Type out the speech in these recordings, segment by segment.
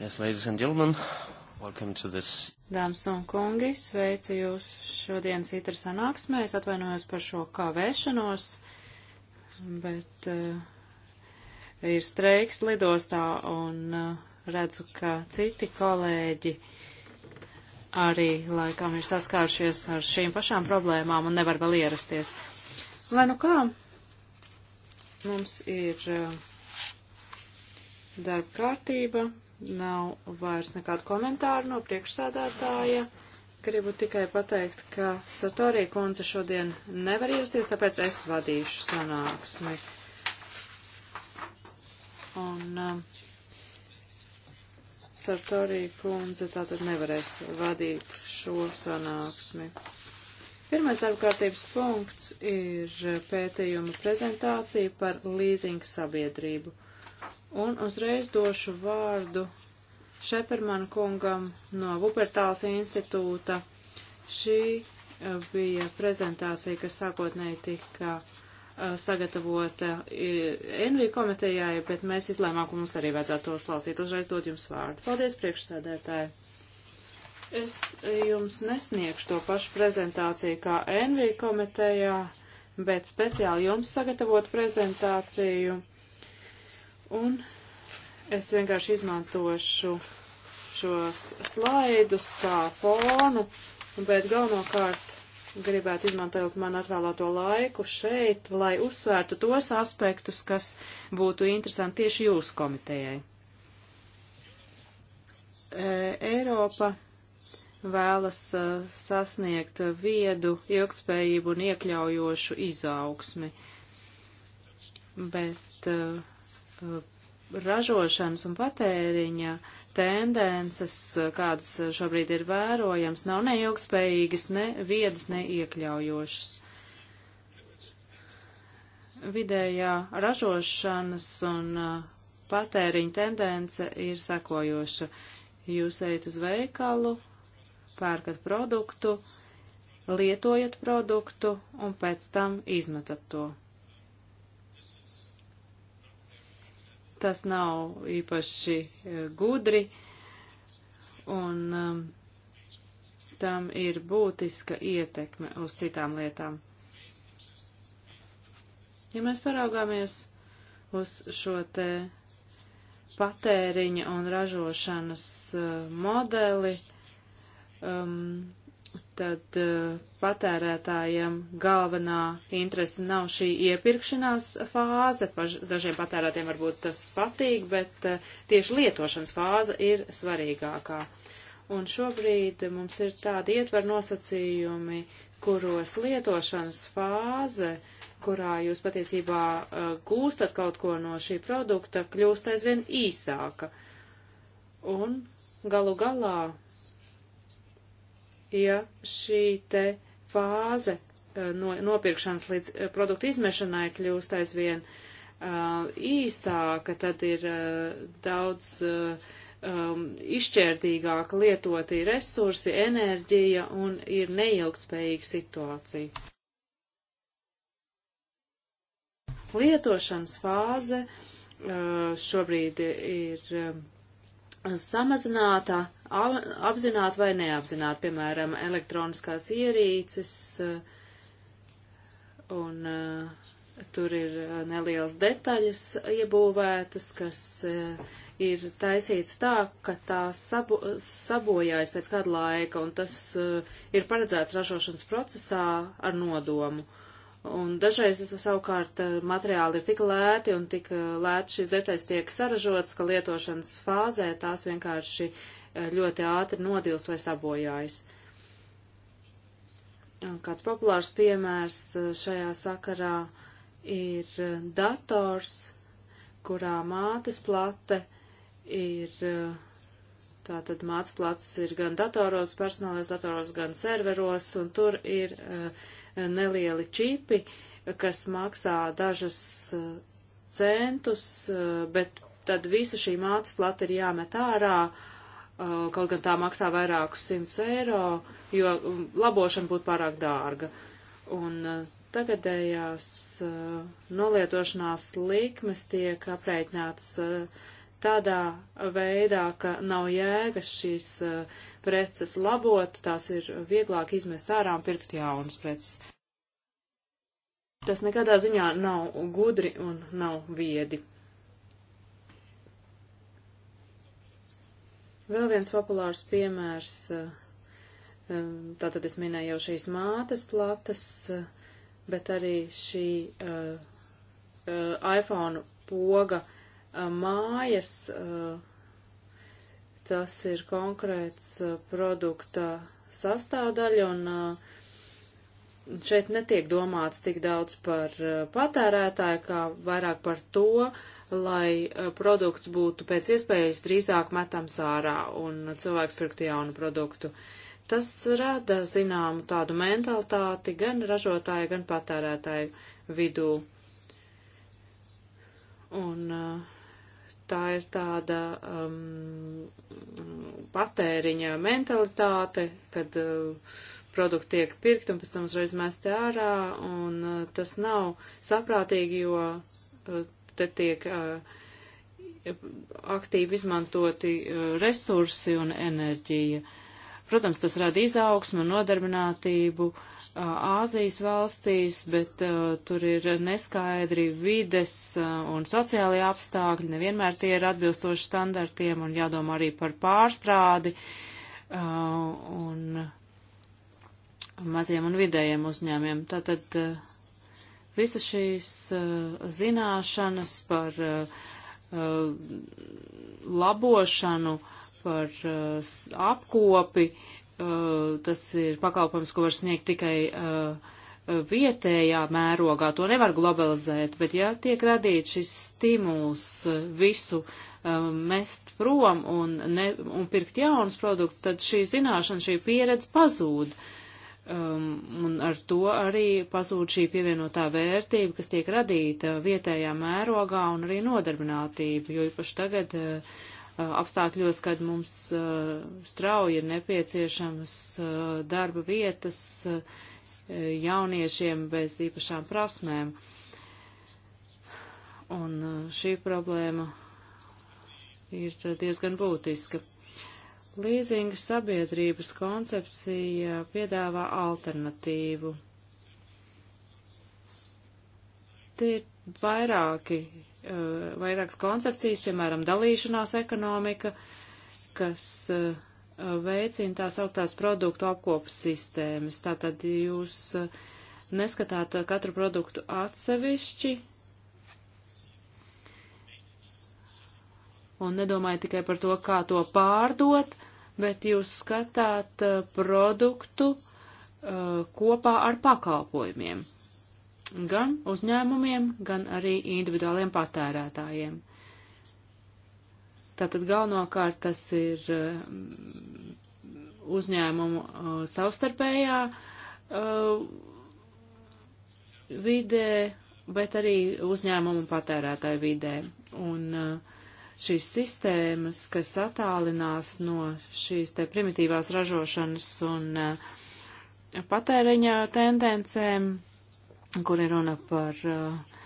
Yes, ladies and gentlemen, welcome to this. Dāmas un kungi, sveicu jūs šodienas itra sanāksmē. Es atvainojos par šo kavēšanos, bet uh, ir streiks lidostā un uh, redzu, ka citi kolēģi arī laikam ir saskāršies ar šīm pašām problēmām un nevar vēl ierasties. Lai nu kā, mums ir uh, darba kārtība, nav vairs nekādu komentāru no priekšsādātāja. Gribu tikai pateikt, ka Satorī kundze šodien nevar ierasties, tāpēc es vadīšu sanāksmi. Un um, Satorī kundze tātad nevarēs vadīt šo sanāksmi. Pirmais darbkārtības punkts ir pētījuma prezentācija par līzinga sabiedrību. Un uzreiz došu vārdu Šepermana kungam no Vupertāls institūta. Šī eh, bija prezentācija, kas sākotnēji tika eh, sagatavota eh, NV komitejai, bet mēs izlēmām, ka mums arī vajadzētu to uzklausīt. Uzreiz dod jums vārdu. Paldies, priekšsēdētāji! Es jums nesniegšu to pašu prezentāciju kā NV komitejā, bet speciāli jums sagatavot prezentāciju Un es vienkārši izmantošu šos slaidus kā fonu, un pēc galvenokārt gribētu izmantot man atvēlēto laiku šeit, lai uzsvērtu tos aspektus, kas būtu interesanti tieši jūsu komitejai. E, Eiropa vēlas e, sasniegt viedu, ilgspējību un iekļaujošu izaugsmi, bet uh, Uh, ražošanas un patēriņa tendences, uh, kādas šobrīd ir vērojams, nav ne ilgspējīgas, ne viedas, ne iekļaujošas. Vidējā ražošanas un uh, patēriņa tendence ir sekojoša. Jūs ejat uz veikalu, pērkat produktu, lietojat produktu un pēc tam izmetat to. Tas nav īpaši e, gudri, un um, tam ir būtiska ietekme uz citām lietām. Ja mēs paraugāmies uz šo te patēriņa un ražošanas uh, modeli, um, tad uh, patērētājiem galvenā interese nav šī iepirkšanās fāze. Paž, dažiem patērētiem varbūt tas patīk, bet uh, tieši lietošanas fāze ir svarīgākā. Un šobrīd mums ir tādi ietver nosacījumi, kuros lietošanas fāze, kurā jūs patiesībā uh, gūstat kaut ko no šī produkta, kļūst aizvien īsāka. Un galu galā ja šī te fāze eh, no, nopirkšanas līdz eh, produktu izmešanai kļūst aizvien uh, īsāka, tad ir uh, daudz uh, um, izšķērdīgāk lietoti resursi, enerģija un ir neilgtspējīga situācija. Lietošanas fāze uh, šobrīd ir. Uh, samazināta, apzināta vai neapzināta, piemēram, elektroniskās ierīces, eh, un eh, tur ir eh, nelielas detaļas iebūvētas, kas ir taisīts tā, ka tās sabo, sabojājas pēc kāda laika, un tas ir paredzēts ražošanas procesā ar nodomu. Un dažreiz savukārt eh, materiāli ir tik lēti un tik eh, lēti šīs detaļas tiek saražotas, ka lietošanas fāzē tās vienkārši eh, ļoti ātri nodilst vai sabojājas. Un kāds populārs piemērs šajā sakarā ir dators, kurā mātes plate ir Tātad mācplats ir gan datoros, personālais datoros, gan serveros, un tur ir uh, nelieli čipi, kas maksā dažas eh, centus, eh, bet tad visa šī mātes plata ir jāmet ārā, eh, kaut gan tā maksā vairākus simtus eiro, jo mm, labošana būtu pārāk dārga. Un tagadējās nolietošanās likmes tiek apreikinātas tādā veidā, ka nav jēgas šīs eh, preces labot, tās ir vieglāk izmest ārā un pirkt jaunas preces. Tas nekādā ziņā nav gudri un nav viedi. Vēl viens populārs piemērs, eh, eh, tātad es minēju jau šīs mātes plates, bet arī šī uh, uh, iPhone poga uh, mājas, tas ir konkrēts produkta sastāvdaļa un šeit netiek domāts tik daudz par patērētāju, kā vairāk par to, lai produkts būtu pēc iespējas drīzāk metams ārā un cilvēks pirktu jaunu produktu. Tas rada zināmu tādu mentalitāti gan ražotāju, gan patērētāju vidū. Un uh, tā ir tāda um, patēriņa mentalitāte, kad uh, produkti tiek pirkt un pēc tam uzreiz mesti ārā, un uh, tas nav saprātīgi, jo uh, te tiek uh, aktīvi izmantoti uh, resursi un enerģija. Uh, Protams, tas rada izaugsmu un nodarbinātību Āzijas valstīs, bet tur ir neskaidri vides un sociālie apstākļi, nevienmēr tie ir atbilstoši standartiem un jādomā arī par pārstrādi un maziem un vidējiem uzņēmiem. Tātad visas šīs zināšanas par uh, Uh, labošanu, par uh, apkopi. Uh, tas ir pakalpojums, ko var sniegt tikai vietējā mērogā. To nevar globalizēt, bet ja tiek radīts šis stimuls visu mest prom un, ne, un pirkt jaunus produktus, tad šī zināšana, šī pieredze pazūd. Uh, Um, un ar to arī pazūd šī pievienotā vērtība, kas tiek radīta vietējā mērogā un arī nodarbinātība, jo īpaši tagad uh, apstākļos, kad mums uh, strauji ir nepieciešamas uh, darba vietas uh, jauniešiem bez īpašām prasmēm. Un uh, šī problēma ir diezgan būtiska. Līzinga sabiedrības koncepcija piedāvā alternatīvu. Tie ir vairāki, eh, vairākas koncepcijas, piemēram, dalīšanās ekonomika, kas eh, veicina tās augtās produktu apkopas sistēmas. Tātad jūs eh, neskatāt katru produktu atsevišķi, un nedomāju tikai par to, kā to pārdot, bet jūs skatāt eh, produktu eh, kopā ar pakalpojumiem. Gan uzņēmumiem, gan arī individuāliem patērētājiem. Tātad galvenokārt tas ir eh, uzņēmumu savstarpējā vidē, bet arī uzņēmumu patērētāju vidē. Un uh, šīs sistēmas, kas attālinās no šīs te primitīvās ražošanas un uh, patēriņa tendencēm, kur ir runa par uh,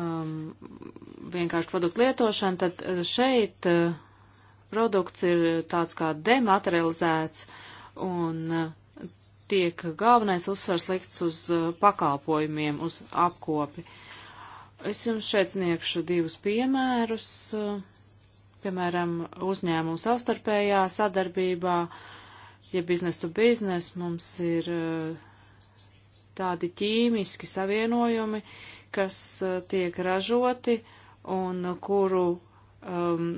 um, vienkārši produktu lietošanu, tad eh, šeit uh, produkts ir tāds kā dematerializēts un tiek galvenais uzsvars likts uz pakalpojumiem, uz apkopi. Uh, Es jums šeit sniegšu divus piemērus, piemēram, uzņēmumu savstarpējā sadarbībā, ja biznes to biznes mums ir eh, tādi ķīmiski savienojumi, kas eh, tiek ražoti un kuru um,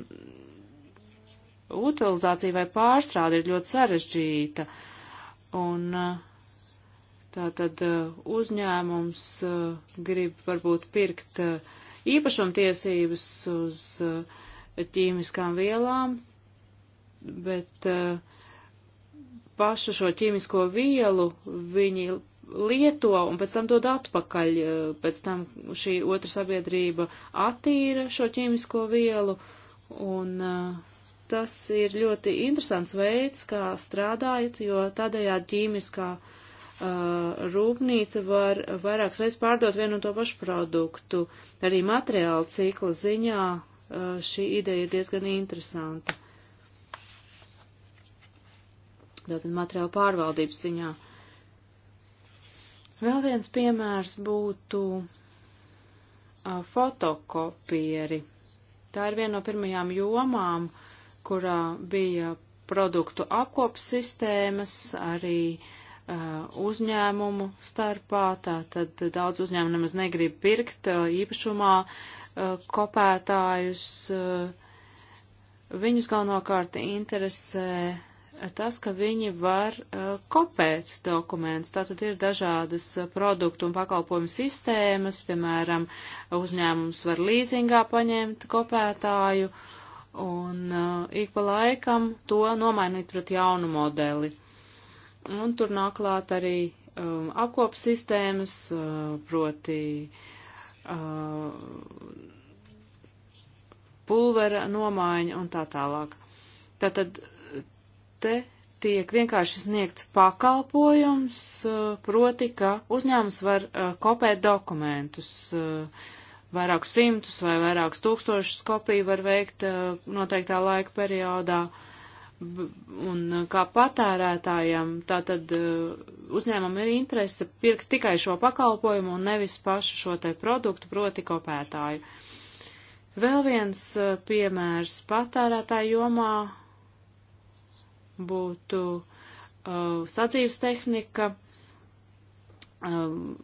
utilizācija vai pārstrāde ir ļoti sarežģīta. Un uh, Tātad uh, uzņēmums uh, grib varbūt pirkt uh, īpašumtiesības uz ķīmiskām vielām, bet pašu šo ķīmisko vielu viņi lieto un pēc tam dod atpakaļ. Pēc tam šī otra sabiedrība attīra šo ķīmisko vielu un uh, tas ir ļoti interesants veids, kā strādājat, jo tādējādi ķīmiskā uh, Uh, rūpnīca var vairākas reizes pārdot vienu un to pašu produktu. Arī materiāla cikla ziņā uh, šī ideja ir diezgan interesanta. Tātad materiāla pārvaldības ziņā. Vēl viens piemērs būtu uh, fotokopieri. Tā ir viena no pirmajām jomām, kurā bija produktu apkopas sistēmas, arī uh, Uh, uzņēmumu starpā, tātad daudz uzņēmumu nemaz negrib pirkt uh, īpašumā uh, kopētājus. Viņus galvenokārt interesē tas, ka viņi var kopēt dokumentus. Tātad ir dažādas produktu un pakalpojumu sistēmas, piemēram, uzņēmums var līzingā paņemt kopētāju un ik pa laikam to nomainīt pret jaunu modeli. Un tur nāk klāt arī um, apkopas sistēmas, uh, proti uh, pulvera nomaiņa un tā tālāk. Tātad te tiek vienkārši sniegts pakalpojums, uh, proti, ka uzņēmums var uh, kopēt dokumentus. Uh, vairākus simtus vai vairākus tūkstošus kopiju var veikt uh, noteiktā laika periodā. Uh, un uh, kā patērētājam, tātad uh, uzņēmumam ir interese pirkt tikai šo pakalpojumu un nevis pašu šo te produktu, proti kopētāju. Vēl viens uh, piemērs patērētāju jomā būtu uh, sadzīves tehnika uh, um,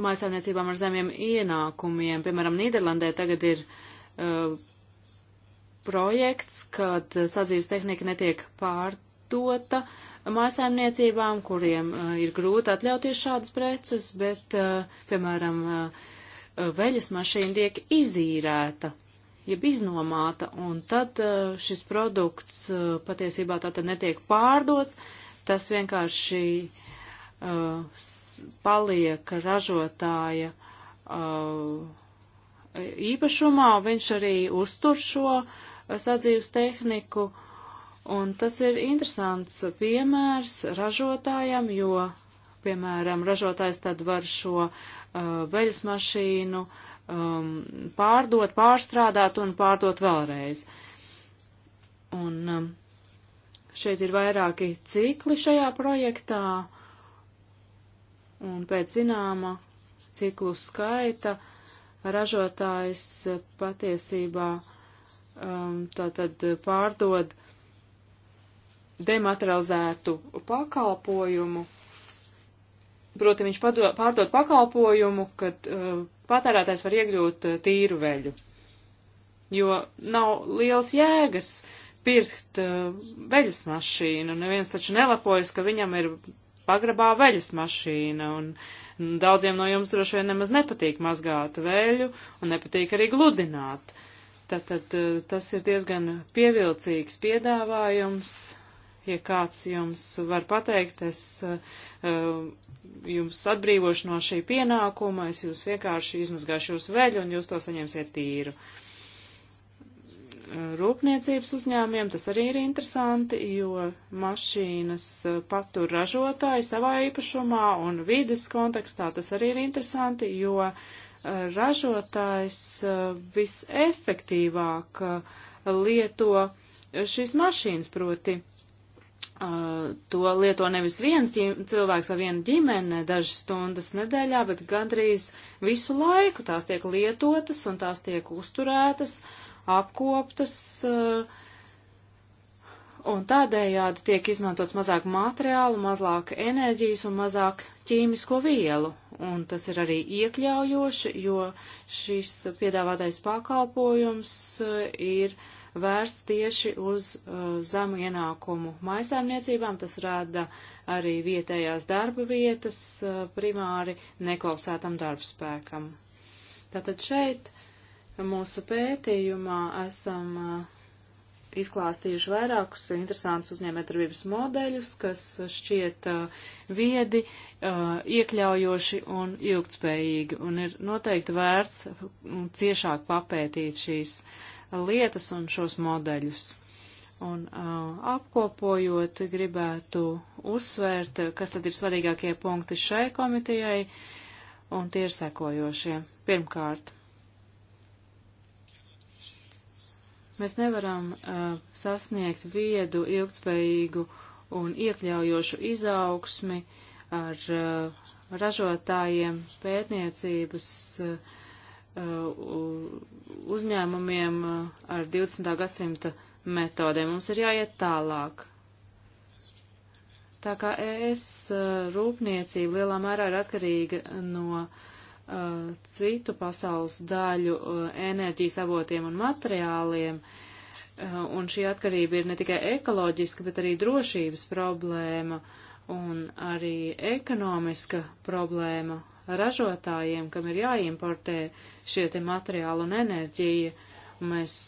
mājasēmniecībām ar zemiem ienākumiem. Piemēram, Nīderlandē tagad ir uh, projekts, kad sadzīves tehnika netiek pārdota mājasēmniecībām, kuriem uh, ir grūti atļauties šādas preces, bet, uh, piemēram, uh, veļas mašīna tiek izīrēta, jeb iznomāta, un tad šis produkts patiesībā tātad netiek pārdots, tas vienkārši uh, paliek ražotāja uh, īpašumā, viņš arī uztur šo uh, sadzīves tehniku. Un tas ir interesants piemērs ražotājam, jo, piemēram, ražotājs tad var šo uh, veļas mašīnu um, pārdot, pārstrādāt un pārdot vēlreiz. Un um, šeit ir vairāki cikli šajā projektā, un pēc zināma ciklu skaita ražotājs patiesībā uh, um, tātad pārdod dematerializētu pakalpojumu. Proti, viņš pado, pārdod pakalpojumu, kad uh, patērētājs var iegļūt uh, tīru veļu. Jo nav liels jēgas pirkt uh, veļas mašīnu. Neviens taču nelapojas, ka viņam ir pagrabā veļas mašīna, un daudziem no jums droši vien nemaz nepatīk mazgāt veļu, un nepatīk arī gludināt. Uh, Tātad eh, tas ir diezgan pievilcīgs piedāvājums. Ja kāds jums var pateikt, es eh, eh, jums atbrīvošu no šī pienākuma, es jūs vienkārši izmazgāšu jūsu veļu un jūs to saņemsiet tīru. Rūpniecības uzņēmiem tas arī ir interesanti, jo mašīnas patur ražotāji savā īpašumā un vides kontekstā tas arī ir interesanti, jo uh, ražotājs eh, visefektīvāk eh, lieto šīs mašīnas, proti eh, to lieto nevis viens cilvēks vai viena ģimene dažas stundas nedēļā, bet gandrīz visu laiku tās tiek lietotas un tās tiek uzturētas, apkoptas, uh, un tādējādi tiek izmantots mazāk materiālu, mazāk enerģijas un mazāk ķīmisko vielu. Un tas ir arī iekļaujoši, jo šis piedāvātais pakalpojums eh, ir vērsts tieši uz uh, zemu ienākumu maisēmniecībām. Tas rada arī vietējās darba vietas uh, primāri neklausētam darbspēkam. Tātad šeit mūsu pētījumā esam uh, izklāstījuši vairākus interesantus uzņēmētarbības modeļus, kas šķiet uh, viedi, uh, iekļaujoši un ilgtspējīgi, un ir noteikti vērts mm, ciešāk papētīt šīs lietas un šos modeļus. Un uh, apkopojot, gribētu uzsvērt, kas tad ir svarīgākie punkti šai komitejai, un tie ir sekojošie. Pirmkārt, Mēs nevaram uh, sasniegt viedu, ilgspējīgu un iekļaujošu izaugsmi ar uh, ražotājiem, pētniecības uh, uzņēmumiem uh, ar 20. gadsimta metodēm. Mums ir jāiet tālāk. Tā kā es uh, rūpniecība lielā mērā ir atkarīga no uh, Uh, citu pasaules daļu uh, enerģijas avotiem un materiāliem, uh, un šī atkarība ir ne tikai ekoloģiska, bet arī drošības problēma un arī ekonomiska problēma ražotājiem, kam ir jāimportē šie te materiāli un enerģija. Mēs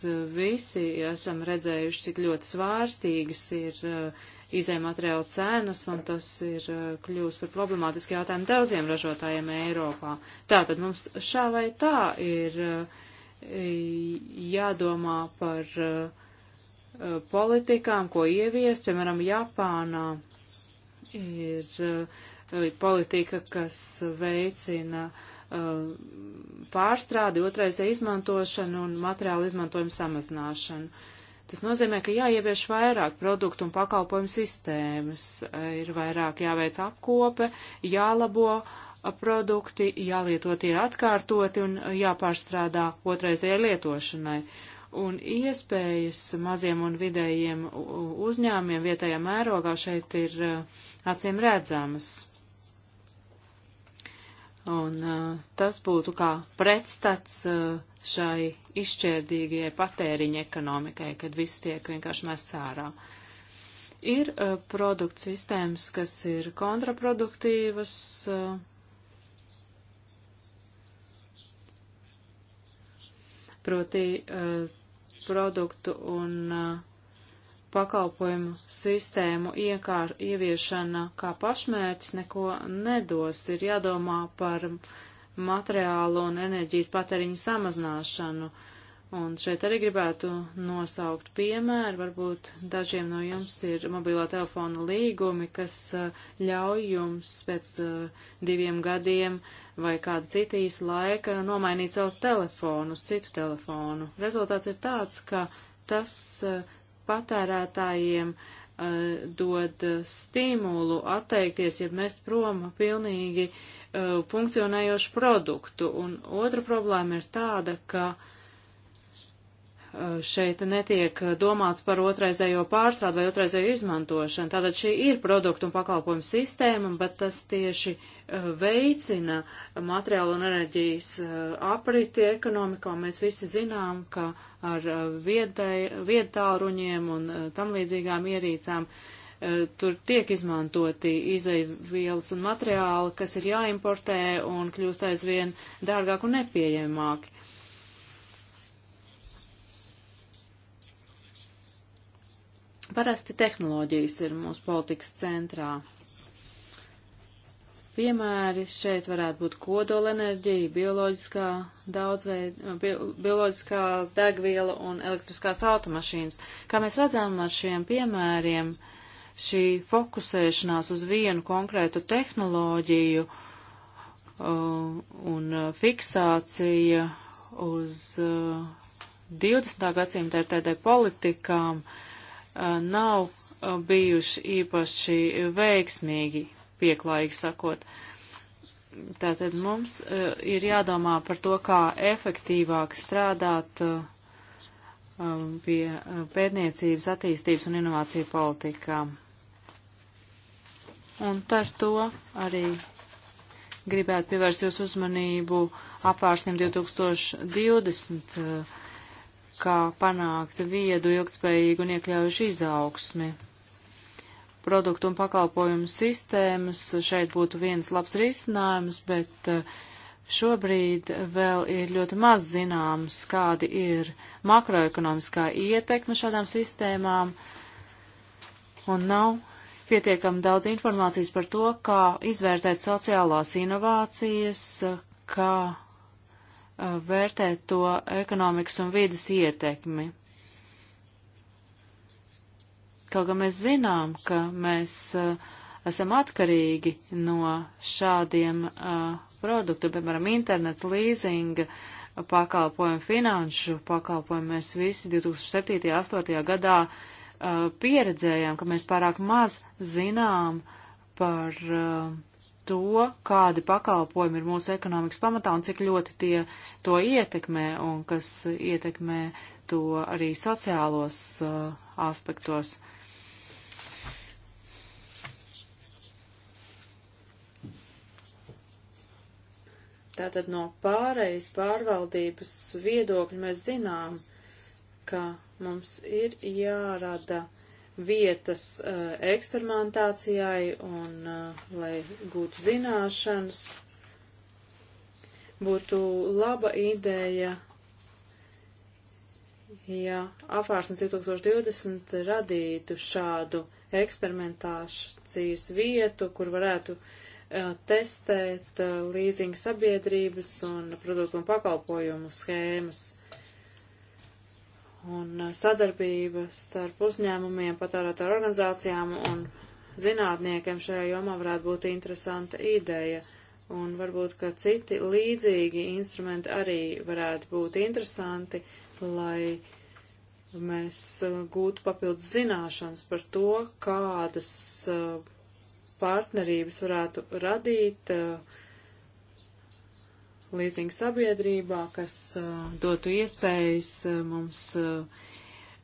visi esam redzējuši, cik ļoti svārstīgas ir uh, izējumateriālu cenas, un tas ir uh, kļūst par problemātisku jautājumu daudziem ražotājiem Eiropā. Tātad mums šā vai tā ir uh, jādomā par uh, politikām, ko ieviest, piemēram, Japānā ir politika, kas veicina pārstrādi, otraisē izmantošanu un materiālu izmantojumu samazināšanu. Tas nozīmē, ka jāievieš vairāk produktu un pakalpojumu sistēmas, ir vairāk jāveic apkope, jālabo produkti, jālieto tie atkārtoti un jāpārstrādā otraizējai lietošanai. Un iespējas maziem un vidējiem uzņēmiem vietējā mērogā šeit ir uh, acīm redzamas. Un uh, tas būtu kā pretstats uh, šai izšķērdīgajai patēriņa ekonomikai, kad viss tiek vienkārši mests ārā. Ir uh, produktu sistēmas, kas ir kontraproduktīvas. Uh, proti uh, produktu un uh, pakalpojumu sistēmu iekār, ieviešana kā pašmērķis neko nedos. Ir jādomā par materiālu un enerģijas patēriņu samazināšanu. Uh, Un šeit arī gribētu nosaukt piemēru, varbūt dažiem no jums ir mobilā telefona līgumi, kas eh, ļauj jums pēc eh, diviem gadiem vai kāda cita īsa laika nomainīt savu telefonu uz citu telefonu. Rezultāts ir tāds, ka tas eh, patērētājiem dod stimulu atteikties, ja mest prom pilnīgi funkcionējošu produktu. Un otra problēma ir tāda, ka uh, šeit netiek domāts par otraizējo pārstrādu vai otraizējo izmantošanu. Tātad šī ir produktu un pakalpojumu sistēma, bet tas tieši eh, veicina materiālu un enerģijas eh, apriti ekonomikā. Mēs visi zinām, ka ar eh, viedtāruņiem un tam līdzīgām ierīcām tur tiek izmantoti izaivielas un materiāli, kas ir jāimportē un kļūst aizvien dārgāk un nepieejamāki. Parasti tehnoloģijas ir mūsu politikas centrā. Piemēri šeit varētu būt kodolenerģija, bioloģiskā daudzveid, bi bioloģiskās degviela un elektriskās automašīnas. Kā mēs redzam ar šiem piemēriem, šī fokusēšanās uz vienu konkrētu tehnoloģiju uh, un uh, fiksācija uz uh, 20. gadsimta RTD politikām uh, nav bijuši īpaši veiksmīgi, pieklājīgi sakot. Tātad mums ir jādomā par to, kā efektīvāk strādāt pie pētniecības, attīstības un inovāciju politikām. Un ar to arī gribētu pievērst jūs uzmanību apvārsniem 2020 kā panākt viedu, ilgtspējīgu un iekļaujušu izaugsmi. Produktu un pakalpojumu sistēmas šeit būtu viens labs risinājums, bet eh, šobrīd vēl ir ļoti maz zināms, kādi ir makroekonomiskā ietekme šādām sistēmām, un nav pietiekami daudz informācijas par to, kā izvērtēt sociālās inovācijas, kā Uh, vērtēt to ekonomikas un vīdas ietekmi. Kaut gan mēs zinām, ka mēs uh, esam atkarīgi no šādiem uh, produktu, piemēram, internets, līzinga, pakalpojumu, finanšu pakalpojumu. Mēs visi 2007. un 2008. gadā pieredzējām, ka mēs pārāk maz zinām par uh, to, kādi pakalpojumi ir mūsu ekonomikas pamatā un cik ļoti tie to ietekmē un kas ietekmē to arī sociālos uh, aspektos. Tātad no pārējas pārvaldības viedokļa mēs zinām, ka mums ir jārada uh, vietas uh, eh, eksperimentācijai un uh, lai gūtu zināšanas. Būtu laba ideja, ja apvārsnes 2020 radītu šādu eksperimentācijas vietu, kur varētu uh, testēt līzinga sabiedrības un produktu un pakalpojumu schēmas un uh, sadarbība starp uzņēmumiem, patērētāju organizācijām un zinātniekiem šajā jomā varētu būt interesanta ideja. Un varbūt, ka citi līdzīgi instrumenti arī varētu būt interesanti, lai mēs uh, gūtu papildus zināšanas par to, kādas uh, partnerības varētu radīt uh, līzinga sabiedrībā, kas uh, dotu iespējas uh, mums uh,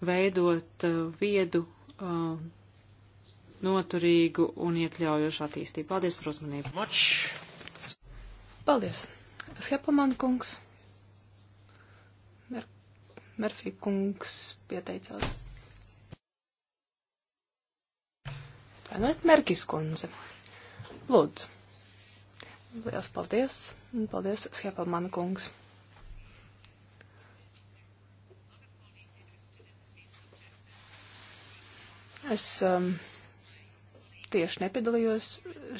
veidot uh, viedu, uh, noturīgu un iekļaujošu attīstību. Paldies par uzmanību. Much. Paldies. Schepelman kungs. Mer Merfī kungs pieteicās. Atvainojiet, nu Merkis kundze. Lūdzu. Lielas paldies. Un paldies, Schepelmana kungs. Es um, tieši nepiedalījos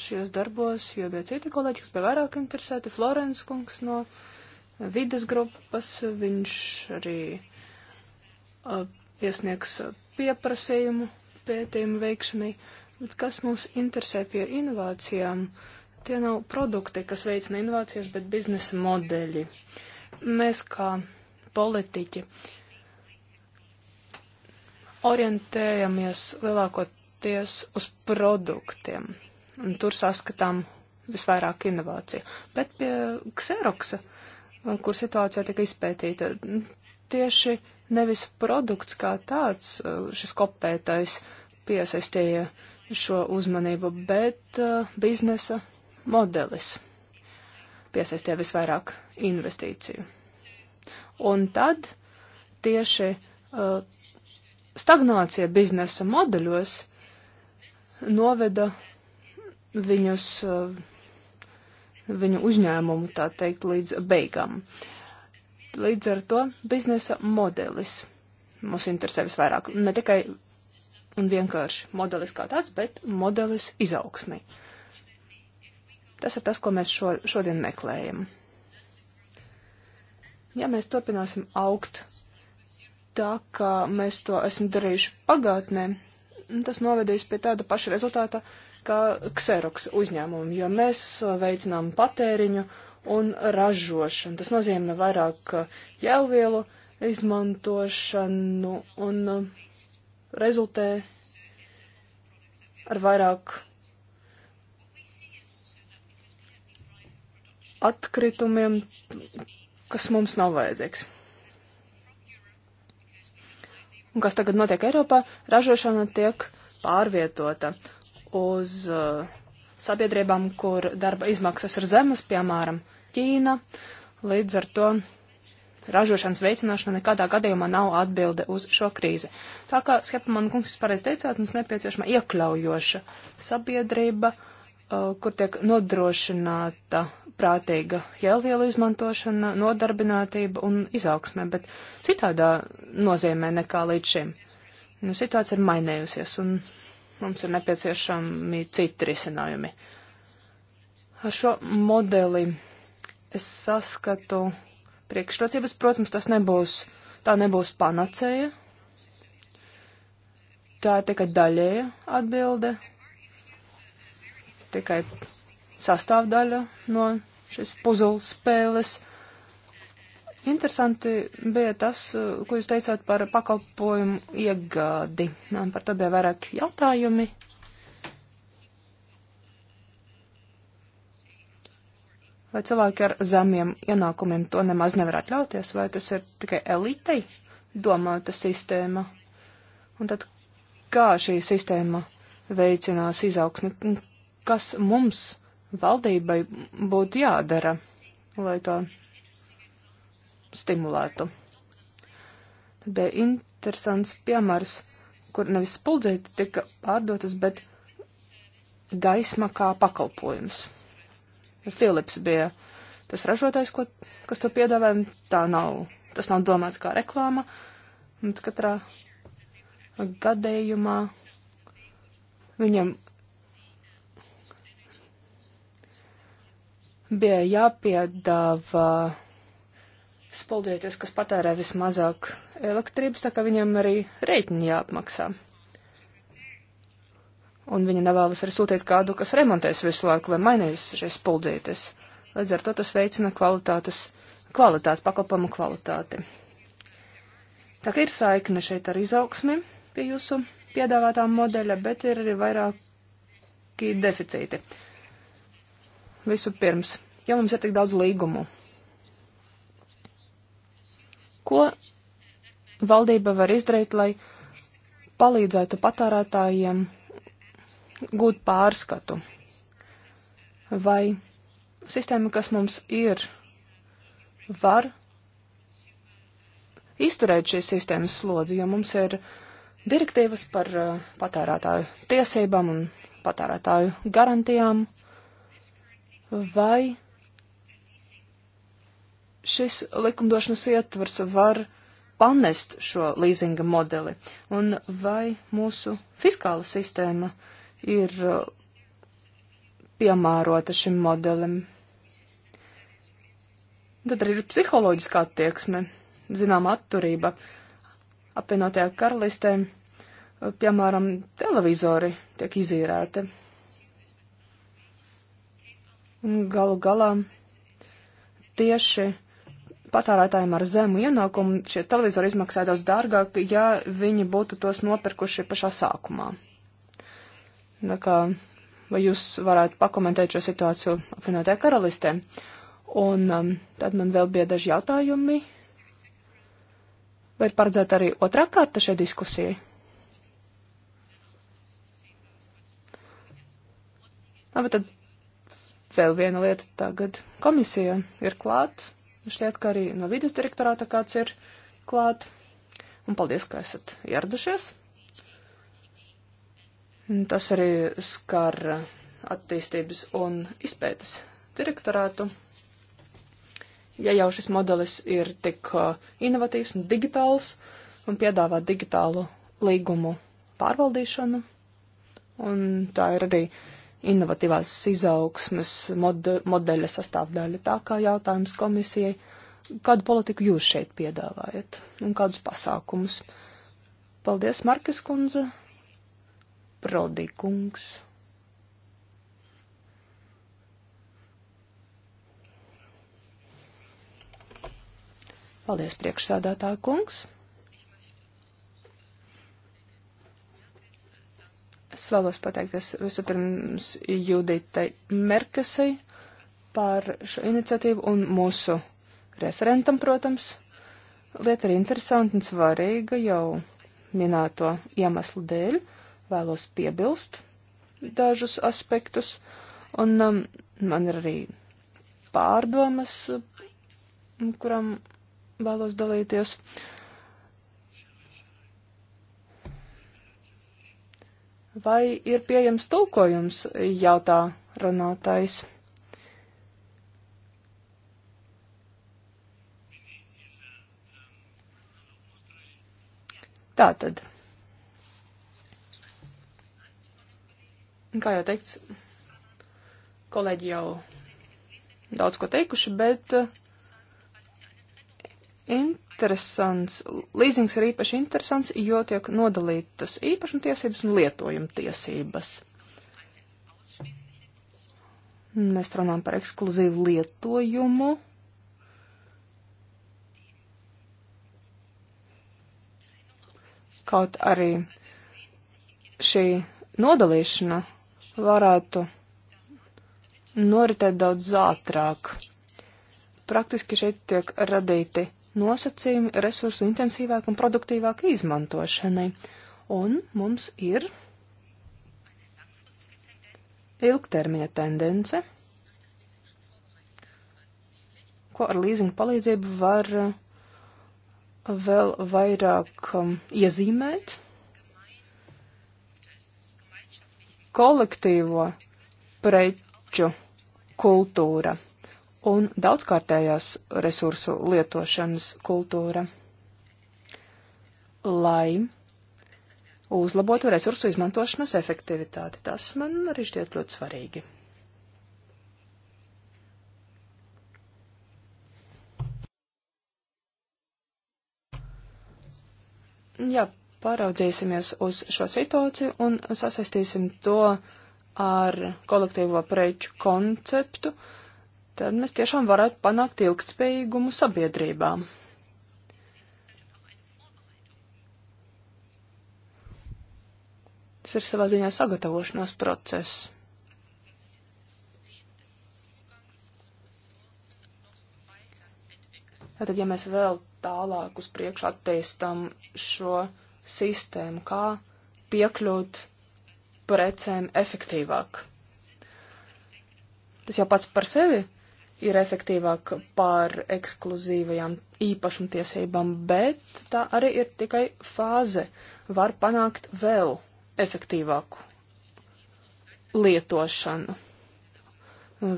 šajos darbos, jo bija citi kolēģi, kas bija vairāk interesēti. Florence kungs no vides grupas, viņš arī uh, iesniegs pieprasījumu pētījumu veikšanai. Bet kas mūs interesē pie inovācijām? Uh, Tie nav produkti, kas veicina inovācijas, bet biznesa modeļi. Mēs kā politiķi orientējamies lielākoties uz produktiem, un tur saskatām visvairāk inovāciju. Bet pie Xeroxa, kur situācija tika izpētīta, tieši nevis produkts kā tāds, šis kopētais piesaistīja šo uzmanību, bet uh, biznesa modelis piesaistīja visvairāk investīciju. Un tad tieši uh, stagnācija biznesa modeļos noveda viņus, uh, viņu uzņēmumu, tā teikt, līdz beigām. Līdz ar to biznesa modelis mūs interesē visvairāk. Ne tikai un vienkārši modelis kā tāds, bet modelis izaugsmai. Uh, Tas ir tas, ko mēs šo, šodien meklējam. Ja mēs turpināsim augt tā, kā mēs to esam darījuši pagātnē, tas novedīs pie tāda paša rezultāta kā Xerox uzņēmumu, jo mēs uh, veicinām patēriņu un ražošanu. Tas nozīmē vairāk uh, jēlvielu izmantošanu un uh, rezultē ar vairāk atkritumiem, kas mums nav vajadzīgs. Un kas tagad notiek Eiropā, ražošana tiek pārvietota uz uh, sabiedrībām, kur darba izmaksas ir zemes, piemēram, Ķīna. Līdz ar to ražošanas veicināšana nekādā gadījumā nav atbilde uz šo krīzi. Tā kā Skepaman kungs pareiz teicāt, mums nepieciešama iekļaujoša sabiedrība, uh, Uh, kur tiek nodrošināta prātīga jēlvielu izmantošana, nodarbinātība un izaugsme, bet citādā nozīmē nekā līdz šim. Nu, situācija ir mainījusies un mums ir nepieciešami citi risinājumi. Ar šo modeli es saskatu priekšrocības, protams, tas nebūs, tā nebūs panacēja. Tā ir tikai daļēja atbilde tikai sastāvdaļa no šīs puzzle spēles. Interesanti bija tas, ko jūs teicāt par pakalpojumu iegādi. Par to bija vairāk jautājumi. Vai cilvēki ar zemiem ienākumiem to nemaz nevar atļauties, vai tas ir tikai elitei domāta sistēma? Un tad kā šī sistēma veicinās izaugsmi, kas mums valdībai būtu jādara, lai to stimulētu. Tad bija interesants piemērs, kur nevis spuldzeiti tika pārdotas, bet gaisma kā pakalpojums. Philips bija tas ražotājs, ko, kas to piedāvāja, tā nav, tas nav domāts kā reklāma. Un katrā gadījumā viņam bija jāpiedāvā spuldieties, kas patērē vismazāk elektrības, tā kā viņam arī rēķini jāapmaksā. Un viņa nevēlas arī sūtīt kādu, kas remontēs visu laiku vai mainīs šīs spuldietes. Līdz ar to tas veicina kvalitātes, kvalitāti, pakalpamu kvalitāti. Tā kā ir saikne šeit ar izaugsmi pie jūsu piedāvātā modeļa, bet ir arī vairāki deficīti. Uh, Visu pirms, jo mums ir tik daudz līgumu. Ko valdība var izdarīt, lai palīdzētu patērētājiem gūt pārskatu? Vai sistēma, kas mums ir, var izturēt šīs sistēmas slodzi, jo mums ir direktīvas par uh, patērētāju tiesībām un patērētāju garantijām vai šis likumdošanas ietvars var panest šo līzinga modeli, un vai mūsu fiskāla sistēma ir uh, piemērota šim modelim. Tad arī ir psiholoģiskā attieksme, zinām, atturība. Apvienotajā karalistē, uh, piemēram, televizori tiek izīrēti Galu galā tieši patērētājiem ar zemu ienākumu šie televizori izmaksā daudz dārgāk, ja viņi būtu tos nopirkuši pašā sākumā. Tā kā vai jūs varētu pakomentēt šo situāciju apvienotē karalistē? Un um, tad man vēl bija daži jautājumi. Vai ir paredzēta arī otrā kārta šai diskusijai? Labi, tad Vēl viena lieta tagad. Komisija ir klāt. Šķiet, ka arī no vidas direktorāta kāds ir klāt. Un paldies, ka esat ieradušies. Tas arī skar attīstības un izpētes direktorātu. Ja jau šis modelis ir tik uh, inovatīvs un digitāls un piedāvā digitālu līgumu pārvaldīšanu, un tā ir arī uh, innovatīvās izaugsmes mode, modeļa sastāvdaļa. Tā kā jautājums komisijai, kādu politiku jūs šeit piedāvājat un kādus pasākumus? Paldies, Markas kundze, Prodikungs. Paldies, priekšsādātā kungs. Es vēlos pateikties vispirms Juditai Merkesai par šo iniciatīvu un mūsu referentam, protams. Lieta ir interesanta un svarīga jau minēto iemeslu dēļ. Vēlos piebilst dažus aspektus, un um, man ir arī pārdomas, kuram vēlos dalīties. Uh, Vai ir pieejams tulkojums, jautā runātājs. Tātad, kā jau teikts, kolēģi jau daudz ko teikuši, bet in eh, interesants, līzings ir īpaši interesants, jo tiek nodalītas īpašumtiesības un lietojuma tiesības. Mēs runājam par ekskluzīvu lietojumu. Kaut arī šī nodalīšana varētu noritēt daudz ātrāk. Praktiski šeit tiek radīti nosacījumi resursu intensīvāk un produktīvāk izmantošanai. Un mums ir ilgtermiņa tendence, ko ar līzinga palīdzību var uh, vēl vairāk um, iezīmēt kolektīvo preču kultūra un daudzkārtējās resursu lietošanas kultūra, lai uzlabotu resursu izmantošanas efektivitāti. Tas man arī šķiet ļoti svarīgi. Jā, paraudzīsimies uz šo situāciju un sasaistīsim to ar kolektīvo preču konceptu, uh, tad mēs tiešām varētu panākt ilgtspējīgumu sabiedrībām. Tas ir savā ziņā sagatavošanās process. Tātad, ja mēs vēl tālāk uz priekšu attīstam šo sistēmu, kā piekļūt precēm efektīvāk. Tas jau pats par sevi ir efektīvāk pār ekskluzīvajām īpašumtiesībām, bet tā arī ir tikai fāze. Var panākt vēl efektīvāku lietošanu,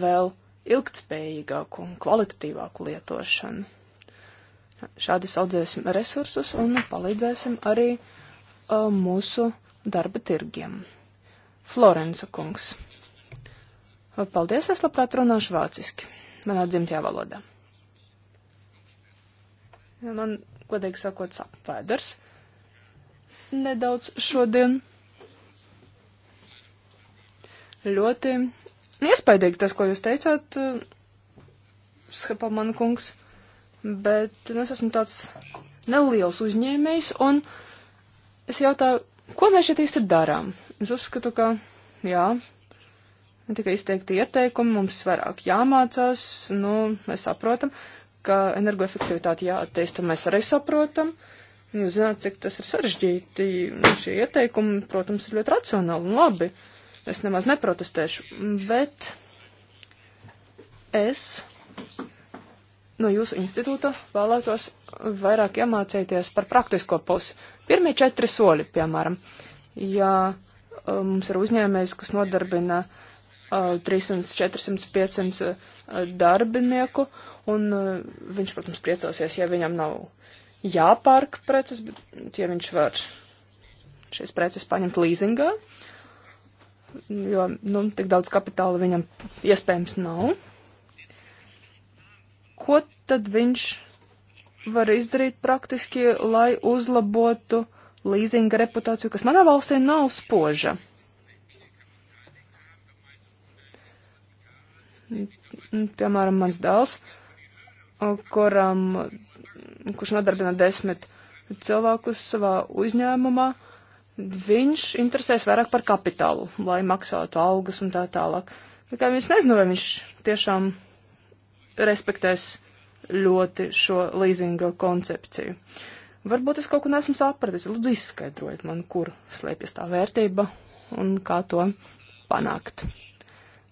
vēl ilgtspējīgāku un kvalitatīvāku lietošanu. Šādi saudzēsim resursus un palīdzēsim arī uh, mūsu darba tirgiem. Florence kungs. Paldies, es labprāt runāšu vāciski manā dzimtajā valodā. Man, godīgi sakot, sap vēders nedaudz šodien. Ļoti iespaidīgi tas, ko jūs teicāt, eh, Schepelman kungs, bet nu, es esmu tāds neliels uzņēmējs, un es jautāju, ko mēs šeit īsti darām? Es uzskatu, ka, jā, Nu, Tika izteikti ieteikumi, mums vairāk jāmācās, nu, mēs saprotam, ka energoefektivitāti jāattīsta, mēs arī saprotam. Jūs zināt, cik tas ir sarežģīti, nu, šie ieteikumi, protams, ir ļoti racionāli un labi. Es nemaz neprotestēšu, bet es no jūsu institūta vēlētos vairāk iemācīties par praktisko pusi. Pirmie četri soļi, piemēram, ja um, mums ir uzņēmējs, kas nodarbina uh, 300, 400, 500 darbinieku, un uh, viņš, protams, priecāsies, ja viņam nav jāpērk preces, bet ja viņš var šīs preces paņemt līzingā, jo, nu, tik daudz kapitāla viņam iespējams nav. Ko tad viņš var izdarīt praktiski, lai uzlabotu līzinga reputāciju, kas manā valstī nav spoža? Piemēram, mans dēls, kuram, kurš nodarbina desmit cilvēkus savā uzņēmumā, viņš interesēs vairāk par kapitālu, lai maksātu algas un tā tālāk. Tā kā viņš nezinu, vai viņš tiešām respektēs ļoti šo līzinga koncepciju. Varbūt es kaut ko nesmu sapratis. Lūdzu, izskaidrojiet man, kur slēpjas tā vērtība un kā to panākt.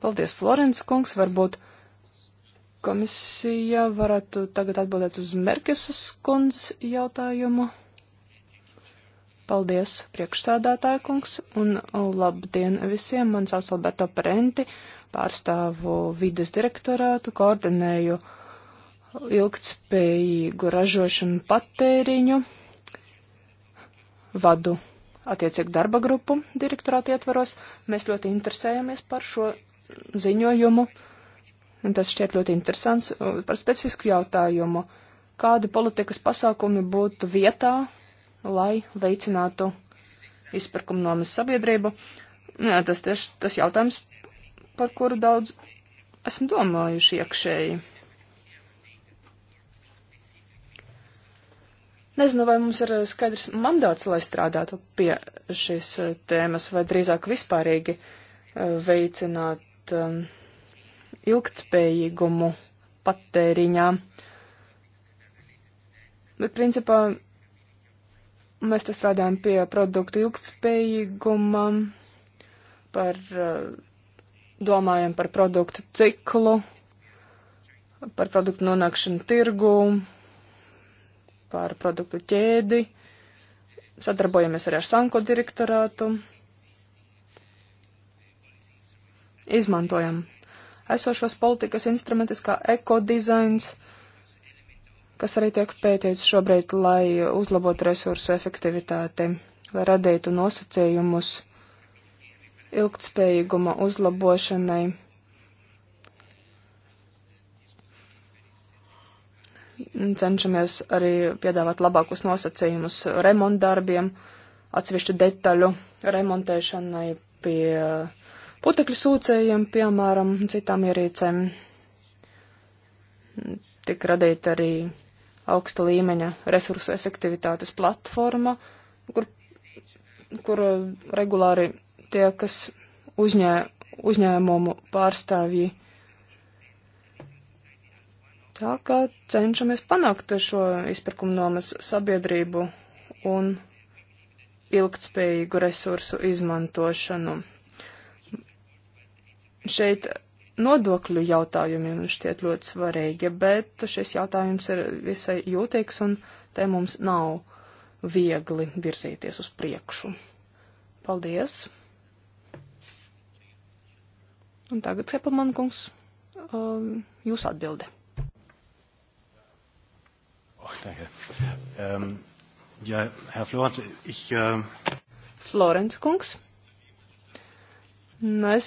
Paldies, Florence kungs. Varbūt komisija varētu tagad atbildēt uz Merkesas kundzes jautājumu. Paldies, priekšsādātāja kungs, un labdien visiem. Man sauc Alberto Parenti, pārstāvu vides direktorātu, koordinēju ilgtspējīgu ražošanu patēriņu, vadu attiecīgu darba grupu direktorāti ietvaros. Mēs ļoti interesējamies par šo ziņojumu, un tas šķiet ļoti interesants, uh, par specifisku jautājumu, kādi politikas pasākumi būtu vietā, lai veicinātu izpirkumu nomas sabiedrību. Jā, tas tieši tas jautājums, par kuru daudz esmu domājuši iekšēji. Nezinu, vai mums ir uh, skaidrs mandāts, lai strādātu pie šīs uh, tēmas, vai drīzāk vispārīgi veicināt panākt um, ilgtspējīgumu patēriņā. Bet, principā, mēs te strādājam pie produktu ilgtspējīguma, par, uh, domājam par produktu ciklu, par produktu nonākšanu tirgu, par produktu ķēdi, sadarbojamies arī ar Sanko direktorātu. izmantojam esošos politikas instrumentus kā ekodizains, kas arī tiek pētīts šobrīd, lai uzlabotu resursu efektivitāti, lai radītu nosacījumus ilgtspējīguma uzlabošanai. Cenšamies arī piedāvāt labākus nosacījumus remontdarbiem, atsevišķu detaļu remontēšanai pie uh, putekļu sūcējiem, piemēram, citām ierīcēm. Tik radīta arī augsta līmeņa resursu efektivitātes platforma, kur, kur uh, regulāri tie, kas uzņē, uzņēmumu pārstāvji. Tā kā cenšamies panākt šo izpirkumu nomas sabiedrību un ilgtspējīgu resursu izmantošanu. Šeit nodokļu jautājumi man šķiet ļoti svarīgi, bet šis jautājums ir visai jūtīgs un te mums nav viegli virzīties uz priekšu. Paldies! Un tagad, Kepaman kungs, um, jūs atbildi. Oh, danke. Um, ja, Herr Florenz, ich... Uh... Florenz kungs. Nu, es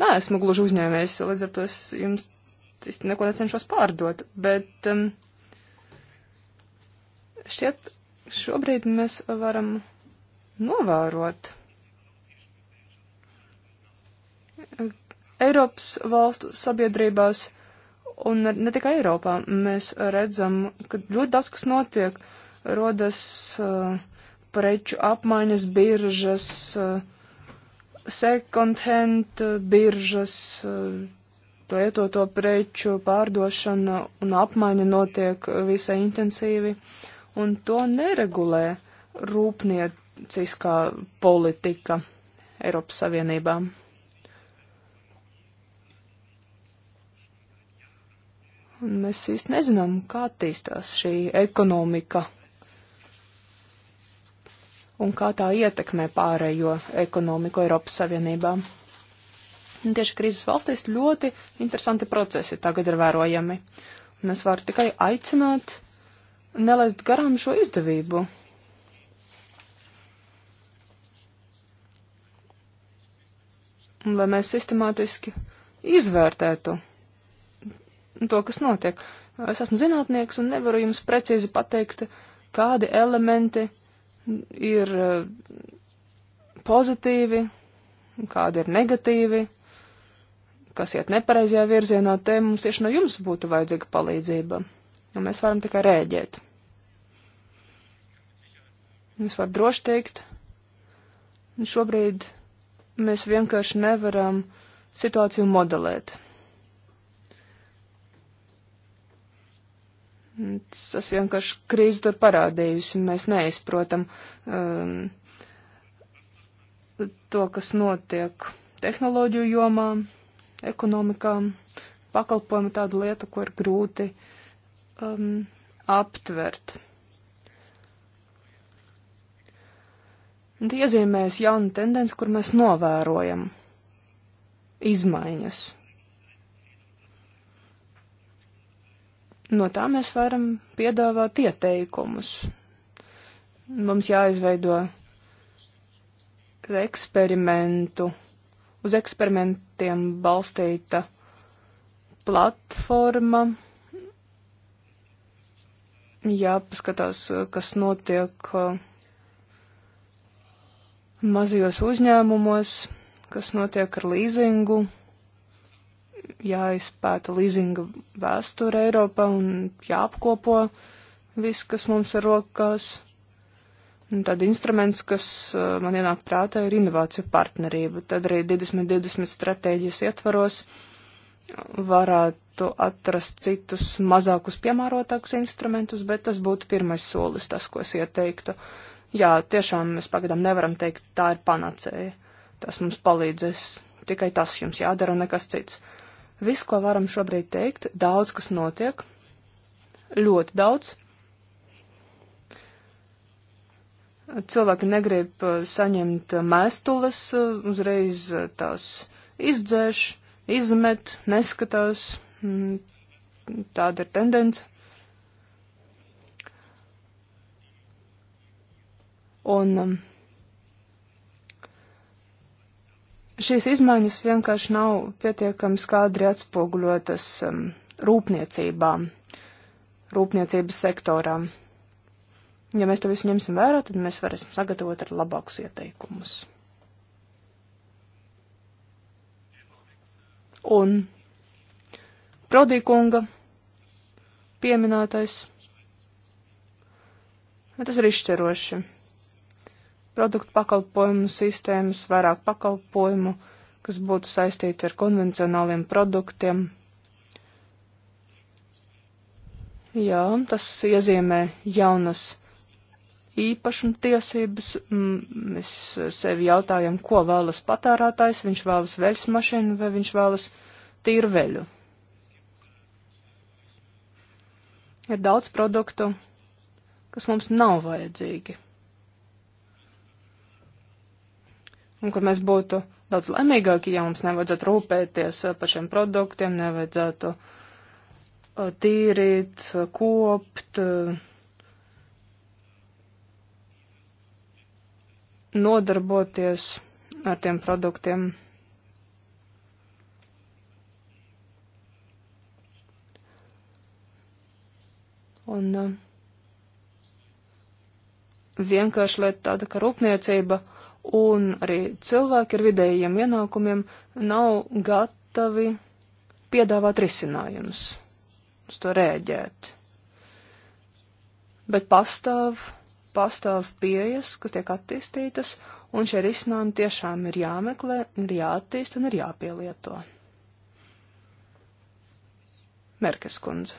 neesmu gluži uzņēmējs, līdz ar to es jums īsti neko necenšos pārdot, bet um, šķiet, šobrīd mēs varam novērot Eiropas valstu sabiedrībās un ne tikai Eiropā. Mēs redzam, ka ļoti daudz kas notiek, rodas uh, preču apmaiņas biržas, uh, second-hand biržas, eh, lietoto preču pārdošana un apmaiņa notiek visai intensīvi, un to neregulē rūpnieciskā politika Eiropas Savienībā. Un mēs īsti nezinām, kā attīstās šī ekonomika un kā tā ietekmē pārējo ekonomiku Eiropas Savienībā. Un tieši krīzes valstīs ļoti interesanti procesi tagad ir vērojami, un es varu tikai aicināt nelaist garām šo izdevību. Un lai mēs sistemātiski izvērtētu to, kas notiek. Es esmu zinātnieks un nevaru jums precīzi pateikt, kādi elementi ir e, pozitīvi, kādi ir negatīvi, kas iet nepareizajā virzienā, te mums tieši no jums būtu vajadzīga palīdzība, jo mēs varam tikai rēģēt. Es varu droši teikt, šobrīd mēs vienkārši nevaram situāciju modelēt. Tas vienkārši krīze tur parādījusi, mēs neizprotam um, to, kas notiek tehnoloģiju jomā, ekonomikā, pakalpojumu tādu lietu, ko ir grūti um, aptvert. Un tie iezīmēs jaunu tendenci, kur mēs novērojam izmaiņas no tā mēs varam piedāvāt ieteikumus. Mums jāizveido eksperimentu, uz eksperimentiem balstīta platforma. Jāpaskatās, kas notiek uh, mazajos uzņēmumos, kas notiek ar līzingu jāizpēta līzinga vēsture Eiropā un jāapkopo viss, kas mums ir rokās. Un tad instruments, kas uh, man ienāk prātā, ir inovāciju partnerība. Tad arī 2020 stratēģijas ietvaros varētu atrast citus mazākus piemērotākus instrumentus, bet tas būtu pirmais solis, tas, ko es ieteiktu. Jā, tiešām mēs pagadām nevaram teikt, tā ir panacēja. Tas mums palīdzēs tikai tas jums jādara un nekas cits. Viss, ko varam šobrīd teikt, daudz kas notiek, ļoti daudz. Cilvēki negrib eh, saņemt mēstules, eh, uzreiz eh, tās izdzēš, izmet, neskatās. Mm, tāda ir tendence. Un um, Šīs izmaiņas vienkārši nav pietiekami skaidri atspoguļotas um, rūpniecībā, rūpniecības sektorā. Ja mēs to visu ņemsim vērā, tad mēs varēsim sagatavot ar labākus ieteikumus. Un Prodīkunga pieminētais. Tas ir izšķiroši produktu pakalpojumu sistēmas, vairāk pakalpojumu, kas būtu saistīti ar konvencionāliem produktiem. Jā, tas iezīmē jaunas īpašuma tiesības. Mēs sevi jautājam, ko vēlas patērētājs, viņš vēlas veļas mašīnu vai viņš vēlas tīru veļu. Ir daudz produktu, kas mums nav vajadzīgi. un kur mēs būtu daudz laimīgāki, ja mums nevajadzētu rūpēties uh, par šiem produktiem, nevajadzētu uh, tīrīt, uh, kopt, nodarboties ar tiem produktiem. Un vienkārši lieta tāda, ka rūpniecība uh, un arī cilvēki ar vidējiem ienākumiem nav gatavi piedāvāt risinājumus, uz to rēģēt. Bet pastāv, pastāv pieejas, kas tiek attīstītas, un šie risinājumi tiešām ir jāmeklē, ir jāattīst un ir jāpielieto. Merkes kundze.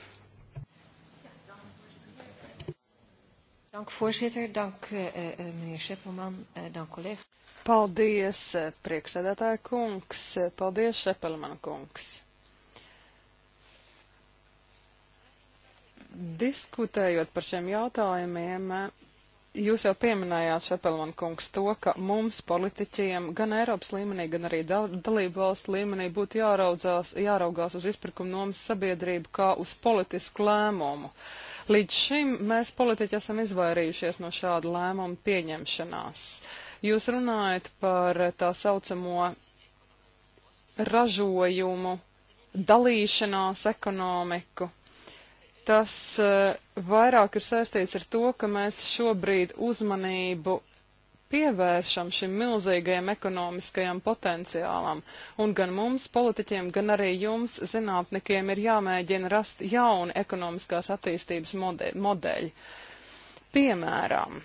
Dank, voorzitter. Dank, eh, eh, eh, meneer Seppelman. Dank, kolēģi. Paldies, priekšsēdētāja kungs. Paldies, Seppelman kungs. Diskutējot par šiem jautājumiem, Jūs jau pieminējāt, Šepelman kungs, to, ka mums politiķiem gan Eiropas līmenī, gan arī dal dalību valstu līmenī būtu jāraudzās, jāraugās uz izpirkumu nomas sabiedrību kā uz politisku lēmumu. Uh, Līdz šim mēs politiķi esam izvairījušies no šāda lēmuma pieņemšanās. Jūs runājat par tā saucamo ražojumu dalīšanās ekonomiku. Tas eh, vairāk ir saistīts ar to, ka mēs šobrīd uzmanību pievēršam šim milzīgajam ekonomiskajam potenciālam, un gan mums, politiķiem, gan arī jums, zinātniekiem, ir jāmēģina rast jauni ekonomiskās attīstības modeļi. Piemēram,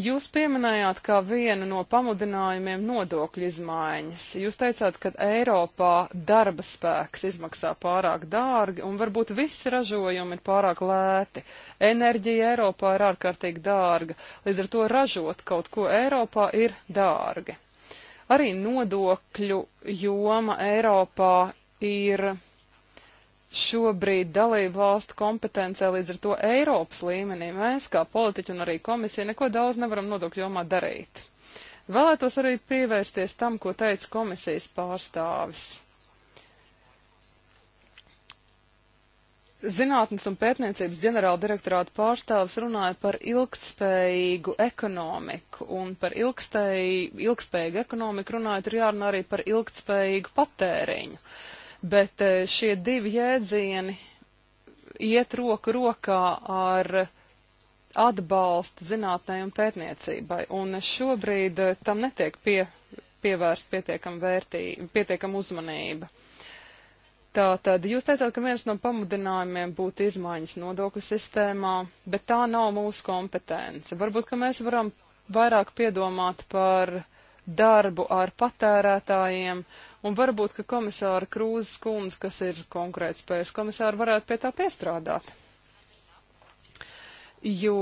Jūs pieminējāt kā vienu no pamudinājumiem nodokļu izmaiņas. Jūs teicāt, ka Eiropā darba spēks izmaksā pārāk dārgi un varbūt visi ražojumi ir pārāk lēti. Enerģija Eiropā ir ārkārtīgi dārga, līdz ar to ražot kaut ko Eiropā ir dārgi. Arī nodokļu joma Eiropā ir šobrīd dalību valstu kompetencē, līdz ar to Eiropas līmenī mēs kā politiķi un arī komisija neko daudz nevaram nodokļu jomā darīt. Vēlētos arī pievērsties tam, ko teica komisijas pārstāvis. Zinātnes un pētniecības ģenerāla direktorāta pārstāvis runāja par ilgtspējīgu ekonomiku, un par ilgspēj, ilgspējīgu ekonomiku runājot ir jārunā arī par ilgtspējīgu patēriņu. Uh, bet eh, šie divi jēdzieni iet roku rokā ar atbalstu zinātnē un pētniecībai, un šobrīd eh, tam netiek pie, pievērst pietiekam, vērtī, pietiekam uzmanība. Tātad jūs teicāt, ka viens no pamudinājumiem būtu izmaiņas nodokļu sistēmā, bet tā nav mūsu kompetence. Varbūt, ka mēs varam vairāk piedomāt par darbu ar patērētājiem Un varbūt, ka komisāra Krūzes kundze, kas ir konkurētspējas komisāra, varētu pie tā piestrādāt. Jo,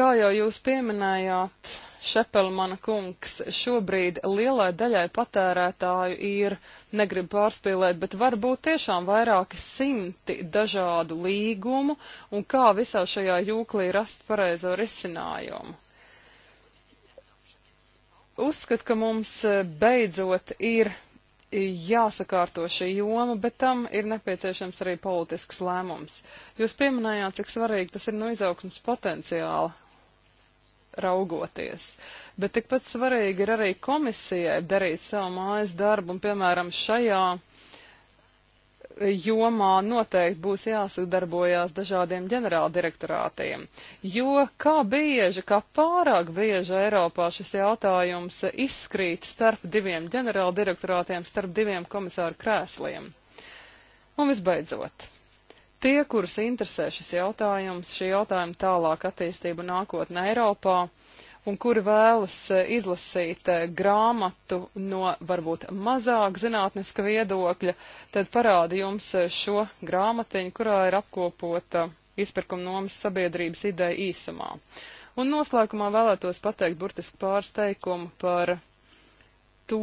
kā jau jūs pieminējāt, Šepelmana kungs, šobrīd lielai daļai patērētāju ir, negribu pārspīlēt, bet varbūt tiešām vairāki simti dažādu līgumu un kā visā šajā jūklī rast pareizo risinājumu uzskatu, ka mums e, beidzot ir jāsakārto šī joma, bet tam ir nepieciešams arī politisks lēmums. Jūs pieminējāt, cik svarīgi tas ir no izaugsmas potenciāla raugoties, bet tikpat svarīgi ir arī komisijai darīt savu mājas darbu un, piemēram, šajā jomā noteikti būs jāsadarbojās dažādiem ģenerāldirektorātiem, jo kā bieži, kā pārāk bieži Eiropā šis jautājums izskrīt starp diviem ģenerāldirektorātiem, starp diviem komisāru krēsliem. Un visbeidzot, tie, kurus interesē šis jautājums, šī jautājuma tālāk attīstība nākotnē Eiropā, un kuri vēlas e, izlasīt e, grāmatu no varbūt mazāk zinātniska viedokļa, tad parāda jums e, šo grāmatiņu, kurā ir apkopota izpirkuma nomas sabiedrības ideja īsumā. Un noslēgumā vēlētos pateikt burtiski pāris teikumu par to,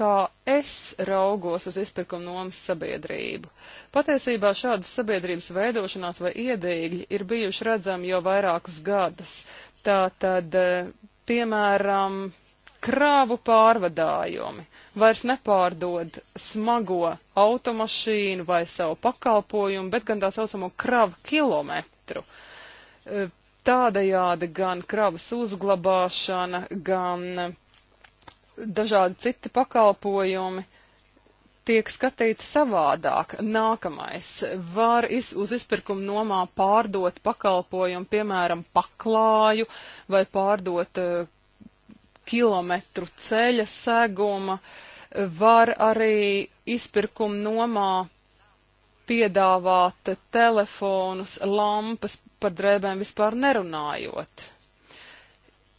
kā es raugos uz izpirkuma nomas sabiedrību. Patiesībā šādas sabiedrības veidošanās vai iedīgļi ir bijuši redzami jau vairākus gadus, Tātad, e, piemēram, krāvu pārvadājumi vairs nepārdod smago automašīnu vai savu pakalpojumu, bet gan tā saucamo kravu kilometru. E, tādējādi gan kravas uzglabāšana, gan dažādi citi pakalpojumi tiek skatīti savādāk. Nākamais var iz, uz izpirkumu nomā pārdot pakalpojumu, piemēram, paklāju vai pārdot uh, kilometru ceļa seguma. Var arī izpirkumu nomā piedāvāt telefonus, lampas par drēbēm vispār nerunājot.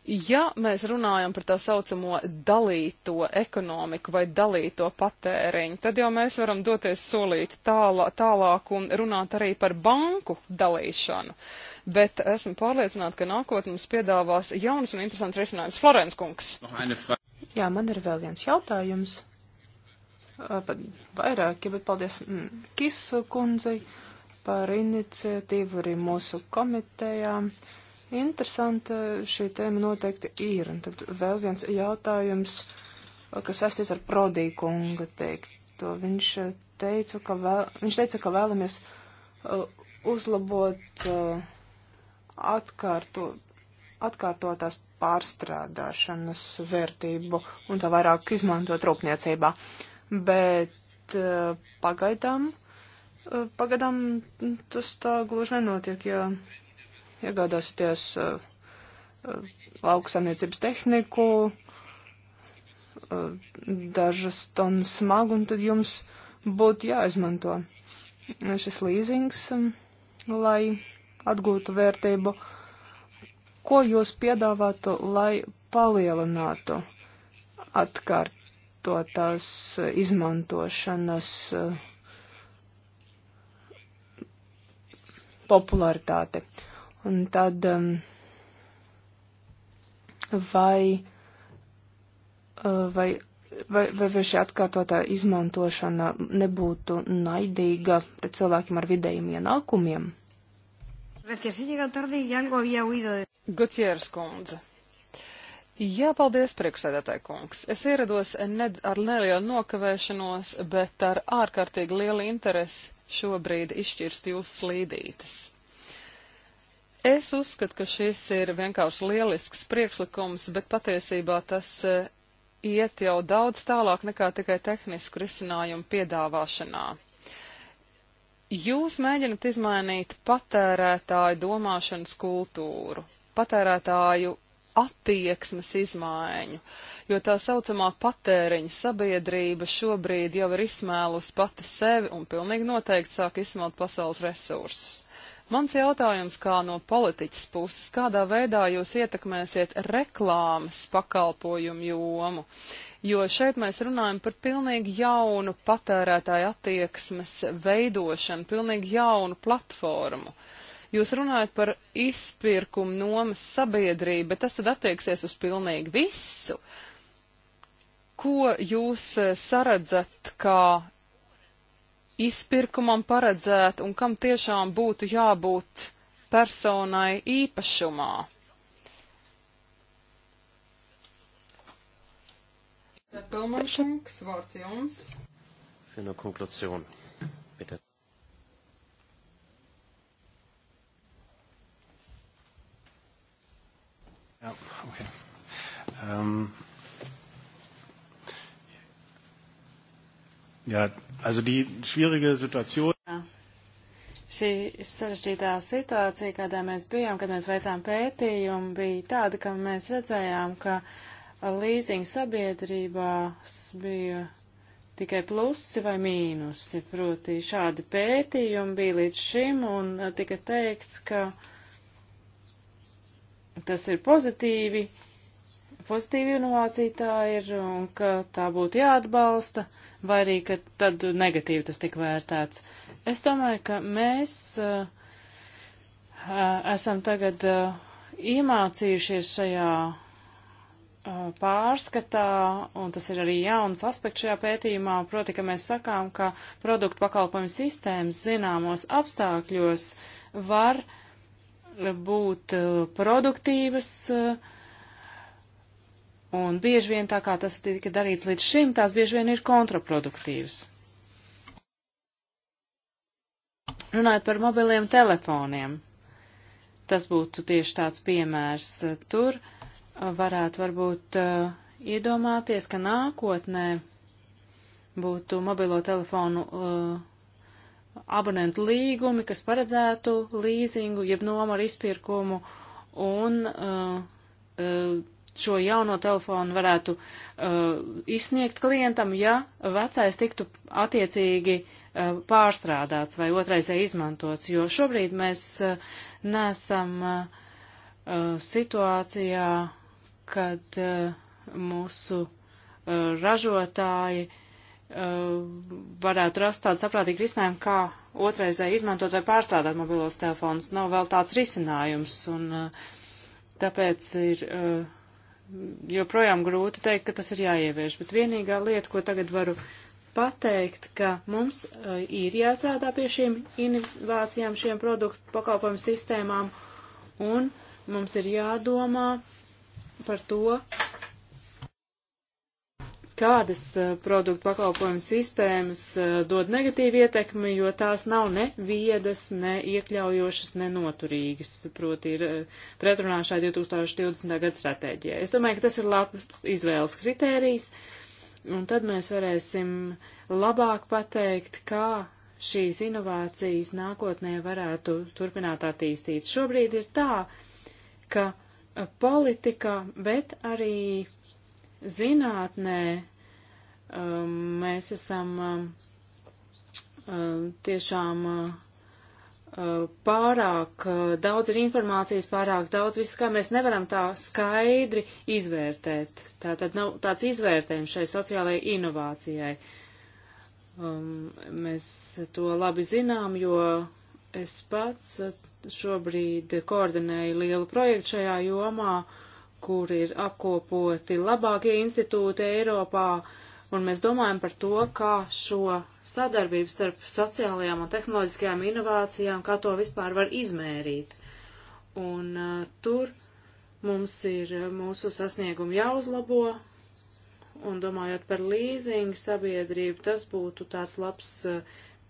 Ja mēs runājam par tā saucamo dalīto ekonomiku vai dalīto patēriņu, tad jau mēs varam doties solīt tālā, tālāk un runāt arī par banku dalīšanu. Bet esmu pārliecināta, ka nākotnē mums piedāvās jauns un interesants risinājums. Florence kungs. Jā, man ir vēl viens jautājums. Pat vairāki, bet paldies mm, Kisa kundzei par iniciatīvu arī mūsu komitejām. Uh, Interesanti eh, šī tēma noteikti ir. Un tad vēl viens jautājums, eh, kas saistīts ar Prodīkunga teikto. Viņš eh, teica, ka, vēl, viņš teica, ka vēlamies uh, uzlabot uh, atkārto, atkārtotās pārstrādāšanas vērtību un tā vairāk izmantot rūpniecībā. Bet uh, pagaidām, uh, pagaidām tas tā gluži nenotiek, ja iegādāsieties uh, eh, eh, lauksamniecības tehniku, uh, dažas tonnas smagu, un tad jums būtu jāizmanto šis līzings, um, lai atgūtu vērtību. Ko jūs piedāvātu, lai palielinātu atkārtotās izmantošanas popularitāti? Un tad um, vai, uh, vai, vai, vai, vai šī atkārtotā izmantošana nebūtu naidīga pret cilvēkiem ar vidējiem ienākumiem? Gutieres kundze. Jā, paldies, priekšsēdētāji kungs. Es ierados ne ar nelielu nokavēšanos, bet ar ārkārtīgi lielu interesi šobrīd izšķirst jūsu slīdītes. Es uzskatu, ka šis ir vienkārši lielisks priekšlikums, bet patiesībā tas eh, iet jau daudz tālāk nekā tikai tehnisku risinājumu piedāvāšanā. Jūs mēģinat izmainīt patērētāju domāšanas kultūru, patērētāju attieksmes izmaiņu, jo tā saucamā patēriņa sabiedrība šobrīd jau ir izsmēlus pati sevi un pilnīgi noteikti sāk izsmelt pasaules resursus. Mans jautājums kā no politiķas puses, kādā veidā jūs ietekmēsiet reklāmas pakalpojumu jomu? Jo šeit mēs runājam par pilnīgi jaunu patērētāju attieksmes veidošanu, pilnīgi jaunu platformu. Jūs runājat par izpirkumu nomas sabiedrību, bet tas tad attieksies uz pilnīgi visu. Ko jūs eh, saredzat kā izpirkumam paredzēt un kam tiešām būtu jābūt personai īpašumā. Pilmanšanks, vārds jums. Viena konkluzion, bitte. Ja, okay. Um, ja, Also die schwierige Situation. Jā. Šī sarežģītā situācija, kādā mēs bijām, kad mēs veicām pētījumu, bija tāda, ka mēs redzējām, ka līzinga sabiedrībās bija tikai plusi vai mīnusi. Proti šādi pētījumi bija līdz šim un tika teikts, ka tas ir pozitīvi, pozitīva inovācija tā ir un ka tā būtu jāatbalsta. Uh, vai arī, ka tad negatīvi tas tika vērtēts. Es domāju, ka mēs uh, uh, esam tagad uh, iemācījušies šajā uh, pārskatā, un tas ir arī jauns aspekts šajā pētījumā, proti, ka mēs sakām, ka produktu pakalpojumu sistēmas zināmos apstākļos var būt uh, produktīvas uh, Un bieži vien tā kā tas tika darīts līdz šim, tās bieži vien ir kontraproduktīvas. Runājot par mobiliem telefoniem, tas būtu tieši tāds piemērs. Eh, tur eh, varētu varbūt uh, iedomāties, ka nākotnē būtu mobilo telefonu uh, abonentu līgumi, kas paredzētu līzingu, jeb nomaru izpirkumu un uh, uh, šo jauno telefonu varētu uh, izsniegt klientam, ja vecais tiktu attiecīgi uh, pārstrādāts vai otraisai izmantots, jo šobrīd mēs uh, nesam uh, uh, situācijā, kad uh, mūsu uh, ražotāji uh, varētu rast tādu saprātīgu risinājumu, kā otraisai izmantot vai pārstrādāt mobilos telefonus. Nav vēl tāds risinājums. Un, uh, Tāpēc ir uh, joprojām grūti teikt, ka tas ir jāievieš, bet vienīgā lieta, ko tagad varu pateikt, ka mums uh, ir jāstrādā pie šīm inovācijām, šiem produktu pakalpojumu sistēmām, un mums ir jādomā par to, kādas eh, produktu pakalpojumu sistēmas eh, dod negatīvu ietekmi, jo tās nav ne viedas, ne iekļaujošas, ne noturīgas, proti ir eh, pretrunā šai 2020. gada stratēģijai. Es domāju, ka tas ir labs izvēles kritērijs, un tad mēs varēsim labāk pateikt, kā šīs inovācijas nākotnē varētu turpināt attīstīt. Šobrīd ir tā, ka politikā, bet arī zinātnē um, mēs esam um, um, tiešām uh, uh, pārāk uh, daudz ir informācijas, pārāk daudz viss, kā mēs nevaram tā skaidri izvērtēt. Tā tad nav tāds izvērtējums šai sociālajai inovācijai. Um, mēs to labi zinām, jo es pats šobrīd koordinēju lielu projektu šajā jomā. Uh, kur ir apkopoti labākie institūti Eiropā, un mēs domājam par to, kā šo sadarbību starp sociālajām un tehnoloģiskajām inovācijām, kā to vispār var izmērīt. Un uh, tur mums ir uh, mūsu sasniegumi jāuzlabo, un domājot par līzingu sabiedrību, tas būtu tāds labs uh,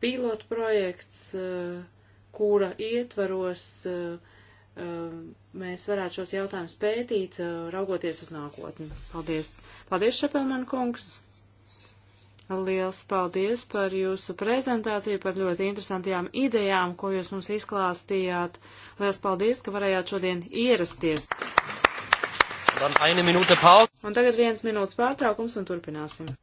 pilotprojekts, uh, kura ietvaros uh, Um, mēs varētu šos jautājumus pētīt, uh, raugoties uz nākotni. Paldies! Paldies, Šepelman kungs! Liels paldies par jūsu prezentāciju, par ļoti interesantajām idejām, ko jūs mums izklāstījāt. Liels paldies, ka varējāt šodien ierasties. Un tagad viens minūtes pārtraukums un turpināsim.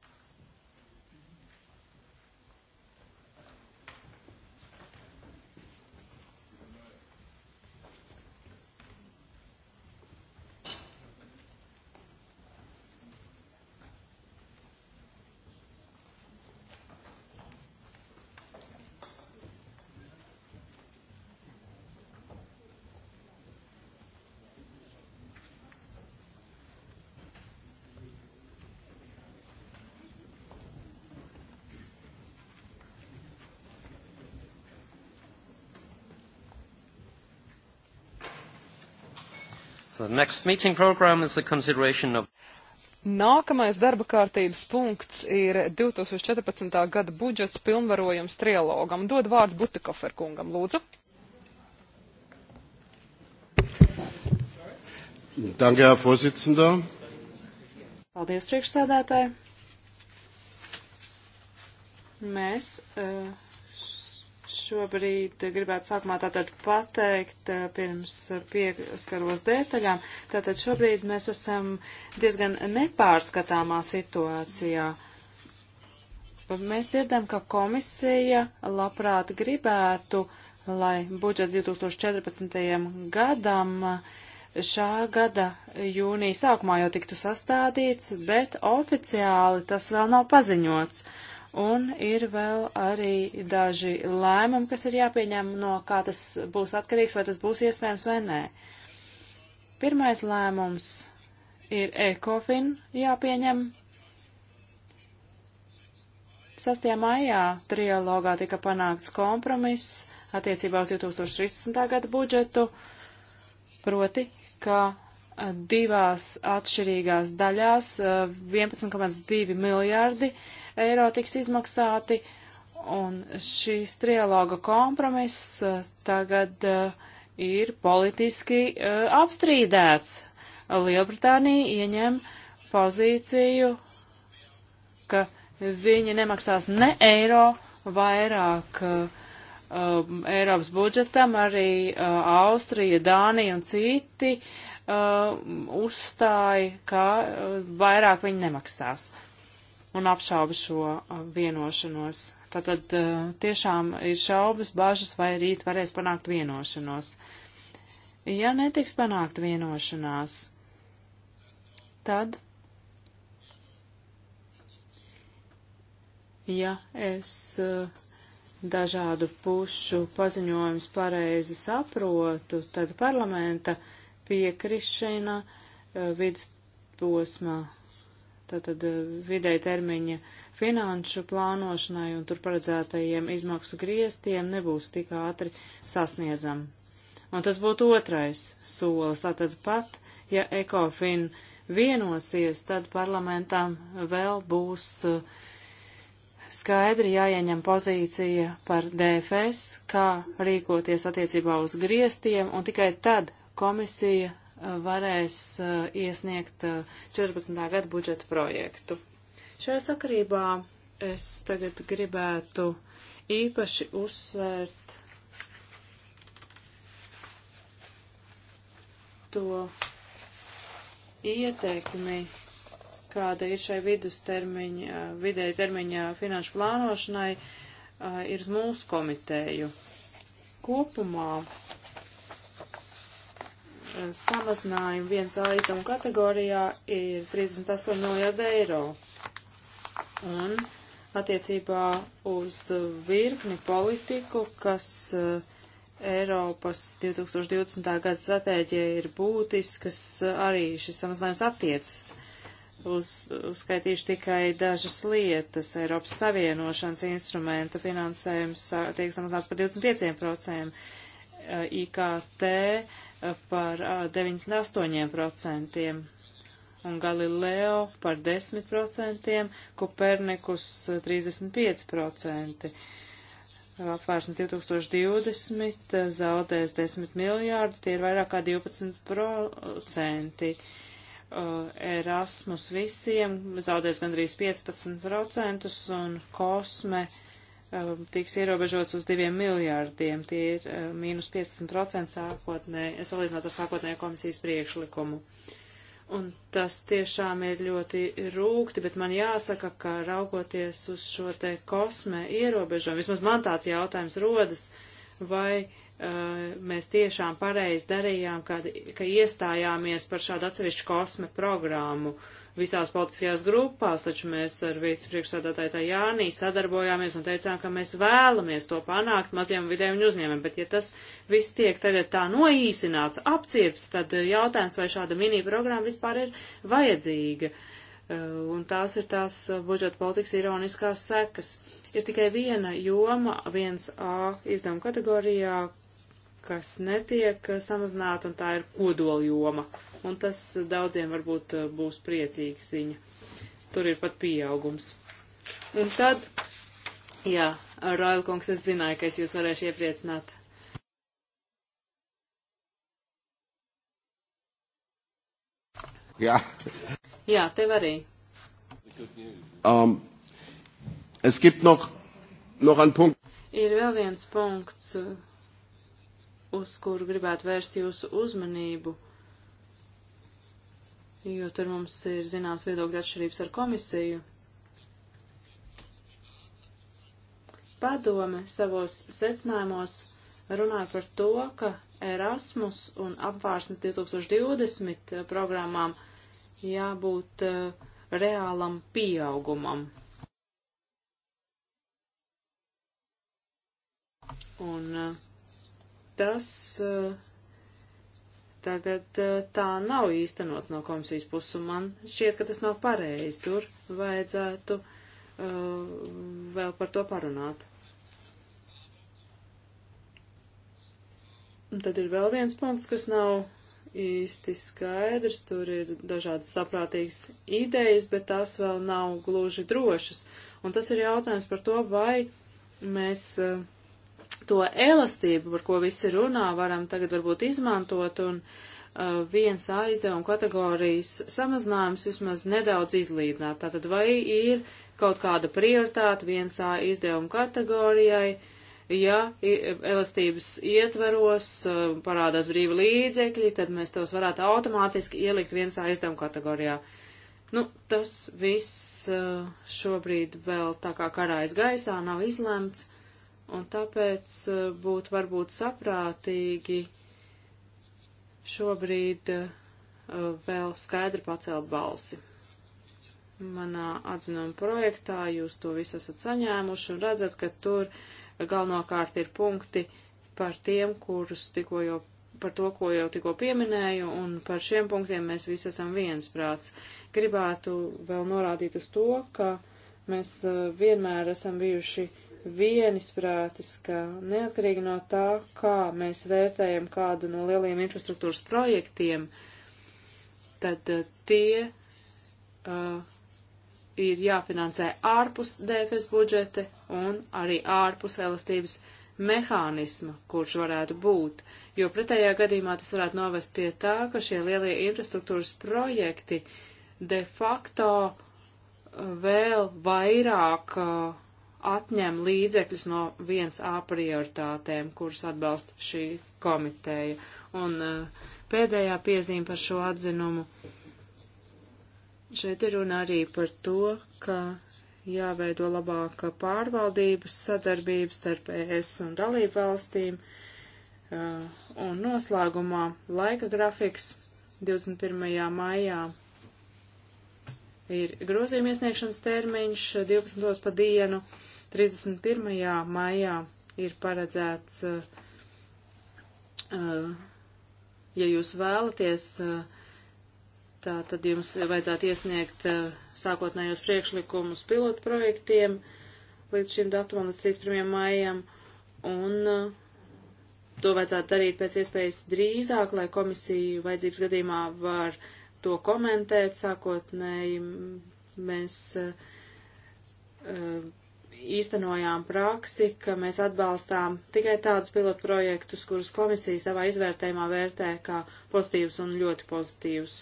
The next meeting program is the consideration of. Nākamais darba kārtības punkts ir 2014. gada budžets pilnvarojums trialogam. Dod vārdu Butikofer kungam, lūdzu. Danke, Herr Vorsitzender. Paldies, priekšsēdētāji. Mēs uh, šobrīd gribētu sākumā tātad pateikt, eh, pirms pieskaros detaļām, tātad šobrīd mēs esam diezgan nepārskatāmā situācijā. Mēs dzirdam, ka komisija labprāt gribētu, lai budžets 2014. gadam eh, šā gada jūnija sākumā jau tiktu sastādīts, bet oficiāli tas vēl nav paziņots. Un ir vēl arī daži lēmumi, kas ir jāpieņem no kā tas būs atkarīgs, vai tas būs iespējams vai nē. Pirmais lēmums ir ECOFIN jāpieņem. 6. maijā trialogā tika panākts kompromiss attiecībā uz 2013. gada budžetu, proti, ka divās atšķirīgās daļās 11,2 miljārdi uh, eiro tiks izmaksāti, un šīs trialoga kompromiss eh, tagad eh, ir politiski eh, apstrīdēts. Lielbritānija ieņem pozīciju, ka viņi nemaksās ne eiro vairāk uh, Eiropas budžetam, arī uh, Austrija, Dānija un citi uh, uzstāja, ka vairāk viņi nemaksās un apšauba šo vienošanos. Tātad tiešām ir šaubas, bažas, vai rīt varēs panākt vienošanos. Ja netiks panākt vienošanās, tad, ja es dažādu pušu paziņojumus pareizi saprotu, tad parlamenta piekrišana vidusposma tātad eh, vidēji termiņa finanšu plānošanai un tur paredzētajiem izmaksu griestiem nebūs tik ātri sasniedzam. Un tas būtu otrais solis, tātad pat, ja ECOFIN vienosies, tad parlamentam vēl būs eh, skaidri jāieņem pozīcija par DFS, kā rīkoties attiecībā uz griestiem, un tikai tad komisija varēs eh, iesniegt 14. Eh, gada budžeta projektu. Šajā sakarībā es tagad gribētu īpaši uzsvērt to ieteikumi, kāda ir šai vidustermiņa, vidēji termiņā finanšu plānošanai, eh, ir uz mūsu komiteju. Kopumā samazinājumi viens A izdevuma kategorijā ir 38 miljārdi eiro. Un attiecībā uz virkni politiku, kas eh, Eiropas 2020. gada stratēģija ir būtiskas, eh, arī šis samazinājums attiecas. Uz, uzskaitīšu tikai dažas lietas. Eiropas Savienošanas instrumenta finansējums tiek samazināts par 25%. IKT eh, par 98% eh, un Galileo par 10%, Kopernikus 35%. Apvērsnes 2020 zaudēs 10 miljārdu, tie ir vairāk kā 12%. Eh, Erasmus visiem zaudēs gandrīz 15% un Kosme 15% Um, tiks ierobežots uz diviem miljārdiem. Tie ir um, mīnus 15% sākotnē, salīdzinot ar sākotnējo komisijas priekšlikumu. Un tas tiešām ir ļoti rūkti, bet man jāsaka, ka raugoties uz šo te kosmē ierobežojumu, vismaz man tāds jautājums rodas, vai uh, mēs tiešām pareizi darījām, kad, ka iestājāmies par šādu atsevišķu kosme programmu. Uh, visās politiskajās grupās, taču mēs ar vicepriekšsādātāju tā Jānī sadarbojāmies un teicām, ka mēs vēlamies to panākt maziem vidējiem uzņēmumiem, bet ja tas viss tiek tagad tā noīsināts, apcieps, tad eh, jautājums, vai šāda mini programma vispār ir vajadzīga. Eh, un tās ir tās eh, budžeta politikas ironiskās sekas. Ir tikai viena joma, viens A izdevuma kategorijā, kas netiek samazināta, un tā ir kodoljoma. joma un tas daudziem varbūt eh, būs priecīgs ziņa. Tur ir pat pieaugums. Un tad, jā, Railkungs, es zināju, ka es jūs varēšu iepriecināt. Jā. Jā, tev arī. Um, es gibt noch, noch einen Punkt. Ir vēl viens punkts, eh, uz kuru gribētu vērst jūsu uzmanību jo tur mums ir zināms viedokļa atšķirības ar komisiju. Padome savos secinājumos runāja par to, ka Erasmus un apvārsnes 2020 eh, programmām jābūt uh, reālam pieaugumam. Un uh, tas uh, tagad eh, tā nav īstenots no komisijas puses, un man šķiet, ka tas nav pareizi. Tur vajadzētu uh, vēl par to parunāt. Un tad ir vēl viens punkts, kas nav īsti skaidrs. Tur ir dažādas saprātīgas idejas, bet tās vēl nav gluži drošas. Un tas ir jautājums par to, vai mēs. Uh, to elastību, par ko visi runā, varam tagad varbūt izmantot un uh, viens A izdevuma kategorijas samazinājums vismaz nedaudz izlīdzināt. Tātad vai ir kaut kāda prioritāte viens A izdevuma kategorijai, ja elastības ietveros uh, parādās brīvi līdzekļi, tad mēs tos varētu automātiski ielikt viens A izdevuma kategorijā. Nu, tas viss uh, šobrīd vēl tā kā karājas gaisā, nav izlemts. Uh, Un tāpēc eh, būtu varbūt saprātīgi šobrīd eh, vēl skaidri pacelt balsi. Manā atzinuma projektā jūs to visu esat saņēmuši un redzat, ka tur galvenokārt ir punkti par tiem, kurus tikko jau par to, ko jau tikko pieminēju, un par šiem punktiem mēs visi esam viensprāts. Gribētu vēl norādīt uz to, ka mēs eh, vienmēr esam bijuši uh, vienisprātis, ka neatkarīgi no tā, kā mēs vērtējam kādu no lielajiem infrastruktūras projektiem, tad uh, tie uh, ir jāfinansē ārpus DFS budžete un arī ārpus elastības mehānisma, kurš varētu būt, jo pretējā gadījumā tas varētu novest pie tā, ka šie lielie infrastruktūras projekti de facto uh, vēl vairāk uh, atņem līdzekļus no viens A prioritātēm, kuras atbalsta šī komiteja. Un eh, pēdējā piezīme par šo atzinumu. Šeit ir runa arī par to, ka jāveido labāka pārvaldības sadarbības starp ES un dalību valstīm. Eh, un noslēgumā laika grafiks 21. maijā ir grozījuma iesniegšanas termiņš 12. Eh, pa dienu. Uh, 31. maijā ir paredzēts, uh, uh, ja jūs vēlaties, uh, tā tad jums vajadzētu iesniegt sākotnējos priekšlikumus pilotu projektiem līdz šim datumam, līdz 31. maijam, un to vajadzētu darīt pēc iespējas drīzāk, lai komisija vajadzības gadījumā var to komentēt sākotnēji. Mēs uh, īstenojām praksi, ka mēs atbalstām tikai tādus pilotu projektus, kurus komisija savā izvērtējumā vērtē kā pozitīvus un ļoti pozitīvus.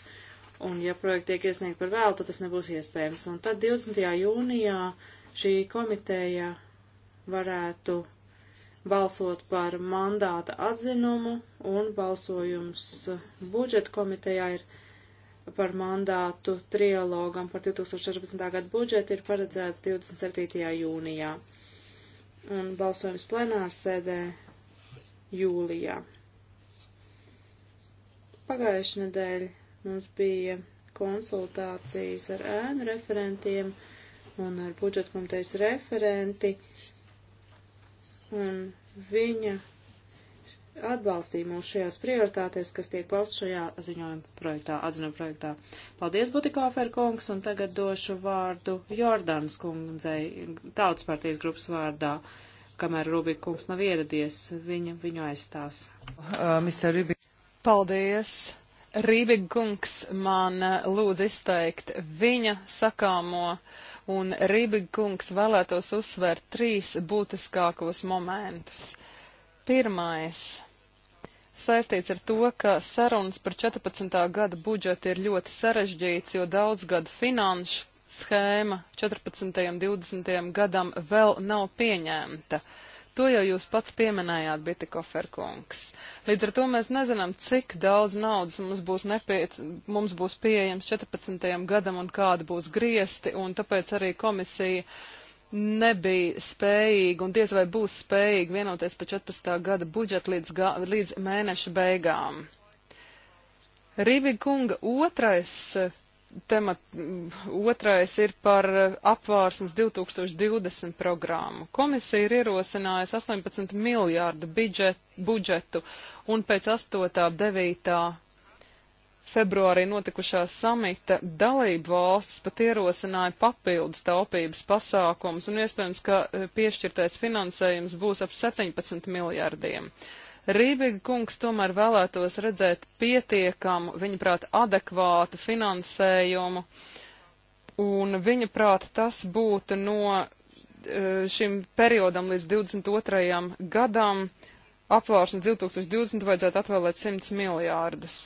Un ja projekti tiek iesniegti par vēlu, tad tas nebūs iespējams. Un tad 20. jūnijā šī komiteja varētu balsot par mandāta atzinumu un balsojums budžeta komitejā ir par mandātu trialogam par 2014. gadu budžetu ir paredzēts 27. jūnijā un balsojums plenārsēdē jūlijā. Pagājuši nedēļ mums bija konsultācijas ar ēnu referentiem un ar budžetkomitejas referenti, un viņa atbalstīja mūs šajās prioritātēs, kas tiek pausts šajā ziņojuma projektā, atzinuma projektā. Paldies, Butikāfer kungs, un tagad došu vārdu Jordānas kundzei, tautas partijas grupas vārdā, kamēr Rubik kungs nav ieradies, viņa viņu aizstās. Uh, Paldies! Rībig kungs man uh, lūdz izteikt viņa sakāmo, un Rībig kungs vēlētos uzsvērt trīs būtiskākos momentus. Pirmais saistīts ar to, ka sarunas par 14. gada budžetu ir ļoti sarežģīts, jo daudz gadu finanšu schēma 14. un 20. gadam vēl nav pieņemta. To jau jūs pats pieminējāt, Bitikoferkungs. Līdz ar to mēs nezinām, cik daudz naudas mums būs, nepiec, mums būs pieejams 14. gadam un kāda būs griesti, un tāpēc arī komisija uh, nebija spējīgi un diez vai būs spējīgi vienoties par 14. gada budžetu līdz, ga, līdz mēneša beigām. Rībīga kunga otrais eh, temat, mm, otrais ir par eh, apvārsnes 2020 programmu. Komisija ir ierosinājusi 18 miljārdu budžet, budžetu un pēc 8. 9 februārī notikušā samita dalību valsts pat ierosināja papildus taupības pasākums un iespējams, ka e, piešķirtais finansējums būs ap 17 miljārdiem. Rībiga kungs tomēr vēlētos redzēt pietiekamu, viņaprāt, adekvātu finansējumu, un viņaprāt, tas būtu no e, šim periodam līdz 22. gadam apvārsni 2020 vajadzētu atvēlēt 100 miljārdus.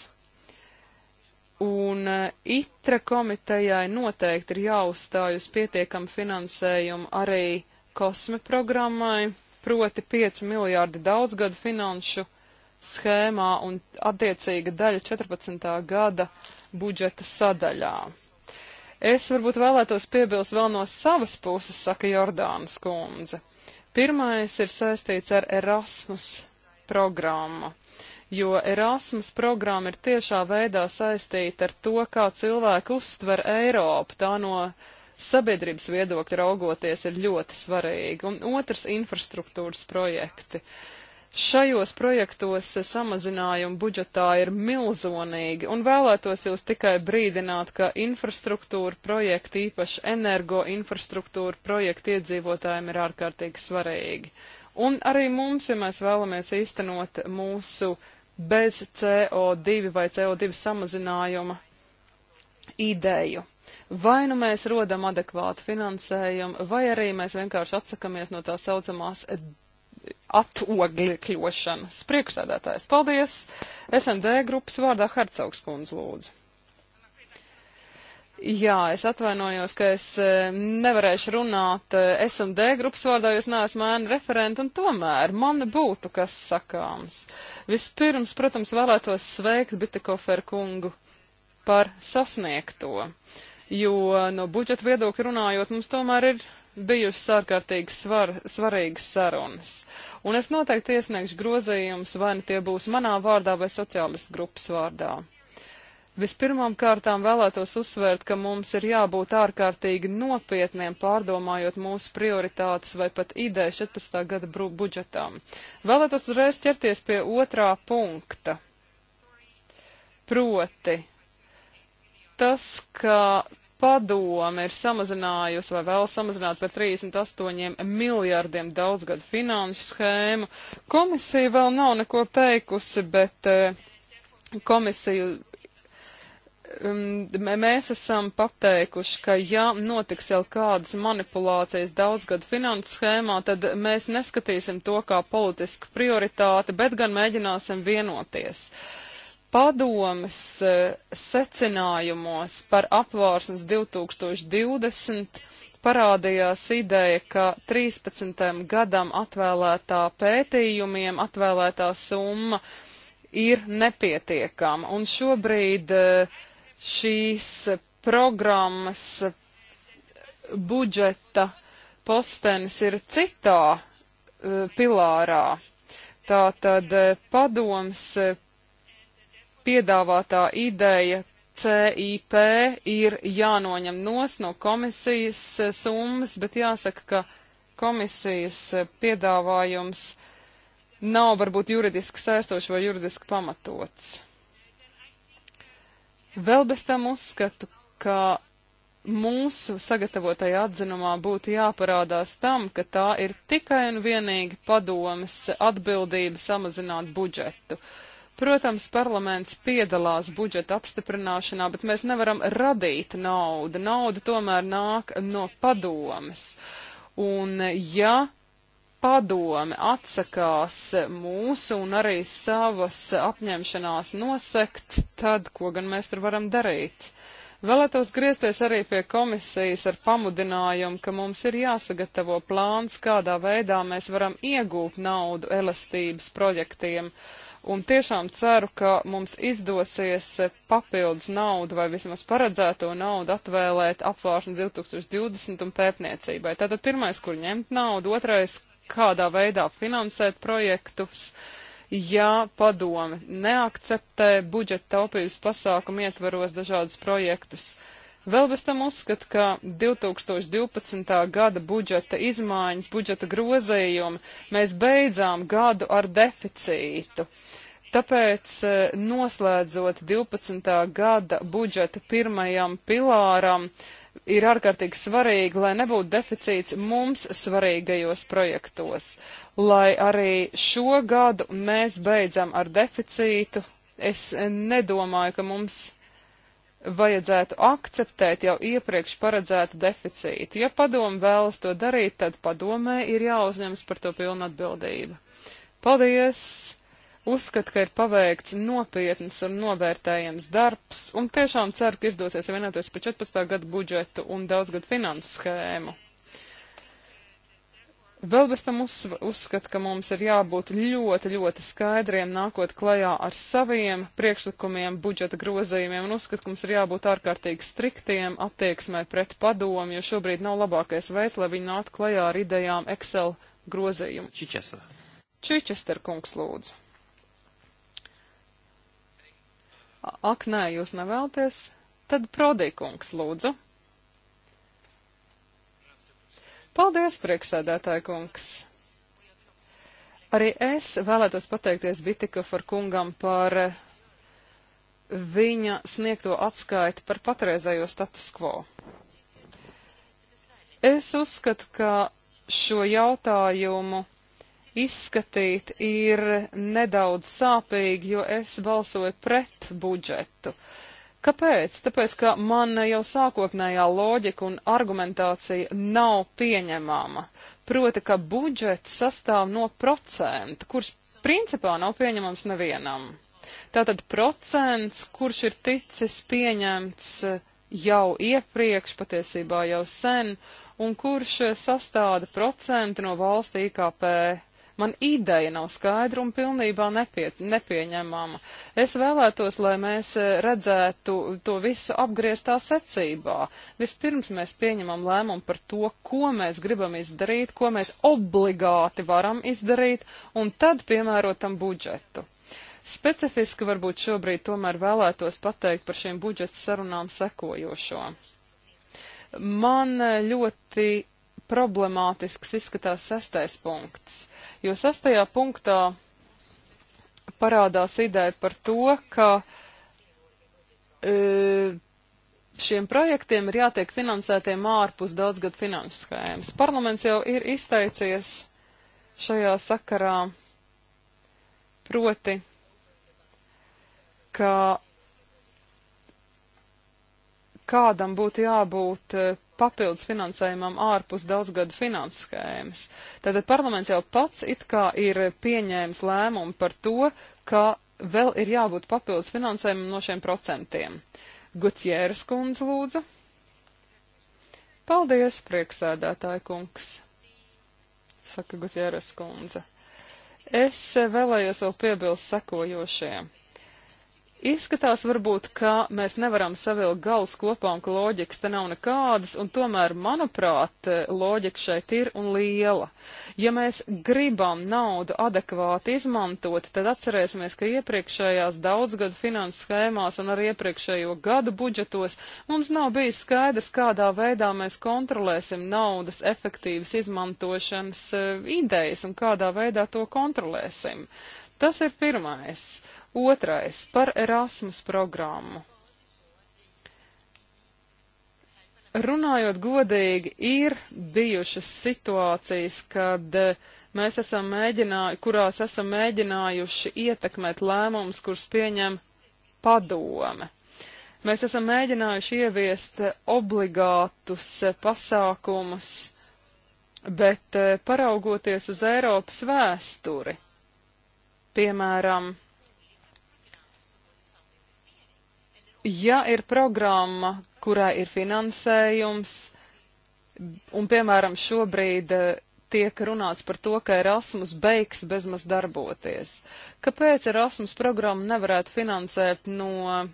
Un eh, itra komitejai noteikti ir jāuzstāj uz pietiekamu finansējumu arī kosme programmai, proti 5 miljārdi daudzgadu finanšu schēmā un attiecīga daļa 14. gada budžeta sadaļā. Es varbūt vēlētos piebilst vēl no savas puses, saka Jordānas kundze. Pirmais ir saistīts ar Erasmus programmu jo Erasmus programma ir tiešā veidā saistīta ar to, kā cilvēki uztver Eiropu. Tā no sabiedrības viedokļa raugoties ir ļoti svarīga. Un otrs - infrastruktūras projekti. Šajos projektos samazinājumi budžetā ir milzonīgi, un vēlētos jūs tikai brīdināt, ka infrastruktūra projekti, īpaši energoinfrastruktūra projekti iedzīvotājiem ir ārkārtīgi svarīgi. Un arī mums, ja mēs vēlamies īstenot mūsu uh, bez CO2 vai CO2 samazinājuma ideju. Vai nu mēs rodam adekvātu finansējumu, vai arī mēs vienkārši atsakamies no tā saucamās atogļošanas. Priekšsēdētājs, paldies! SND grupas vārdā Hercogs kundz lūdzu. Jā, es atvainojos, ka es e, nevarēšu runāt e, S un D grupas vārdā, jo es neesmu ēna referenta, un tomēr man būtu kas sakāms. Vispirms, protams, vēlētos sveikt Bitekoferu kungu par sasniegto, jo no budžeta viedokļa runājot, mums tomēr ir bijušas ārkārtīgi svar, svarīgas sarunas. Un es noteikti iesniegšu grozījumus, vai nu tie būs manā vārdā vai sociālistu grupas vārdā. Vispirmām kārtām vēlētos uzsvērt, ka mums ir jābūt ārkārtīgi nopietniem pārdomājot mūsu prioritātes vai pat ideju 14. gada budžetām. Vēlētos uzreiz ķerties pie otrā punkta. Proti, tas, ka padome ir samazinājusi vai vēl samazināt par 38 miljārdiem daudzgadu finanšu schēmu, komisija vēl nav neko teikusi, bet eh, komisiju mēs esam pateikuši, ka ja notiks jau kādas manipulācijas daudzgadu finansu schēmā, tad mēs neskatīsim to kā politisku prioritāti, bet gan mēģināsim vienoties. Padomas e, secinājumos par apvārsnes 2020 parādījās ideja, ka 13. gadam atvēlētā pētījumiem atvēlētā summa ir nepietiekama, un šobrīd uh, šīs programmas budžeta postenis ir citā e, pilārā. Tātad e, padoms e, piedāvātā ideja CIP ir jānoņem nos no komisijas summas, bet jāsaka, ka komisijas piedāvājums nav varbūt juridiski saistošs vai juridiski pamatots. Vēl bez tam uzskatu, ka mūsu sagatavotajā atzinumā būtu jāparādās tam, ka tā ir tikai un vienīgi padomas atbildība samazināt budžetu. Protams, parlaments piedalās budžeta apstiprināšanā, bet mēs nevaram radīt naudu. Nauda tomēr nāk no padomas. Un ja padome atsakās mūsu un arī savas apņemšanās nosekt, tad ko gan mēs tur varam darīt? Vēlētos griezties arī pie komisijas ar pamudinājumu, ka mums ir jāsagatavo plāns, kādā veidā mēs varam iegūt naudu elastības projektiem. Un tiešām ceru, ka mums izdosies papildus naudu vai vismaz paredzēto naudu atvēlēt apvāršana 2020 un pētniecībai. Tātad pirmais, kur ņemt naudu, otrais, kādā veidā finansēt projektus. Ja padome neakceptē budžeta taupības pasākumu ietvaros dažādus projektus, Vēl bez tam uzskata, ka 2012. gada budžeta izmaiņas, budžeta grozējumi, mēs beidzām gadu ar deficītu. Tāpēc e, noslēdzot 12. gada budžeta pirmajam pilāram, uh, ir ārkārtīgi svarīgi, lai nebūtu deficīts mums svarīgajos projektos, lai arī šo gadu mēs beidzam ar deficītu. Es nedomāju, ka mums vajadzētu akceptēt jau iepriekš paredzētu deficītu. Ja padomu vēlas to darīt, tad padomē ir jāuzņemas par to pilnu atbildību. Paldies! Uzskatu, ka ir paveikts nopietns un novērtējams darbs, un tiešām ceru, ka izdosies vienoties par 14. gadu budžetu un daudzgadu finansu schēmu. Vēl bez tam uz, uzskatu, ka mums ir jābūt ļoti, ļoti skaidriem nākot klajā ar saviem priekšlikumiem, budžeta grozījumiem, un uzskatu, ka mums ir jābūt ārkārtīgi striktiem attieksmē pret padomu, jo šobrīd nav labākais veids, lai viņi nāktu klajā ar idejām Excel grozījumu. Čičester. Čičester kungs lūdzu. Ak, nē, jūs nevēlaties? Tad prodīkungs, lūdzu. Paldies, prieksēdētāji kungs. Arī es vēlētos pateikties Bitikofer kungam par viņa sniegto atskaiti par patreizējo status quo. Es uzskatu, ka šo jautājumu izskatīt, ir nedaudz sāpīgi, jo es balsoju pret budžetu. Kāpēc? Tāpēc, ka man jau sākotnējā loģika un argumentācija nav pieņemama. Proti, ka budžets sastāv no procenta, kurš principā nav pieņemams nevienam. Tātad procents, kurš ir ticis pieņemts jau iepriekš, patiesībā jau sen, un kurš sastāda procenti no valsts IKP. Man ideja nav skaidra un pilnībā nepie, nepieņemama. Es vēlētos, lai mēs e, redzētu to visu apgrieztā secībā. Vispirms mēs pieņemam lēmumu par to, ko mēs gribam izdarīt, ko mēs obligāti varam izdarīt, un tad piemērotam budžetu. Specifiski varbūt šobrīd tomēr vēlētos pateikt par šīm budžeta sarunām sekojošo. Man e, ļoti problemātisks izskatās sastais punkts, jo sastajā punktā parādās ideja par to, ka e, šiem projektiem ir jātiek finansētiem ārpus daudzgad finanšu skēmas. Parlaments jau ir izteicies šajā sakarā proti, ka kādam būtu jābūt e, papildus finansējumam ārpus daudzgadu finanses schēmas. Tātad parlaments jau pats it kā ir pieņēmis lēmumu par to, ka vēl ir jābūt papildus finansējumam no šiem procentiem. Gutjēras kundze lūdzu. Paldies, prieksēdētāja kungs, saka Gutjēras kundze. Es vēlējos vēl piebilst sekojošiem. Izskatās varbūt, ka mēs nevaram savilkt gals kopā un ka loģikas te nav nekādas, un tomēr, manuprāt, loģika šeit ir un liela. Ja mēs gribam naudu adekvāti izmantot, tad atcerēsimies, ka iepriekšējās daudzgadu finanšu schēmās un arī iepriekšējo gadu budžetos mums nav bijis skaidrs, kādā veidā mēs kontrolēsim naudas efektīvas izmantošanas eh, idejas un kādā veidā to kontrolēsim. Tas ir pirmais. Otrais par Erasmus programmu. Runājot godīgi, ir bijušas situācijas, kad eh, mēs esam mēģinājuši, kurās esam mēģinājuši ietekmēt lēmumus, kurus pieņem padome. Mēs esam mēģinājuši ieviest eh, obligātus eh, pasākumus, bet paraugoties uz Eiropas vēsturi, piemēram, ja ir programma, kurai ir finansējums, un, piemēram, šobrīd eh, tiek runāts par to, ka Erasmus beigs bezmaz darboties. Kāpēc Erasmus programmu nevarētu finansēt no eh,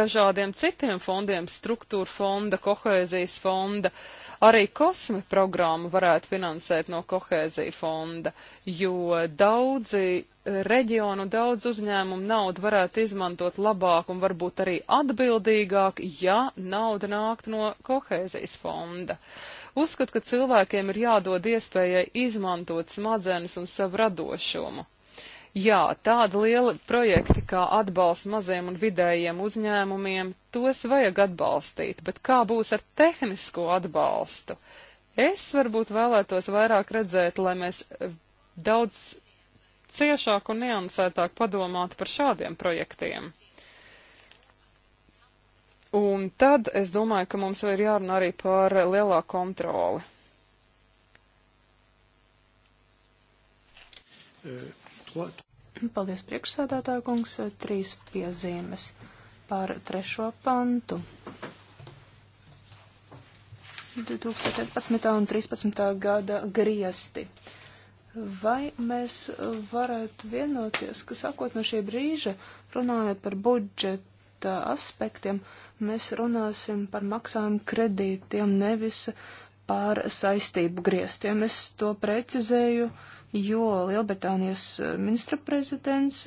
dažādiem citiem fondiem, struktūra fonda, kohēzijas fonda? Arī kosme programmu varētu finansēt no kohēzija fonda, jo daudzi reģionu un daudz uzņēmumu naudu varētu izmantot labāk un varbūt arī atbildīgāk, ja nauda nākt no kohēzijas fonda. Uzskat, ka cilvēkiem ir jādod iespējai izmantot smadzenes un savu radošumu. Jā, tāda liela projekta kā atbalsts maziem un vidējiem uzņēmumiem, tos vajag atbalstīt, bet kā būs ar tehnisko atbalstu? Es varbūt vēlētos vairāk redzēt, lai mēs eh, daudz ciešāk un niansētāk padomāt par šādiem projektiem. Un tad es domāju, ka mums ir jārunā arī par lielāku kontroli. Paldies priekšsēdētā kungs, trīs piezīmes par trešo pantu. 2011. un 2013. gada griesti. Uh, Vai mēs varētu vienoties, ka sākot no šī brīža, runājot par budžeta aspektiem, mēs runāsim par maksājumu kredītiem, nevis par saistību griestiem. Es to precizēju, jo Lielbritānijas ministra prezidents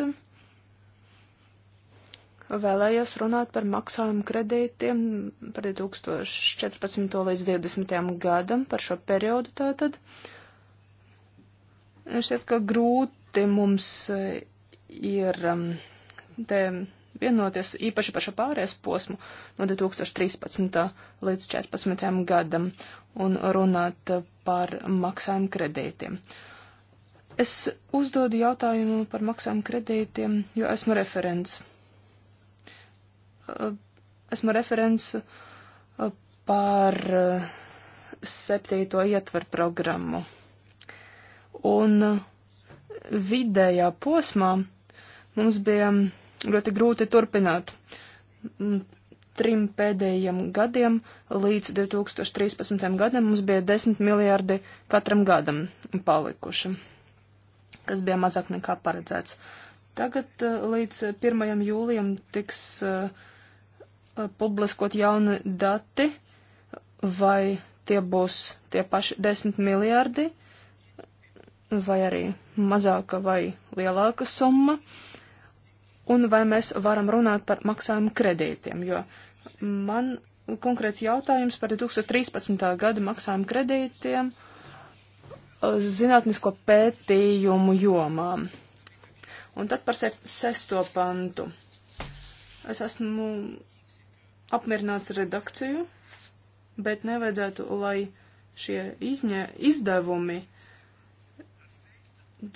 vēlējos runāt par maksājumu kredītiem par 2014. līdz 2020. gadam, par šo periodu tātad. tad Šķiet, ka grūti mums eh, ir um, te vienoties īpaši par šo pārējais posmu no 2013. līdz 2014. gadam un runāt par maksājumu kredītiem. Es uzdodu jautājumu par maksājumu kredītiem, jo esmu referents. Eh, esmu referents eh, par septīto ietver programmu. Un vidējā posmā mums bija ļoti grūti turpināt trim pēdējiem gadiem līdz 2013. gadam mums bija 10 miljārdi katram gadam palikuši, kas bija mazāk nekā paredzēts. Tagad eh, līdz 1. jūlijam tiks eh, publiskot jauni dati, vai tie būs tie paši 10 miljārdi vai arī mazāka vai lielāka summa, un vai mēs varam runāt par maksājumu kredītiem, jo man konkrēts jautājums par 2013. gada maksājumu kredītiem eh, zinātnisko pētījumu jomā. Un tad par se sesto pantu. Es esmu apmierināts ar redakciju, bet nevajadzētu, lai šie izņē, izdevumi uh,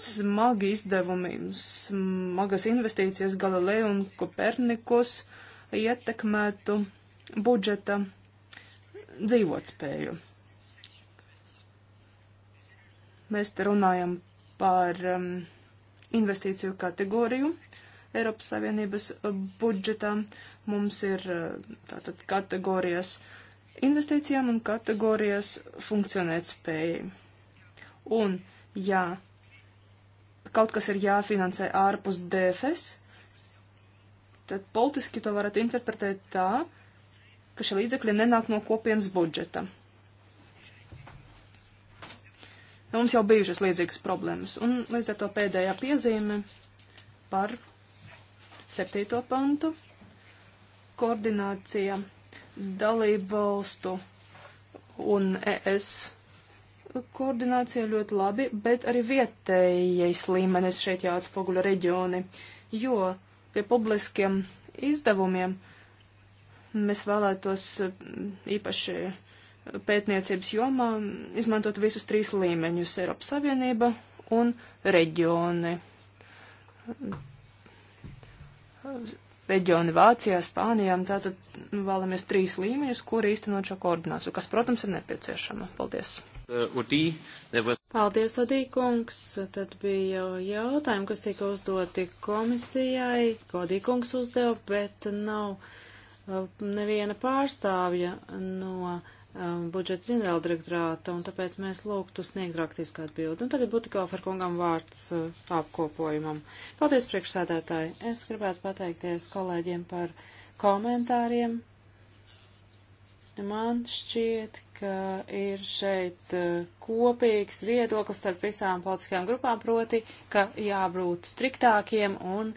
smagi izdevumi, smagas investīcijas Galileo un Kopernikus ietekmētu budžeta dzīvotspēju. Mēs te runājam par um, investīciju kategoriju Eiropas Savienības budžetā. Mums ir uh, tātad kategorijas investīcijām un kategorijas funkcionēt spējai. Un, ja kaut kas ir jāfinansē ārpus DFS, tad politiski to varat interpretēt tā, ka šie līdzekļi nenāk no kopienas budžeta. Nu, mums jau bijušas līdzīgas problēmas, un līdz ar to pēdējā piezīme par septīto pantu - koordinācija dalību valstu un ES koordinācija ļoti labi, bet arī vietējais līmenis šeit jāatspoguļo reģioni, jo pie publiskiem izdevumiem mēs vēlētos mm, īpaši pētniecības jomā izmantot visus trīs līmeņus - Eiropas Savienība un reģioni. Reģioni Vācijā, Spānijā, tātad vēlamies trīs līmeņus, kur īstenot šo koordināciju, kas, protams, ir nepieciešama. Paldies! Uh, Paldies, Odī kungs. Tad bija jautājumi, kas tika uzdoti komisijai, ko Odī kungs uzdeva, bet nav uh, neviena pārstāvja no um, budžeta ģenerāldirektorāta, un tāpēc mēs lūgtu sniegt raktisku atbildi. Un tagad būtu kā par kungam vārds uh, apkopojumam. Paldies, priekšsēdētāji! Es gribētu pateikties kolēģiem par komentāriem, Man šķiet, ka ir šeit eh, kopīgs viedoklis starp visām politiskajām grupām, proti, ka jābūt striktākiem un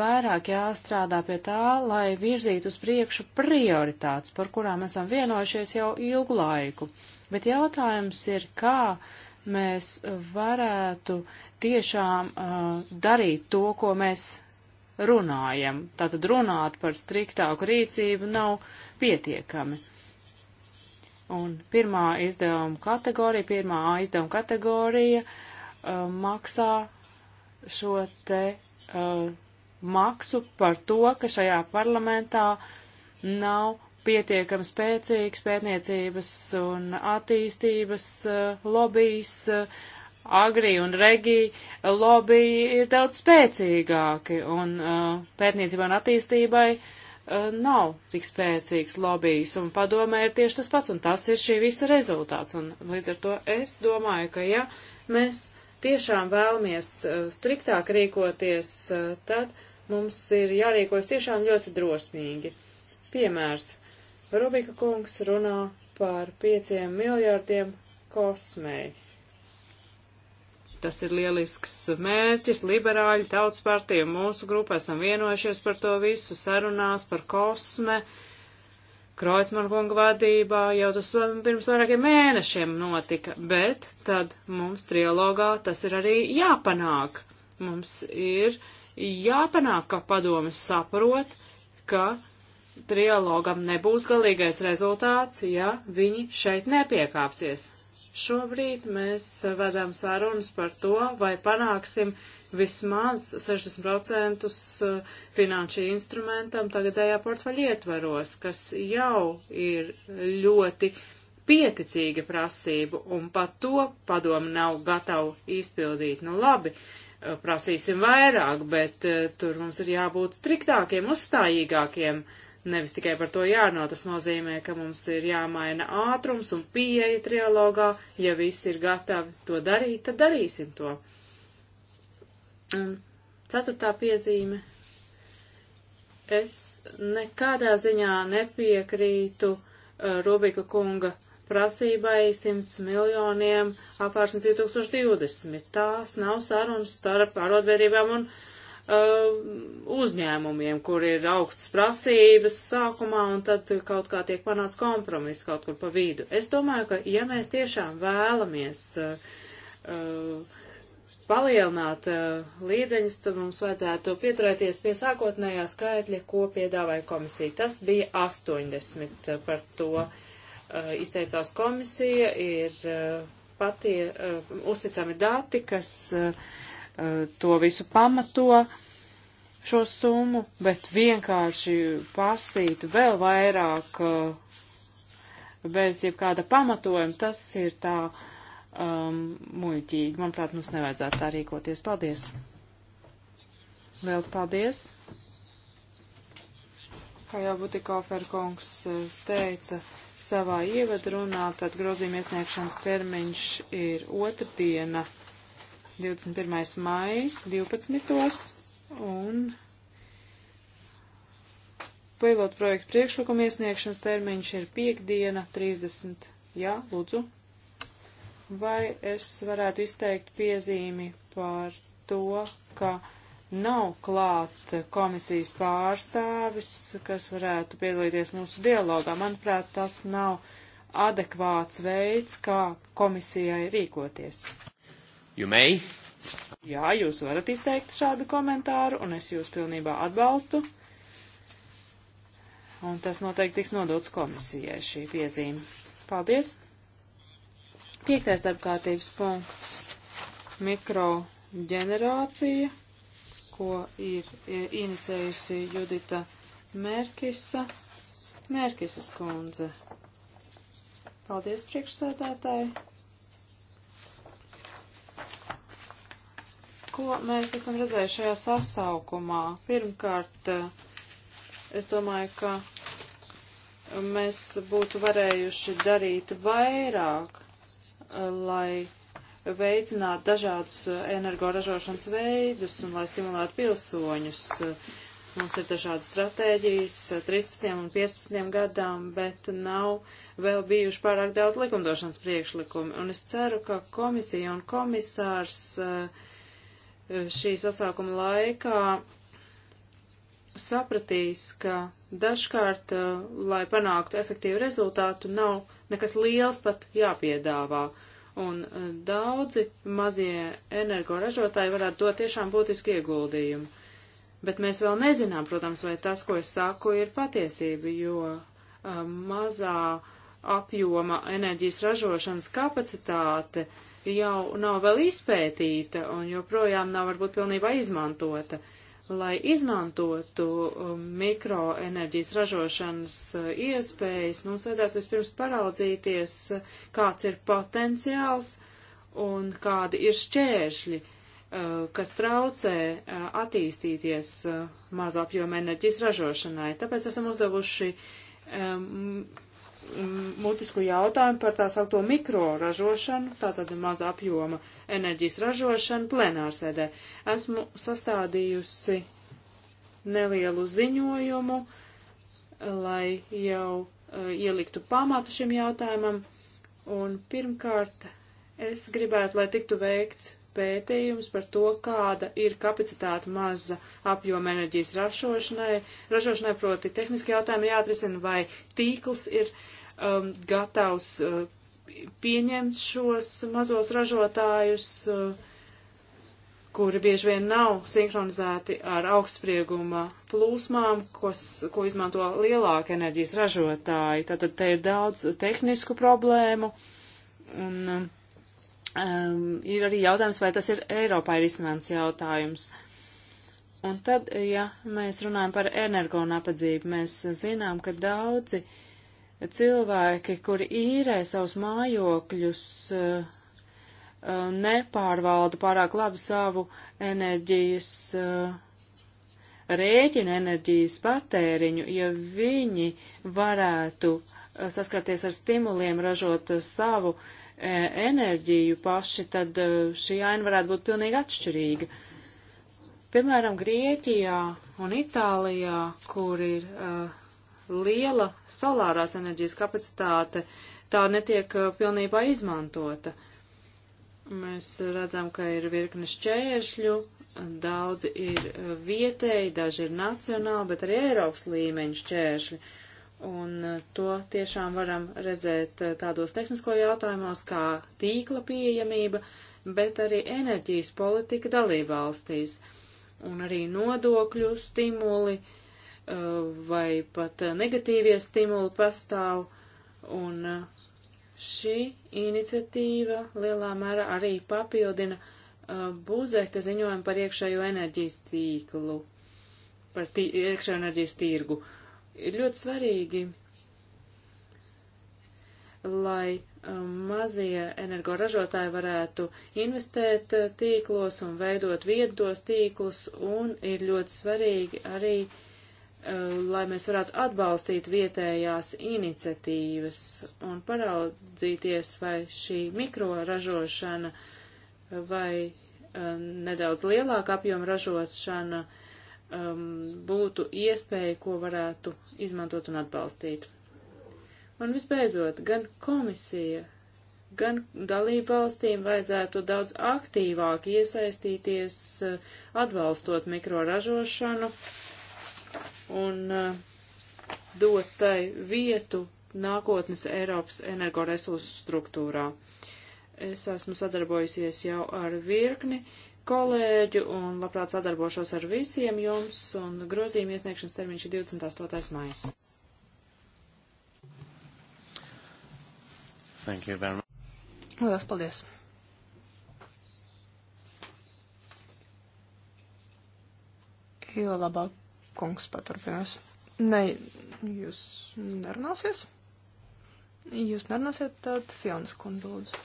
vairāk jāstrādā pie tā, lai virzītu uz priekšu prioritātes, par kurām esam vienojušies jau ilgu laiku. Bet jautājums ir, kā mēs varētu tiešām uh, darīt to, ko mēs runājam. Tātad runāt par striktāku rīcību nav pietiekami. Un pirmā izdevuma kategorija, pirmā izdevuma kategorija uh, maksā šo te uh, maksu par to, ka šajā parlamentā nav pietiekami spēcīgs pētniecības un attīstības uh, lobijs, uh, agri un regi lobby ir daudz spēcīgāki, un uh, pētniecībai un attīstībai uh, E, nav tik spēcīgs lobijs, un padomē ir tieši tas pats, un tas ir šī visa rezultāts. Un līdz ar to es domāju, ka ja mēs tiešām vēlamies e, striktāk rīkoties, e, tad mums ir jārīkojas tiešām ļoti drosmīgi. Piemērs. Rubika kungs runā par pieciem miljārdiem kosmēji. Tas ir lielisks mērķis. Liberāļi tautas partija un mūsu grupa esam vienojušies par to visu sarunās par kosme. Kroicman kunga vadībā jau tas pirms vairākiem mēnešiem notika, bet tad mums trilogā tas ir arī jāpanāk. Mums ir jāpanāk, ka padomis saprot, ka trilogam nebūs galīgais rezultāts, ja viņi šeit nepiekāpsies. Šobrīd mēs vedām sarunas par to, vai panāksim vismaz 60% eh, finanšu instrumentam tagadējā portfeļa ietvaros, kas jau ir ļoti pieticīga prasība, un pat to padomu nav gatavu izpildīt. Nu labi, eh, prasīsim vairāk, bet eh, tur mums ir jābūt striktākiem, uzstājīgākiem. Uh, Nevis tikai par to jārunā, tas nozīmē, ka mums ir jāmaina ātrums un pieeja trialogā. Ja visi ir gatavi to darīt, tad darīsim to. Un ceturtā piezīme. Es nekādā ziņā nepiekrītu uh, Rubika kunga prasībai 100 miljoniem apvērsnes 2020. Tās nav sarunas starp arotbiedrībām un uh, Uh, uzņēmumiem, kur ir augsts prasības sākumā un tad kaut kā tiek panāts kompromiss kaut kur pa vidu. Es domāju, ka ja mēs tiešām vēlamies uh, uh, palielināt uh, līdzeņus, tad mums vajadzētu pieturēties pie sākotnējā skaitļa, ko piedāvāja komisija. Tas bija 80 uh, par to uh, izteicās komisija, ir patie uzticami dati, kas uh, Eh, to visu pamato šo summu, bet vienkārši pasīt vēl vairāk eh, bez jebkāda pamatojuma, tas ir tā um, muļķīgi. Manuprāt, mums nevajadzētu tā rīkoties. Paldies! Liels paldies! Kā jau Butikofer kungs eh, teica savā ievadrunā, tad grozījuma iesniegšanas termiņš ir otrdiena. diena. 21. maijas 12. un pilotu projektu priekšlikuma iesniegšanas termiņš ir piekdiena 30. Jā, lūdzu. Vai es varētu izteikt piezīmi par to, ka nav klāt komisijas pārstāvis, kas varētu piedalīties mūsu dialogā? Manuprāt, tas nav adekvāts veids, kā komisijai rīkoties. You may. Jā, jūs varat izteikt šādu komentāru, un es jūs pilnībā atbalstu. Un tas noteikti tiks nodots komisijai šī piezīme. Paldies! Piektais darbkārtības punkts - mikroģenerācija, ko ir e, inicējusi Judita Merkisa, Merkisas kundze. Paldies, priekšsēdētāji! Ko mēs esam redzējuši šajā sasaukumā? Pirmkārt, es domāju, ka mēs būtu varējuši darīt vairāk, lai veicinātu dažādus energoražošanas veidus un lai stimulētu pilsoņus. Mums ir dažādas stratēģijas 13 un 15 gadām, bet nav vēl bijuši pārāk daudz likumdošanas priekšlikumu. Un es ceru, ka komisija un komisārs uh, šī sasākuma laikā sapratīs, ka dažkārt, uh, lai panāktu efektīvu rezultātu, nav nekas liels pat jāpiedāvā. Un uh, daudzi mazie energoražotāji varētu dot tiešām būtisku ieguldījumu. Bet mēs vēl nezinām, protams, vai tas, ko es saku, ir patiesība, jo um, mazā apjoma enerģijas ražošanas kapacitāte uh, jau nav vēl izpētīta un joprojām nav varbūt pilnībā izmantota. Lai izmantotu um, mikroenerģijas ražošanas uh, iespējas, mums vajadzētu vispirms paraudzīties, uh, kāds ir potenciāls un kādi ir šķēršļi, uh, kas traucē attīstīties mazapjoma enerģijas ražošanai. Tāpēc esam uzdevuši um, Mm, mutisku jautājumu par tā saukto mikroražošanu, tātad maza apjoma enerģijas ražošanu plenārsēdē. Esmu sastādījusi nelielu ziņojumu, lai jau uh, ieliktu pamatu šim jautājumam. Un pirmkārt, es gribētu, lai tiktu veikts pētījums par to, kāda ir kapacitāte maza apjoma enerģijas ražošanai. Ražošanai proti tehniski jautājumi jāatrisina, vai tīkls ir uh, um, gatavs uh, pieņemt šos mazos ražotājus, uh, kuri bieži vien nav sinhronizēti ar augstsprieguma plūsmām, kos, ko izmanto lielāka enerģijas ražotāji. Tātad te ir daudz tehnisku problēmu. Un, um, um, ir arī jautājums, vai tas ir Eiropā ir izsnēns jautājums. Un tad, ja mēs runājam par energo napadzību, mēs zinām, ka daudzi uh, cilvēki, kuri īrē savus mājokļus, eh, eh, nepārvalda pārāk labi savu enerģijas eh, rēķinu, enerģijas patēriņu, ja viņi varētu saskarties ar stimuliem, ražot savu enerģiju paši, tad šī aina varētu būt pilnīgi atšķirīga. Piemēram, Grieķijā un Itālijā, kur ir uh, liela solārās enerģijas kapacitāte, tā netiek uh, pilnībā izmantota. Mēs redzam, ka ir virkne šķēršļu, daudzi ir uh, vietēji, daži ir nacionāli, bet arī Eiropas līmeņa šķēršļi. Un uh, to tiešām varam redzēt tādos tehnisko jautājumos kā tīkla pieejamība, bet arī enerģijas politika dalībvalstīs un arī nodokļu stimuli uh, Uh, vai pat negatīvie stimuli pastāv, un uh, šī iniciatīva lielā mērā arī papildina uh, Buzeka ziņojumu par iekšējo enerģijas tīklu, par tī, iekšējo enerģijas tirgu. Ir ļoti svarīgi, lai mazie energoražotāji varētu investēt tīklos un veidot viedos tīklus, un ir ļoti svarīgi arī uh, lai mēs varētu atbalstīt vietējās iniciatīvas un paraudzīties, vai šī mikroražošana vai eh, nedaudz lielāka apjoma ražošana um, būtu iespēja, ko varētu izmantot un atbalstīt. Un visbeidzot, gan komisija, gan dalību valstīm vajadzētu daudz aktīvāk iesaistīties, eh, atbalstot mikroražošanu, uh, un uh, dot tai vietu nākotnes Eiropas energoresursu struktūrā. Es esmu sadarbojusies jau ar virkni kolēģu un labprāt sadarbošos ar visiem jums, un grozījuma iesniegšanas termiņš ir 28. maijs. Thank you very much. Lielas paldies. Jo labāk kungs paturpinās. Nē, jūs nerunāsies? Jūs nerunāsiet, tad Fionas kundze lūdzu.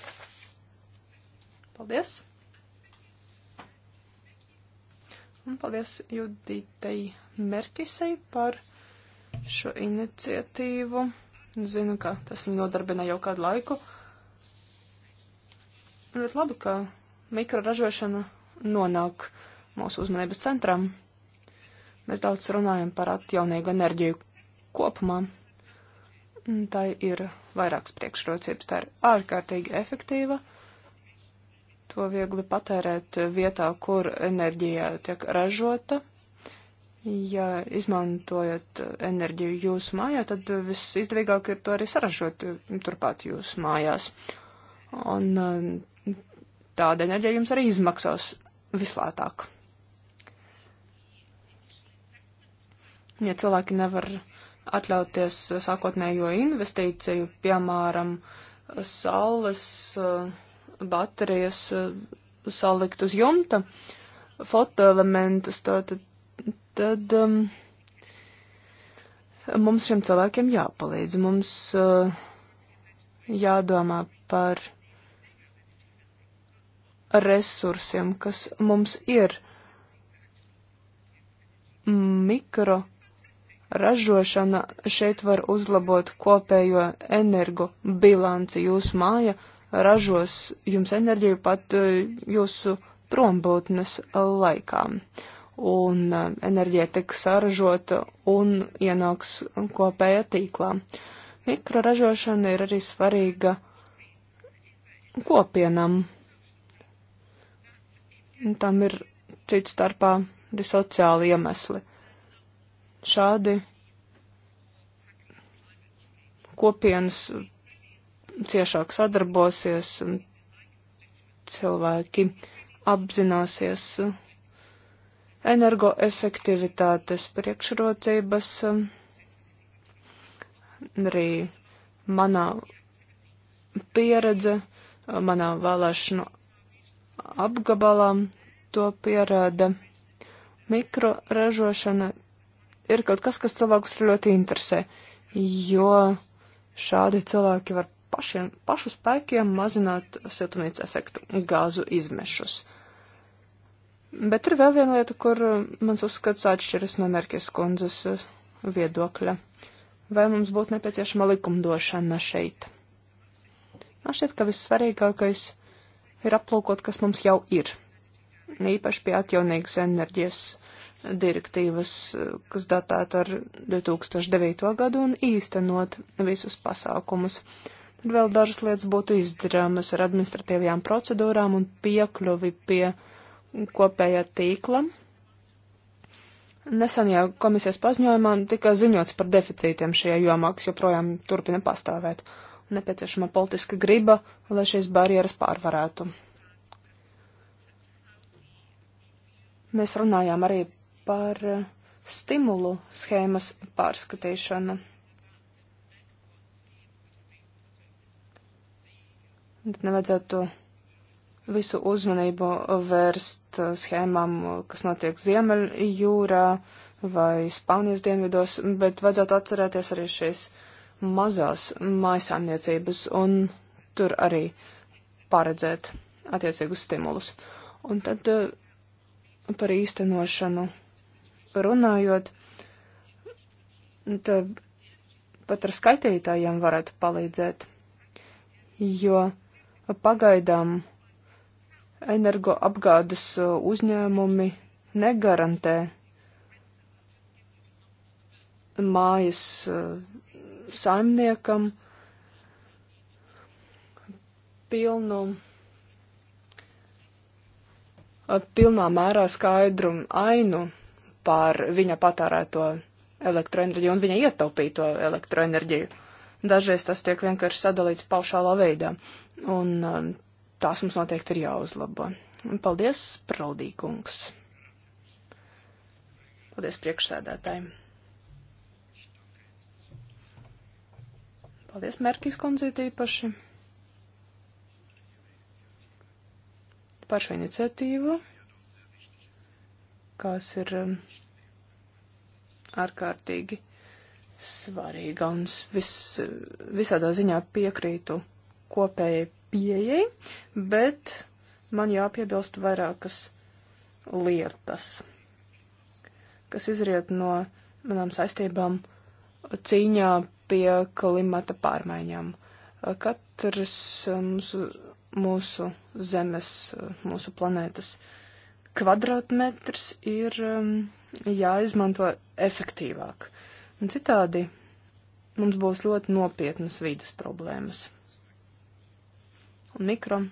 Paldies! Un paldies Juditei Merkisei par šo iniciatīvu. Zinu, ka tas viņu nodarbina jau kādu laiku. Ļoti labi, ka mikroražošana nonāk mūsu uzmanības centram. Mēs daudz runājam par atjaunīgu enerģiju kopumā. Tā ir vairākas priekšrocības. Tā ir ārkārtīgi efektīva. To viegli patērēt vietā, kur enerģija tiek ražota. Ja izmantojat enerģiju jūsu mājā, tad visizdevīgāk ir to arī saražot turpat jūsu mājās. Un um, tāda enerģija jums arī izmaksās vislētāk. Ja cilvēki nevar atļauties sākotnējo investīciju, piemēram, saules eh, baterijas eh, salikt uz jumta, fotoelementus, tātad, tad um, mums šiem cilvēkiem jāpalīdz. Mums uh, jādomā par resursiem, kas mums ir mikro ražošana šeit var uzlabot kopējo energo bilanci. Jūs māja ražos jums enerģiju pat eh, jūsu prombūtnes laikā. Un eh, enerģija tiks saražota un ienāks kopējā tīklā. Mikroražošana ir arī svarīga kopienam. Tam ir citu starpā arī sociāli iemesli šādi kopienas ciešāk sadarbosies un cilvēki apzināsies energoefektivitātes priekšrocības. Arī manā pieredze, manā vēlēšanu apgabalā to pierāda. Mikroražošana ir kaut kas, kas cilvēkus ļoti interesē, jo šādi cilvēki var pašiem, pašu spēkiem mazināt siltumnīca efektu gāzu izmešus. Bet ir vēl viena lieta, kur mans uzskats atšķiras no Merkes kundzes viedokļa. Vai mums būtu nepieciešama likumdošana šeit? Man šķiet, ka vissvarīgākais ir aplūkot, kas mums jau ir. Īpaši pie atjaunīgas enerģijas direktīvas, kas datēta ar 2009. gadu un īstenot visus pasākumus. Tad vēl dažas lietas būtu izdarāmas ar administratīvajām procedūrām un piekļuvi pie kopējā tīkla. Nesenajā komisijas paziņojumā tika ziņots par deficītiem šajā jomā, kas joprojām turpina pastāvēt. Nepieciešama politiska griba, lai šīs barjeras pārvarētu. Mēs runājām arī par eh, stimulu schēmas pārskatīšanu. Tad nevajadzētu visu uzmanību vērst eh, schēmām, kas notiek Ziemeļjūrā vai Spānijas dienvidos, bet vajadzētu atcerēties arī šīs mazās mājasāmniecības un tur arī paredzēt attiecīgus stimulus. Un tad eh, par īstenošanu runājot, pat ar skaitītājiem varētu palīdzēt, jo pagaidām energoapgādes uh, uzņēmumi negarantē mājas uh, saimniekam pilnu, uh, pilnā mērā skaidru ainu par viņa patērēto elektroenerģiju un viņa ietaupīto elektroenerģiju. Dažreiz tas tiek vienkārši sadalīts paušālā veidā, un um, tās mums noteikti ir jāuzlabo. Un paldies, Praudīkungs! Paldies priekšsēdētājiem! Paldies, Merkīs konzīti īpaši! Par šo iniciatīvu kas ir um, ārkārtīgi svarīga un vis, visādā ziņā piekrītu kopējai pieejai, bet man jāpiebilst vairākas lietas, kas izriet no manām saistībām cīņā pie klimata pārmaiņām. Katrs um, mūsu, mūsu zemes, uh, mūsu planētas uh, kvadrātmetrs ir um, jāizmanto efektīvāk. Un citādi mums būs ļoti nopietnas vīdes problēmas. Un mikro uh,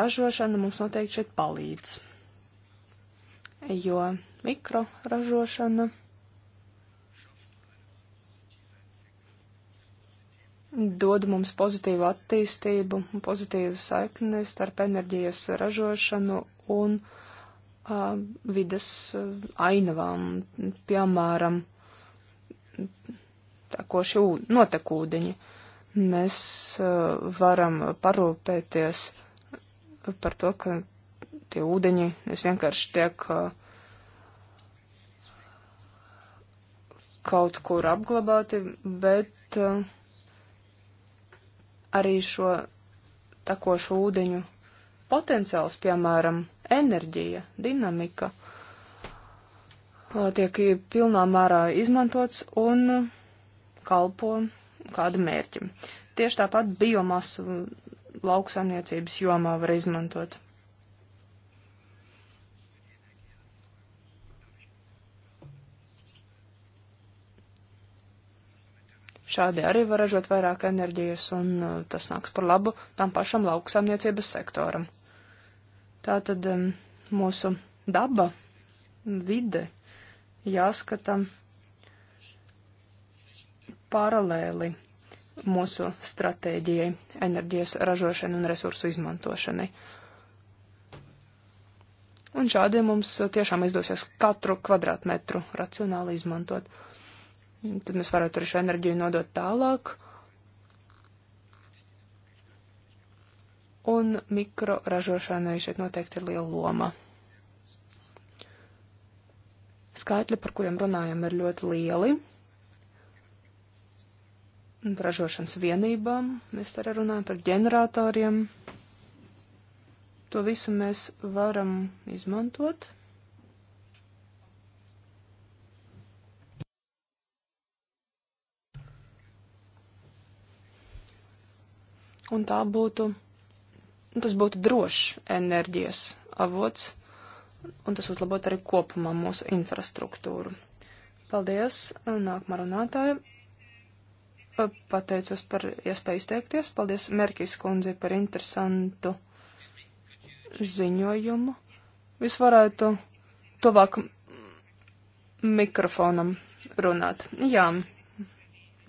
ražošana mums noteikti šeit palīdz, jo mikro ražošana dod mums pozitīvu attīstību un pozitīvu saikni starp enerģijas ražošanu un uh, vidas ainavām, piemēram, tekoši notekūdeņi. Mēs uh, varam parūpēties par to, ka tie ūdeņi vienkārši tiek uh, kaut kur apglabāti, bet uh, arī šo tekošu ūdeņu potenciāls, piemēram, enerģija, dinamika, tiek pilnā mērā izmantots un kalpo kādam mērķim. Tieši tāpat biomasu lauksaimniecības jomā var izmantot. Šādi arī var ražot vairāk enerģijas, un tas nāks par labu tam pašam lauksaimniecības sektoram. Tātad mūsu daba, vide jāskata paralēli mūsu stratēģijai, enerģijas ražošanai un resursu izmantošanai. Un šādi mums tiešām izdosies katru kvadrātmetru racionāli izmantot. Tad mēs varētu arī šo enerģiju nodot tālāk un mikroražošanai šeit noteikti ir liela loma. Skaitļi, par kuriem runājam, ir ļoti lieli. Ražošanas vienībām mēs arī runājam par ģeneratoriem. To visu mēs varam izmantot. un tā būtu Tas būtu drošs enerģijas avots, un tas uzlabot arī kopumā mūsu infrastruktūru. Paldies, nākamā runātāja. Pateicos par iespēju izteikties. Paldies Merkīs kundzi par interesantu ziņojumu. Jūs varētu tuvāk mikrofonam runāt. Jā,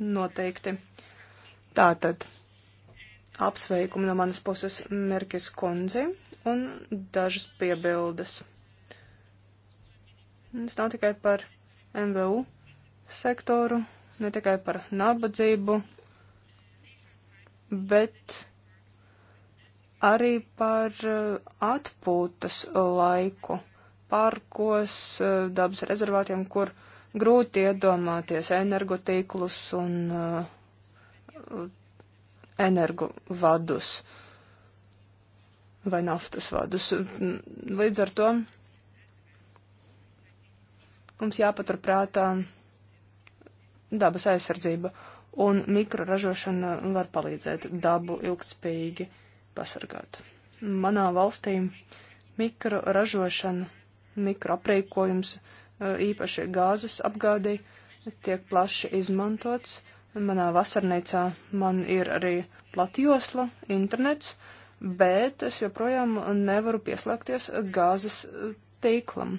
noteikti. Tātad. Apsveikumi no manas puses Merkis kundzi un dažas piebildes. Tas nav tikai par MVU sektoru, ne tikai par nabadzību, bet arī par uh, atpūtas laiku parkos, uh, dabas rezervātiem, kur grūti iedomāties energotīklus un uh, energo vadus vai naftas vadus. Līdz ar to mums jāpaturprātā dabas aizsardzība un mikroražošana var palīdzēt dabu ilgtspējīgi pasargāt. Manā valstī mikroražošana, mikroapreikojums, īpaši gāzes apgādī, tiek plaši izmantots Manā vasarnīcā man ir arī platjosla, internets, bet es joprojām nevaru pieslēgties gāzes eh, tīklam.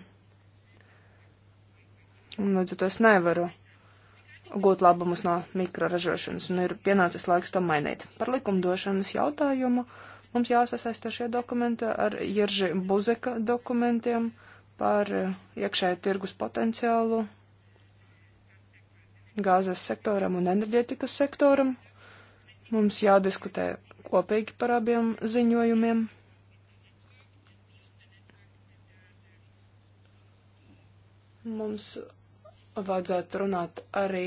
Līdz ar to es nevaru gūt labumus no mikroražošanas, un ir pienācis laiks to mainīt. Par likumdošanas jautājumu mums jāsasaista šie dokumenti ar Jerži Buzeka dokumentiem par eh, iekšēju tirgus potenciālu gāzes sektoram un enerģētikas sektoram. Mums jādiskutē kopīgi par abiem ziņojumiem. Mums vajadzētu runāt arī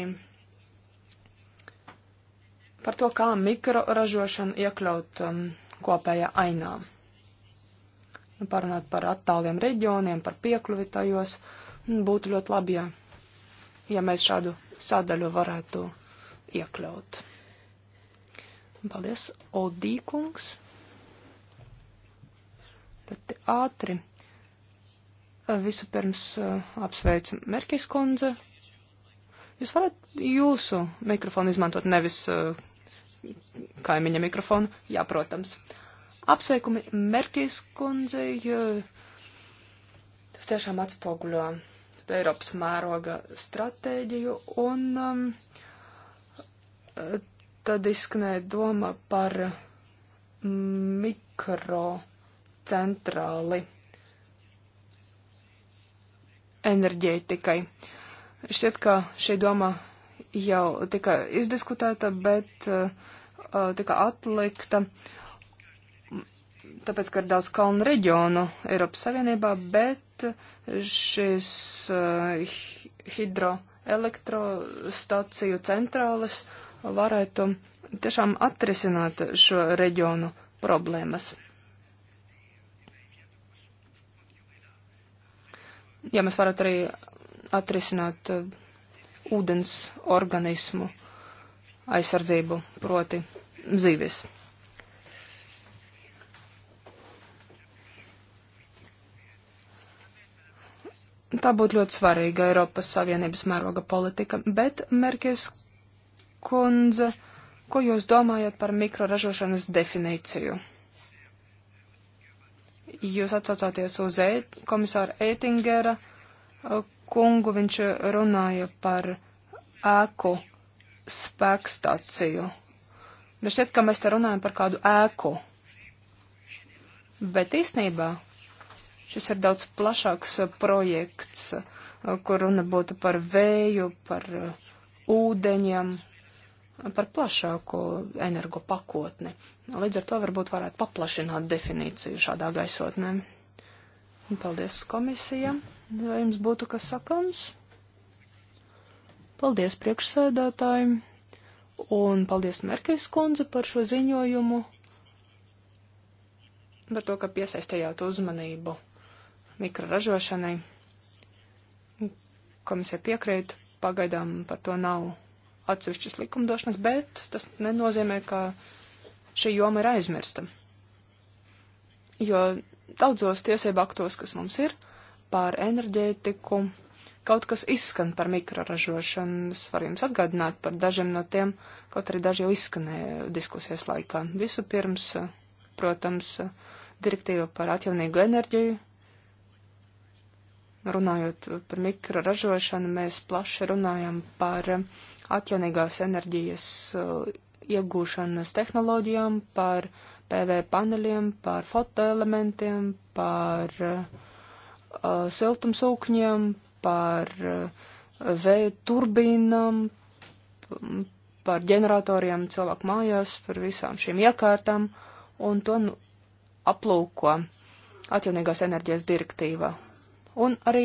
par to, kā mikroražošanu iekļaut um, kopējā ainā. Nu, parunāt par attāliem reģioniem, par piekluvi tajos. Nu, būtu ļoti labi, ja, ja mēs šādu sadaļu varētu iekļaut. Paldies, Odīkungs. Ļoti ātri. Vispirms uh, apsveicu Merkis kundze. Jūs varat jūsu mikrofonu izmantot nevis uh, kaimiņa mikrofonu. Jā, protams. Apsveikumi Merkis kundzei. Tas tiešām atspoguļo Eiropas mēroga stratēģiju, un um, tad izskanēja doma par mikrocentrāli enerģētikai. Šķiet, ka šī doma jau tika izdiskutēta, bet uh, tika atlikta tāpēc, ka ir daudz kalnu reģionu Eiropas Savienībā, bet šīs uh, eh, hidroelektrostaciju centrālas varētu tiešām atrisināt šo reģionu problēmas. Ja mēs varētu arī atrisināt uh, ūdens organismu aizsardzību, proti zīvis. tā būtu ļoti svarīga Eiropas Savienības mēroga politika. Bet, Merkies kundze, ko jūs domājat par mikroražošanas definīciju? Jūs atcaucāties uz e komisāra Eitingera uh, kungu, viņš runāja par ēku spēkstaciju. Bet šķiet, ka mēs te runājam par kādu ēku. Bet īsnībā Šis ir daudz plašāks eh, projekts, eh, kur runa būtu par vēju, par eh, ūdeņiem, par plašāku energo pakotni. Līdz ar to varbūt varētu paplašināt definīciju šādā gaisotnē. Paldies komisija. Vai jums būtu kas sakams? Paldies priekšsēdētājiem un paldies Merkels kundze par šo ziņojumu, par to, ka piesaistījāt uzmanību mikroražošanai. Komisija piekrīt, pagaidām par to nav atsevišķas likumdošanas, bet tas nenozīmē, ka šī joma ir aizmirsta. Jo daudzos tiesību aktos, kas mums ir pār enerģētiku, kaut kas izskan par mikroražošanu. Es varu jums atgādināt par dažiem no tiem, kaut arī daži jau izskanēja diskusijas laikā. Visu pirms, protams, direktīva par atjaunīgu enerģiju, runājot par mikroražošanu, mēs plaši runājam par atjaunīgās enerģijas uh, iegūšanas tehnoloģijām, par PV paneļiem, par fotoelementiem, par uh, siltumsūkņiem, par uh, vēja turbīnām, par ģeneratoriem cilvēku mājās, par visām šīm iekārtām, un to nu, aplūko atjaunīgās enerģijas direktīva un arī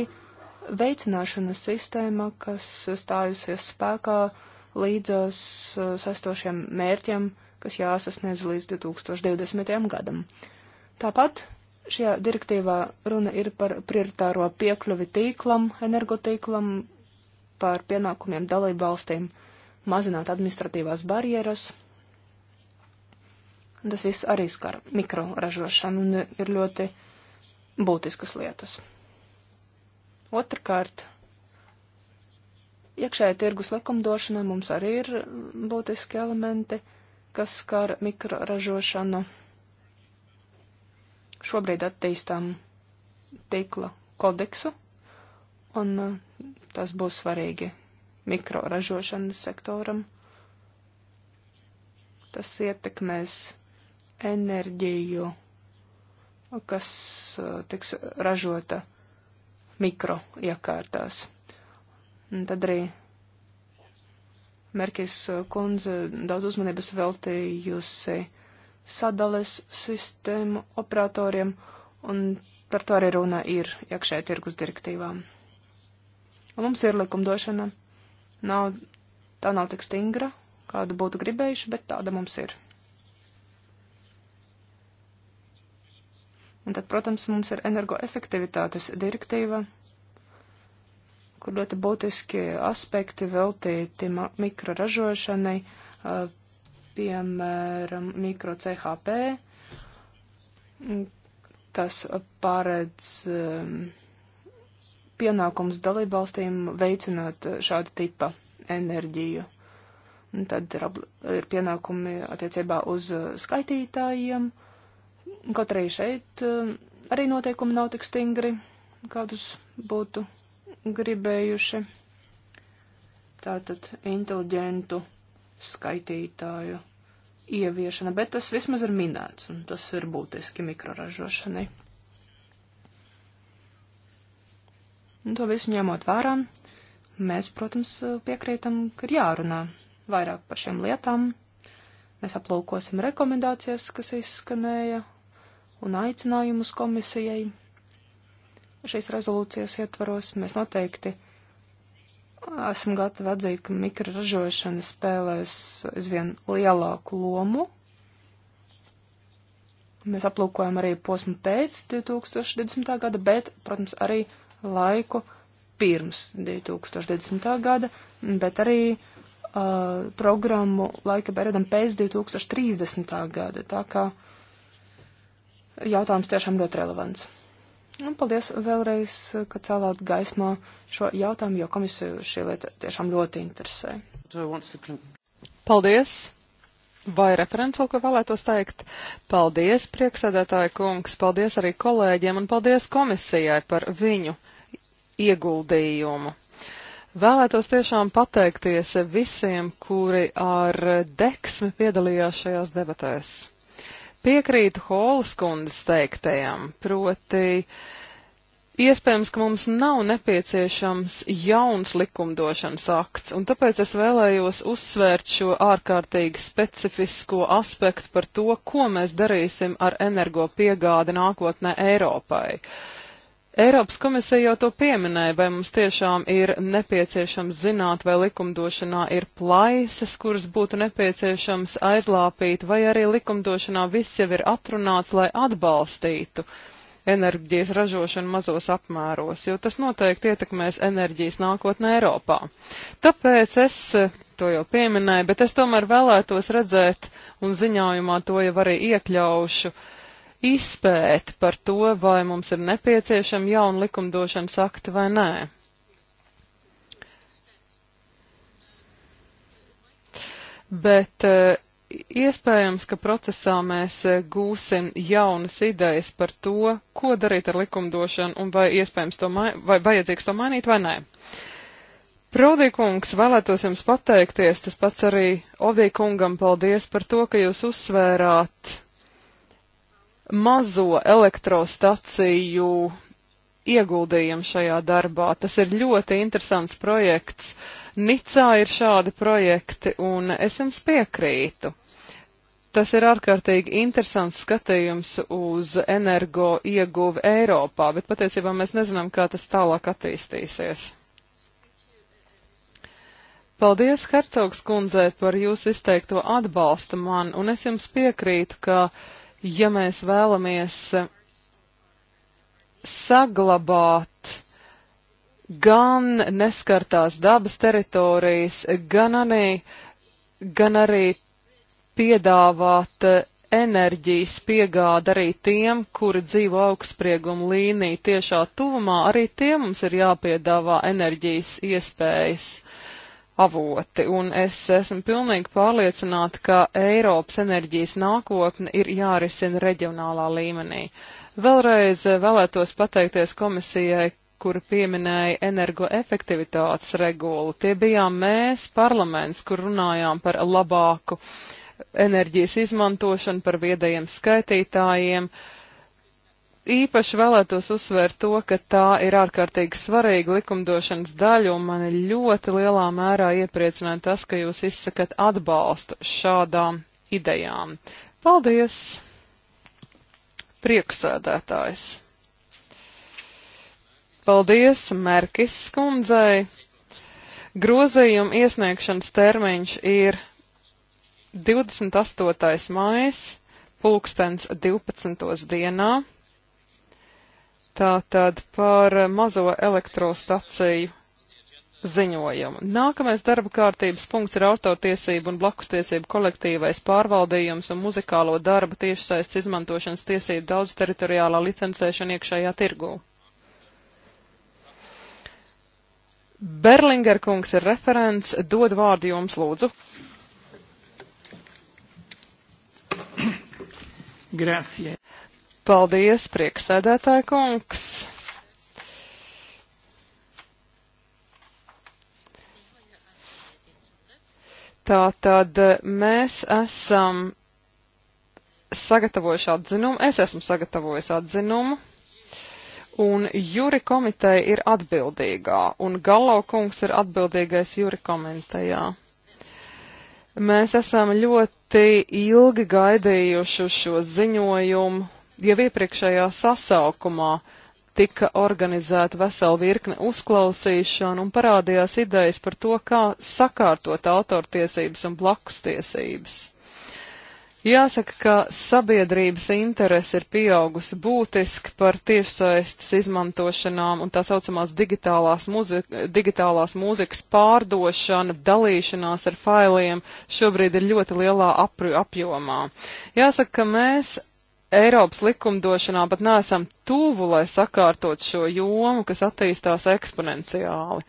veicināšanas sistēma, kas stājusies spēkā līdzās uh, sastošiem mērķiem, kas jāsasniedz līdz 2020. gadam. Tāpat šajā direktīvā runa ir par prioritāro piekļuvi tīklam, energotīklam, par pienākumiem dalību valstīm mazināt administratīvās barjeras. Tas viss arī skar mikroražošanu un ir ļoti būtiskas lietas. Otrakārt, iekšējā tirgus likumdošanā mums arī ir būtiski elementi, kas skar mikroražošanu. Šobrīd attīstām tīkla kodeksu, un uh, tas būs svarīgi mikroražošanas sektoram. Tas ietekmēs enerģiju, kas uh, tiks ražota mikro iekārtās. Un tad arī Merkīs kundze daudz uzmanības veltījusi sadales sistēmu operatoriem, un par to arī runa ir iekšē tirgus direktīvām. Un mums ir likumdošana, nav, tā nav tik stingra, kādu būtu gribējuši, bet tāda mums ir. Un tad, protams, mums ir energoefektivitātes direktīva, kur ļoti būtiski aspekti veltīti mikroražošanai, piemēram, mikro CHP. Tas pārēdz pienākums dalībvalstīm veicināt šādu tipa enerģiju. Un tad ir, ir pienākumi attiecībā uz skaitītājiem. Uh, Kaut arī šeit eh, arī noteikumi nav tik stingri, kādus būtu gribējuši. Tātad inteliģentu skaitītāju ieviešana, bet tas vismaz ir minēts, un tas ir būtiski mikroražošanai. Un to visu ņemot vērā, mēs, protams, piekrītam, ka ir jārunā vairāk par šiem lietām. Mēs aplūkosim rekomendācijas, kas izskanēja, un aicinājumus komisijai. Šīs rezolūcijas ietvaros mēs noteikti esam gatavi atzīt, ka mikroražošana spēlēs aizvien lielāku lomu. Mēs aplūkojam arī posmu pēc 2020. gada, bet, protams, arī laiku pirms 2020. gada, bet arī uh, programmu laika periodam pēc 2030. gada. Tā kā uh, jautājums tiešām ļoti relevants. Un paldies vēlreiz, ka cēlāt gaismā šo jautājumu, jo komisiju šī lieta tiešām ļoti interesē. Paldies! Vai referents vēl ko vēlētos teikt? Paldies, priekšsēdētāja kungs, paldies arī kolēģiem un paldies komisijai par viņu ieguldījumu. Vēlētos tiešām pateikties visiem, kuri ar deksmi piedalījās šajās debatēs. Piekrītu Holas kundas teiktajam, proti, iespējams, ka mums nav nepieciešams jauns likumdošanas akts, un tāpēc es vēlējos uzsvērt šo ārkārtīgi specifisko aspektu par to, ko mēs darīsim ar energo piegādi nākotnē Eiropai. Uh, Eiropas komisija jau to pieminēja, vai mums tiešām ir nepieciešams zināt, vai likumdošanā ir plaisas, kuras būtu nepieciešams aizlāpīt, vai arī likumdošanā viss jau ir atrunāts, lai atbalstītu enerģijas ražošanu mazos apmēros, jo tas noteikti ietekmēs enerģijas nākotnē Eiropā. Tāpēc es eh, to jau pieminēju, bet es tomēr vēlētos redzēt, un ziņojumā to jau arī iekļaušu, uh, izpēti par to, vai mums ir nepieciešama jauna likumdošanas akta vai nē. Bet eh, iespējams, ka procesā mēs eh, gūsim jaunas idejas par to, ko darīt ar likumdošanu un vai iespējams to, vai vajadzīgs to mainīt vai nē. Prodīkungs vēlētos jums pateikties, tas pats arī Odīkungam paldies par to, ka jūs uzsvērāt mazo elektrostaciju ieguldījumu šajā darbā. Tas ir ļoti interesants projekts. Nicā ir šādi projekti, un es jums piekrītu. Tas ir ārkārtīgi interesants skatījums uz energo ieguvi Eiropā, bet patiesībā mēs nezinām, kā tas tālāk attīstīsies. Paldies, Hercogs kundzei, par jūsu izteikto atbalstu man, un es jums piekrītu, ka uh, ja mēs vēlamies saglabāt gan neskartās dabas teritorijas, gan arī, gan arī piedāvāt enerģijas piegāda arī tiem, kuri dzīvo augstsprieguma līnija tiešā tuvumā, arī tiem mums ir jāpiedāvā enerģijas iespējas avoti, un es esmu pilnīgi pārliecināta, ka Eiropas enerģijas nākotne ir jārisina reģionālā līmenī. Vēlreiz eh, vēlētos pateikties komisijai, kura pieminēja energoefektivitātes regulu. Tie bijām mēs, parlaments, kur runājām par labāku enerģijas izmantošanu, par viedajiem skaitītājiem. Uh, īpaši vēlētos uzsvērt to, ka tā ir ārkārtīgi svarīga likumdošanas daļa, un mani ļoti lielā mērā iepriecināja tas, ka jūs izsakat atbalstu šādām idejām. Paldies! Prieksēdētājs! Paldies Merkis skundzei! Grozījuma iesniegšanas termiņš ir 28. mājas, pulkstens 12. dienā. Tātad par mazo elektrostaciju ziņojumu. Nākamais darba kārtības punkts ir autortiesību un blakustiesību kolektīvais pārvaldījums un muzikālo darbu tiešsaists izmantošanas tiesību daudz teritoriālā licencēšana iekšējā tirgū. Berlinger kungs ir referents, dod vārdu jums lūdzu. Grazie. Paldies, prieksēdētāja kungs! Tātad eh, mēs esam sagatavojuši atzinumu, es esmu sagatavojis atzinumu, un juri komiteja ir atbildīgā, un Galaukungs ir atbildīgais juri komitejā. Mēs esam ļoti ilgi gaidījuši šo ziņojumu, jau iepriekšējā sasaukumā tika organizēta vesela virkne uzklausīšana un parādījās idejas par to, kā sakārtot autortiesības un blakus tiesības. Jāsaka, ka sabiedrības interese ir pieaugusi būtiski par tiešsaistes izmantošanām un tā saucamās digitālās, mūzika, digitālās mūzikas pārdošana, dalīšanās ar failiem šobrīd ir ļoti lielā apjomā. Jāsaka, ka mēs Eiropas likumdošanā pat neesam tuvu, lai sakārtot šo jomu, kas attīstās eksponenciāli.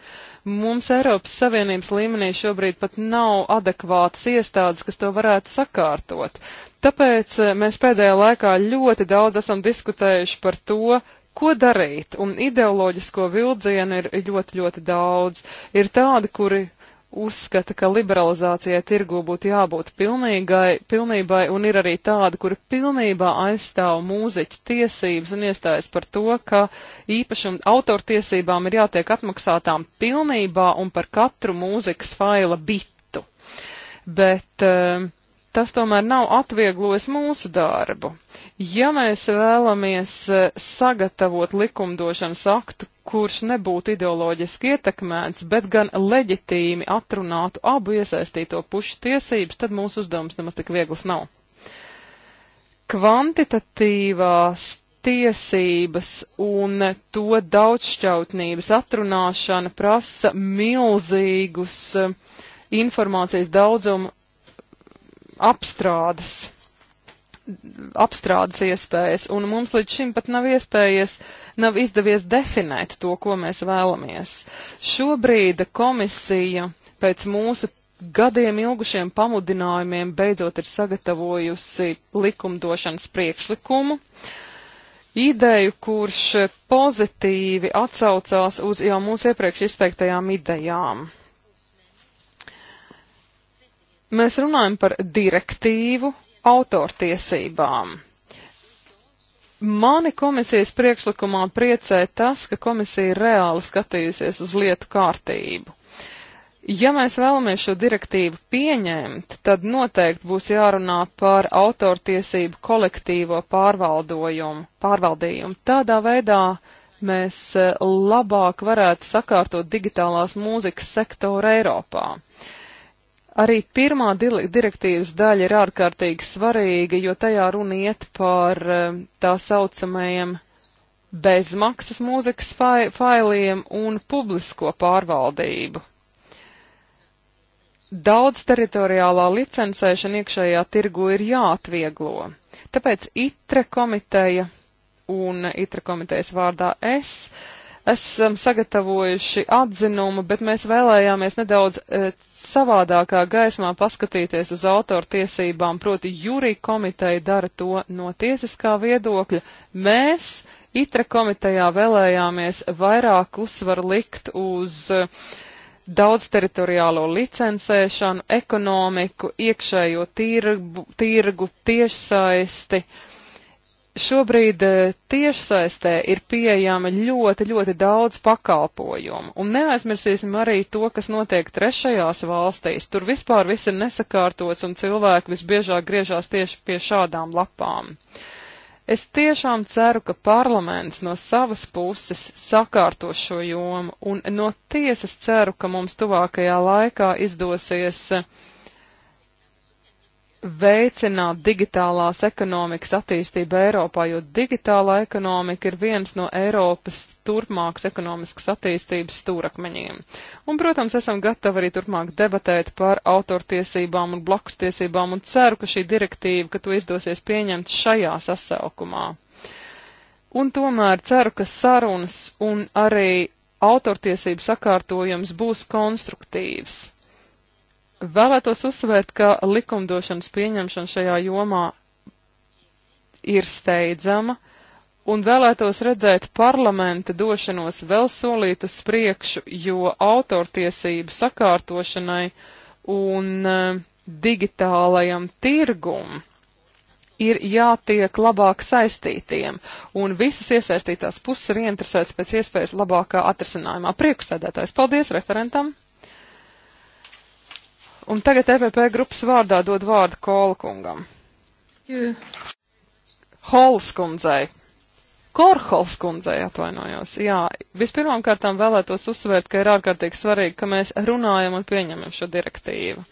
Mums Eiropas Savienības līmenī šobrīd pat nav adekvātas iestādes, kas to varētu sakārtot. Tāpēc eh, mēs pēdējā laikā ļoti daudz esam diskutējuši par to, ko darīt, un ideoloģisko vildzienu ir ļoti, ļoti daudz. Ir tādi, kuri uzskata, ka liberalizācijai tirgu būtu jābūt pilnīgai, pilnībai, un ir arī tādi, kuri pilnībā aizstāv mūziķu tiesības un iestājas par to, ka īpašuma autortiesībām ir jātiek atmaksātām pilnībā un par katru mūzikas faila bitu. Bet uh, tas tomēr nav atvieglojis mūsu darbu. Ja mēs vēlamies eh, sagatavot likumdošanas aktu, kurš nebūtu ideoloģiski ietekmēts, bet gan leģitīmi atrunātu abu iesaistīto pušu tiesības, tad mūsu uzdevums nemaz tik viegls nav. Kvantitatīvās tiesības un to daudzšķautnības atrunāšana prasa milzīgus eh, informācijas daudzumu apstrādes, apstrādes iespējas, un mums līdz šim pat nav iespējas, nav izdevies definēt to, ko mēs vēlamies. Šobrīd komisija pēc mūsu gadiem ilgušiem pamudinājumiem beidzot ir sagatavojusi likumdošanas priekšlikumu. Ideju, kurš pozitīvi atsaucās uz jau mūsu iepriekš izteiktajām idejām. Mēs runājam par direktīvu autortiesībām. Mani komisijas priekšlikumā priecē tas, ka komisija reāli skatījusies uz lietu kārtību. Ja mēs vēlamies šo direktīvu pieņemt, tad noteikti būs jārunā par autortiesību kolektīvo pārvaldojumu, pārvaldījumu. Tādā veidā mēs eh, labāk varētu sakārtot digitālās mūzikas sektoru Eiropā. Arī pirmā direktīvas daļa ir ārkārtīgi svarīga, jo tajā runa iet par eh, tā saucamajiem bezmaksas mūzikas failiem un publisko pārvaldību. Daudz teritoriālā licencēšana iekšējā tirgu ir jāatvieglo, tāpēc ITRE komiteja un ITRE komitejas vārdā es uh, esam sagatavojuši atzinumu, bet mēs vēlējāmies nedaudz e, savādākā gaismā paskatīties uz autortiesībām, proti jūrī komiteja dara to no tiesiskā viedokļa. Mēs ITRA komitejā vēlējāmies vairāk uzsvaru likt uz e, daudz teritoriālo licencēšanu, ekonomiku, iekšējo tirgu, tirgu tiešsaisti. Uh, Šobrīd eh, tiešsaistē ir pieejama ļoti, ļoti daudz pakalpojumu, un neaizmirsīsim arī to, kas notiek trešajās valstīs. Tur vispār viss ir nesakārtots, un cilvēki visbiežāk griežās tieši pie šādām lapām. Es tiešām ceru, ka parlaments no savas puses sakārto šo jomu, un no tiesas ceru, ka mums tuvākajā laikā izdosies uh, veicināt digitālās ekonomikas attīstību Eiropā, jo digitālā ekonomika ir viens no Eiropas turpmākas ekonomiskas attīstības stūrakmeņiem. Un, protams, esam gatavi arī turpmāk debatēt par autortiesībām un blakus tiesībām un ceru, ka šī direktīva, ka to izdosies pieņemt šajā sasaukumā. Un tomēr ceru, ka sarunas un arī autortiesības sakārtojums būs konstruktīvs Vēlētos uzsvērt, ka likumdošanas pieņemšana šajā jomā ir steidzama, un vēlētos redzēt parlamenta došanos vēl solīt uz priekšu, jo autortiesību sakārtošanai un e, digitālajam tirgum ir jātiek labāk saistītiem, un visas iesaistītās puses ir ieinteresētas pēc iespējas labākā atrasinājumā. Priekusēdētājs, paldies referentam! Un tagad EPP grupas vārdā dod vārdu Kolkungam. Holskundzei. Korholskundzei atvainojos. Jā, vispirmām kārtām vēlētos uzsvērt, ka ir ārkārtīgi svarīgi, ka mēs runājam un pieņemam šo direktīvu.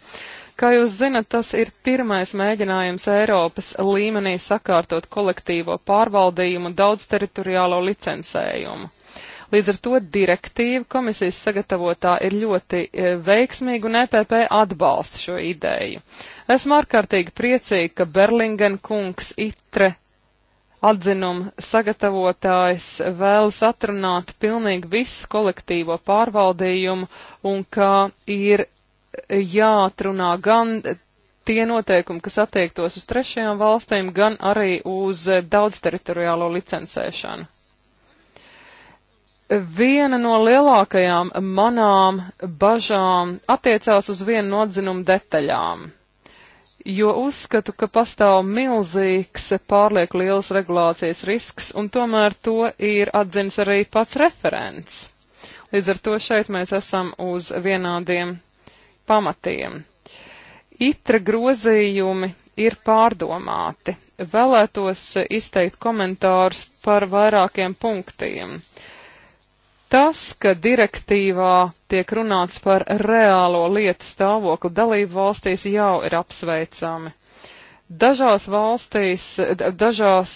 Kā jūs zinat, tas ir pirmais mēģinājums Eiropas līmenī sakārtot kolektīvo pārvaldījumu daudz teritoriālo licencējumu. Līdz ar to direktīva komisijas sagatavotā ir ļoti e, veiksmīga un EPP atbalsta šo ideju. Esmu ārkārtīgi priecīga, ka Berlingen kungs itre atzinuma sagatavotājs vēlas atrunāt pilnīgi visu kolektīvo pārvaldījumu un ka ir jāatrunā gan tie noteikumi, kas attiektos uz trešajām valstīm, gan arī uz e, daudz teritoriālo licencēšanu. Viena no lielākajām manām bažām attiecās uz vienu no atzinumu detaļām, jo uzskatu, ka pastāv milzīgs pārlieku liels regulācijas risks, un tomēr to ir atzins arī pats referents. Līdz ar to šeit mēs esam uz vienādiem pamatiem. Itra grozījumi ir pārdomāti. Vēlētos izteikt komentārus par vairākiem punktiem. Tas, ka direktīvā tiek runāts par reālo lietu stāvokli dalību valstīs, jau ir apsveicami. Dažās valstīs, dažās,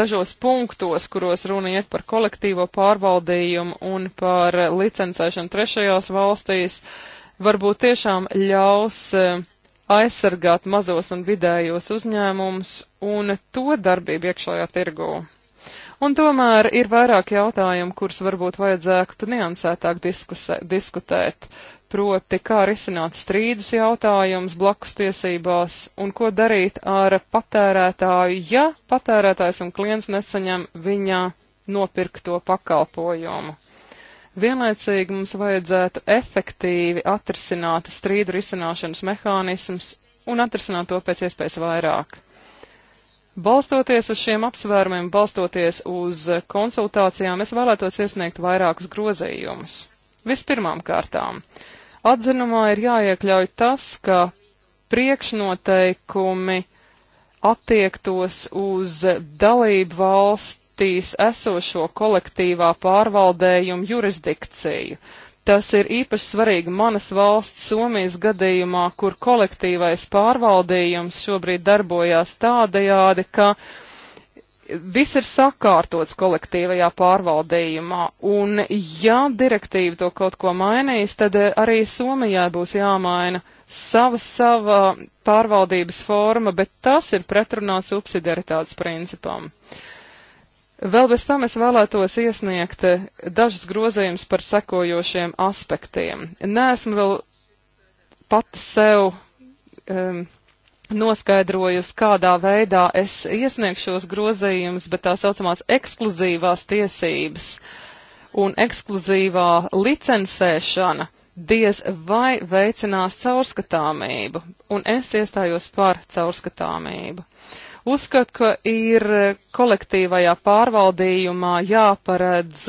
dažos punktos, kuros runa iet par kolektīvo pārvaldījumu un par licencēšanu trešajās valstīs, varbūt tiešām ļaus eh, aizsargāt mazos un vidējos uzņēmumus un to darbību iekšējā tirgū. Un tomēr ir vairāk jautājumu, kurus varbūt vajadzētu niansētāk diskusē, diskutēt. Proti, kā risināt strīdus jautājumus blakus tiesībās un ko darīt ar patērētāju, ja patērētājs un klients nesaņem viņa nopirkto pakalpojumu. Vienlaicīgi mums vajadzētu efektīvi atrisināt strīdu risināšanas mehānismus un atrisināt to pēc iespējas vairāk. Balstoties uz šiem apsvērumiem, balstoties uz konsultācijām, es vēlētos iesniegt vairākus grozījumus. Vispirmām kārtām, atzinumā ir jāiekļauj tas, ka priekšnoteikumi attiektos uz dalību valstīs esošo kolektīvā pārvaldējumu jurisdikciju. Tas ir īpaši svarīgi manas valsts Somijas gadījumā, kur kolektīvais pārvaldījums šobrīd darbojās tādajādi, ka viss ir sakārtots kolektīvajā pārvaldījumā, un ja direktīva to kaut ko mainīs, tad eh, arī Somijā būs jāmaina sava, sava pārvaldības forma, bet tas ir pretrunā subsidiaritātes principam. Uh, Vēl bez tam es vēlētos iesniegt eh, dažus grozījumus par sekojošiem aspektiem. Nesmu vēl pati sev um, noskaidrojusi, kādā veidā es iesniegšu šos grozījumus, bet tā saucamās ekskluzīvās tiesības un ekskluzīvā licencēšana diez vai veicinās caurskatāmību, un es iestājos par caurskatāmību. Uzskatu, ka ir kolektīvajā pārvaldījumā jāparedz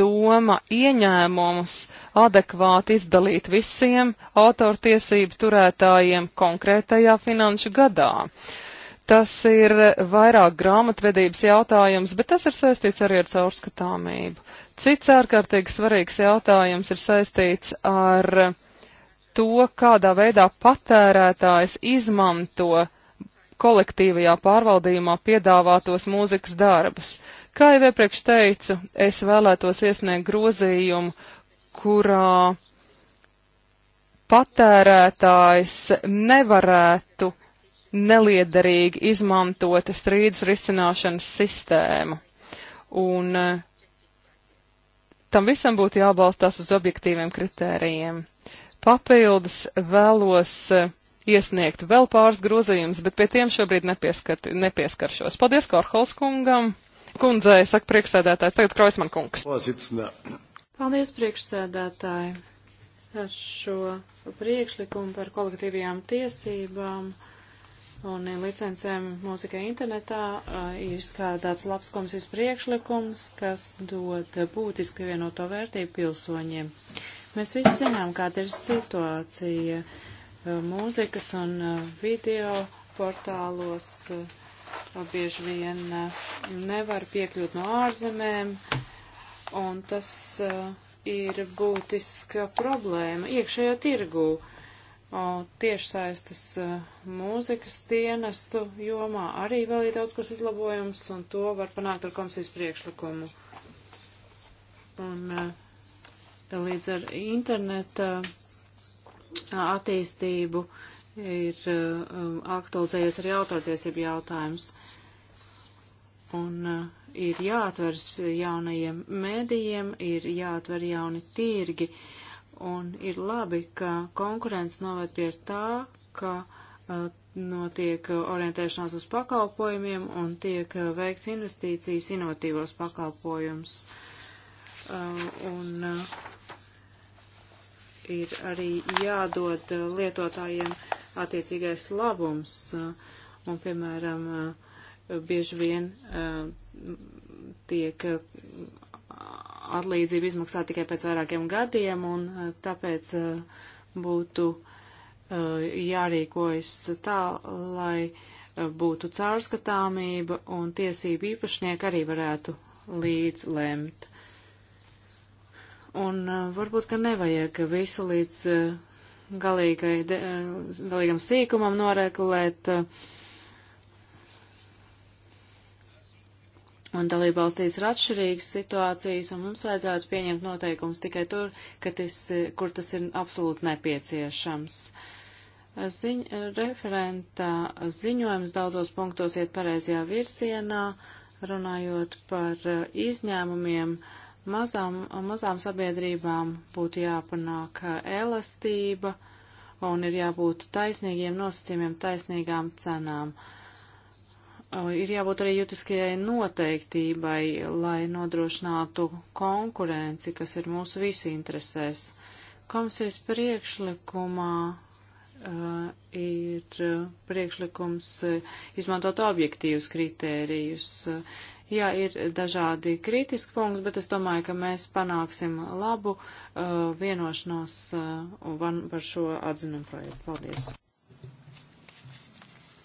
doma ieņēmumus adekvāti izdalīt visiem autortiesību turētājiem konkrētajā finanšu gadā. Tas ir vairāk grāmatvedības jautājums, bet tas ir saistīts arī ar caurskatāmību. Cits ārkārtīgi svarīgs jautājums ir saistīts ar to, kādā veidā patērētājs izmanto kolektīvajā pārvaldījumā piedāvātos mūzikas darbus. Kā jau iepriekš teicu, es vēlētos iesniegt grozījumu, kurā patērētājs nevarētu neliederīgi izmantot strīdus risināšanas sistēmu. Un eh, tam visam būtu jābalstās uz objektīviem kritērijiem. Papildus vēlos uh, iesniegt vēl pāris grozījumus, bet pie tiem šobrīd nepieskat, nepieskaršos. Paldies Korhols kungam, kundzei, saka priekšsēdētājs, tagad Kroisman kungs. Paldies priekšsēdētāji ar šo priekšlikumu par kolektīvajām tiesībām un licencēm mūzikai internetā ir skādāts labs komisijas priekšlikums, kas dod būtiski vienoto vērtību pilsoņiem. Mēs visi zinām, kāda ir situācija. Uh, Eh, mūzikas un eh, video portālos eh, bieži vien nevar piekļūt no ārzemēm, un tas ir būtiska problēma iekšējā tirgū tiešsaistes mūzikas dienestu jomā arī vēl ir daudz kas uzlabojums, un to var panākt ar komisijas priekšlikumu. Un līdz ar interneta attīstību ir um, aktualizējies arī autortiesību jautājums. Un uh, ir jāatveras jaunajiem mēdījiem, ir jāatver jauni tirgi. Un ir labi, ka konkurence noved pie tā, ka uh, notiek orientēšanās uz pakalpojumiem un tiek uh, veikts investīcijas inovatīvos pakalpojumus. Un ir arī jādod eh, lietotājiem attiecīgais labums. Eh, un, piemēram, eh, bieži vien tiek atlīdzība izmaksā tikai pēc vairākiem gadiem, un tāpēc būtu jārīkojas tā, lai būtu caurskatāmība un tiesība īpašnieki arī varētu līdz lemt. Un uh, varbūt, ka nevajag visu līdz uh, galīgai, de, uh, galīgam sīkumam noregulēt. Un dalībvalstīs ir atšķirīgas situācijas, un mums vajadzētu pieņemt noteikumus tikai tur, tas, kur tas ir absolūti nepieciešams. Ziņ, referenta ziņojums daudzos punktos iet pareizajā virsienā, runājot par izņēmumiem. Uh, Mazām, mazām sabiedrībām būtu jāpanāk eh, elastība un ir jābūt taisnīgiem nosacījumiem, taisnīgām cenām. Eh, ir jābūt arī jutiskajai noteiktībai, lai nodrošinātu konkurenci, kas ir mūsu visu interesēs. Komisijas priekšlikumā uh, ir priekšlikums izmantot objektīvus kritērijus. Uh, Jā, ir dažādi kritiski punkti, bet es domāju, ka mēs panāksim labu uh, vienošanos uh, par šo atzinumu projektu. Paldies!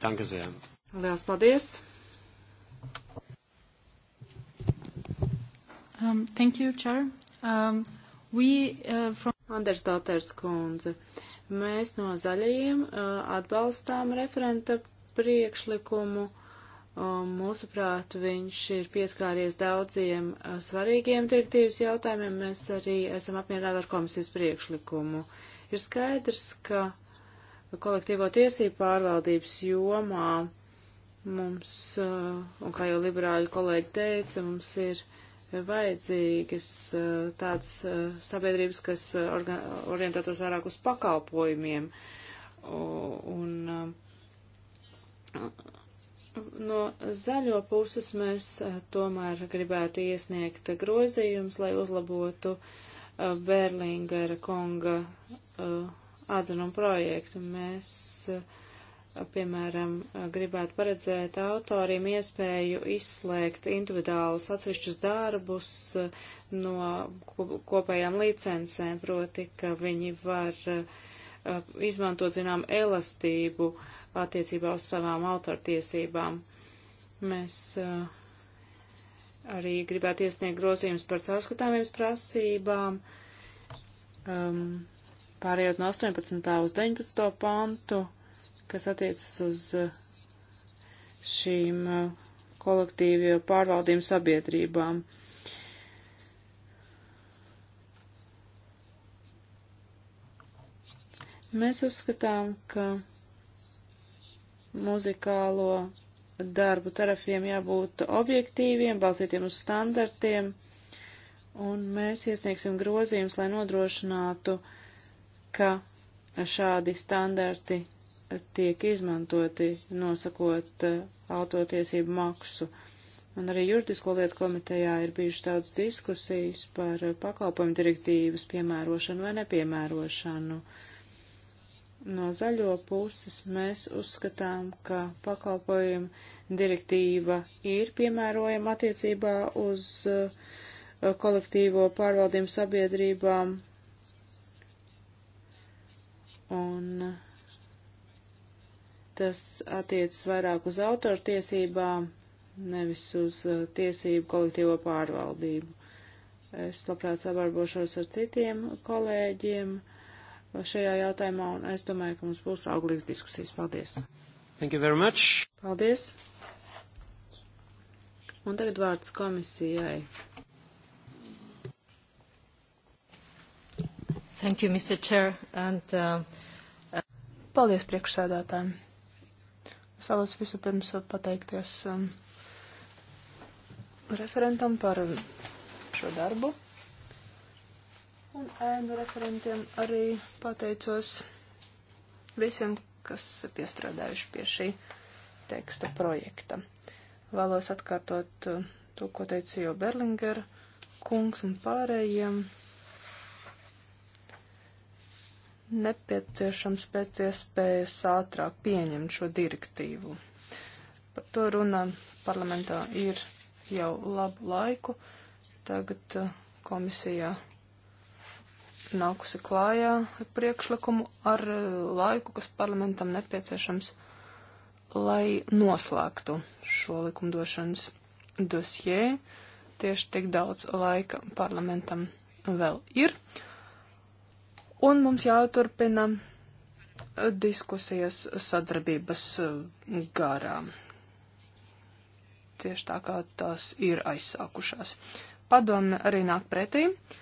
Danke sehr. Lielas paldies! Um, thank you, Chair. Um, we, uh, from... Anders Dauters kundze. Mēs no zaļajiem uh, atbalstām referenta priekšlikumu Mūsuprāt, viņš ir pieskāries daudziem uh, svarīgiem direktīvas jautājumiem. Mēs arī esam apmierināti ar komisijas priekšlikumu. Ir skaidrs, ka kolektīvo tiesību pārvaldības jomā mums, uh, un kā jau liberāļu kolēģi teica, mums ir vajadzīgas uh, tādas sabiedrības, kas orientētos vairāk uz pakalpojumiem. Un, un um, No zaļo puses mēs eh, tomēr gribētu iesniegt grozījums, lai uzlabotu eh, Berlingera konga eh, atzinumu projektu. Mēs piemēram, gribētu paredzēt autoriem iespēju izslēgt individuālus atsevišķus darbus no kopējām licencēm, proti, ka viņi var uh, Uh, izmantot, zinām, elastību attiecībā uz savām autortiesībām. Mēs uh, arī gribētu iesniegt grozījumus par caurskatāmības prasībām, um, pārējot no 18. uz 19. pantu, kas attiecas uz uh, šīm kolektīvajām pārvaldību sabiedrībām. Uh, Mēs uzskatām, ka muzikālo darbu tarafiem jābūt objektīviem, balstītiem uz standartiem, un mēs iesniegsim grozījumus, lai nodrošinātu, ka šādi standarti tiek izmantoti, nosakot eh, autotiesību maksu. Un arī juridisko lietu komitejā ir bijušas daudz diskusijas par eh, pakalpojumu direktīvas piemērošanu vai nepiemērošanu. Uh, No zaļo puses mēs uzskatām, ka pakalpojuma direktīva ir piemērojama attiecībā uz uh, kolektīvo pārvaldību sabiedrībām. Un uh, tas attiecas vairāk uz autortiesībām, nevis uz uh, tiesību kolektīvo pārvaldību. Es labprāt savarbošos ar citiem kolēģiem. Uh, šajā jautājumā, un es domāju, ka mums būs auglīgas diskusijas. Paldies! Thank you very much! Paldies! Un tagad vārds komisijai. Thank you, Mr. Chair, and, uh, uh... Paldies priekšsēdētājiem. Es vēlos vispirms pateikties um, referentam par šo darbu un ēnu referentiem arī pateicos visiem, kas piestrādājuši pie šī teksta projekta. Vēlos atkārtot uh, to, ko teica jau Berlinger kungs un pārējiem. Nepieciešams pēc iespējas ātrāk pieņemt šo direktīvu. Par to runa parlamentā ir jau labu laiku. Tagad uh, komisijā ir nākusi klājā ar priekšlikumu ar eh, laiku, kas parlamentam nepieciešams, lai noslēgtu šo likumdošanas dosjē. Tieši tik daudz laika parlamentam vēl ir. Un mums jāturpina eh, diskusijas sadarbības eh, garā. Tieši tā kā tās ir aizsākušās. Padome arī nāk pretī. Uh,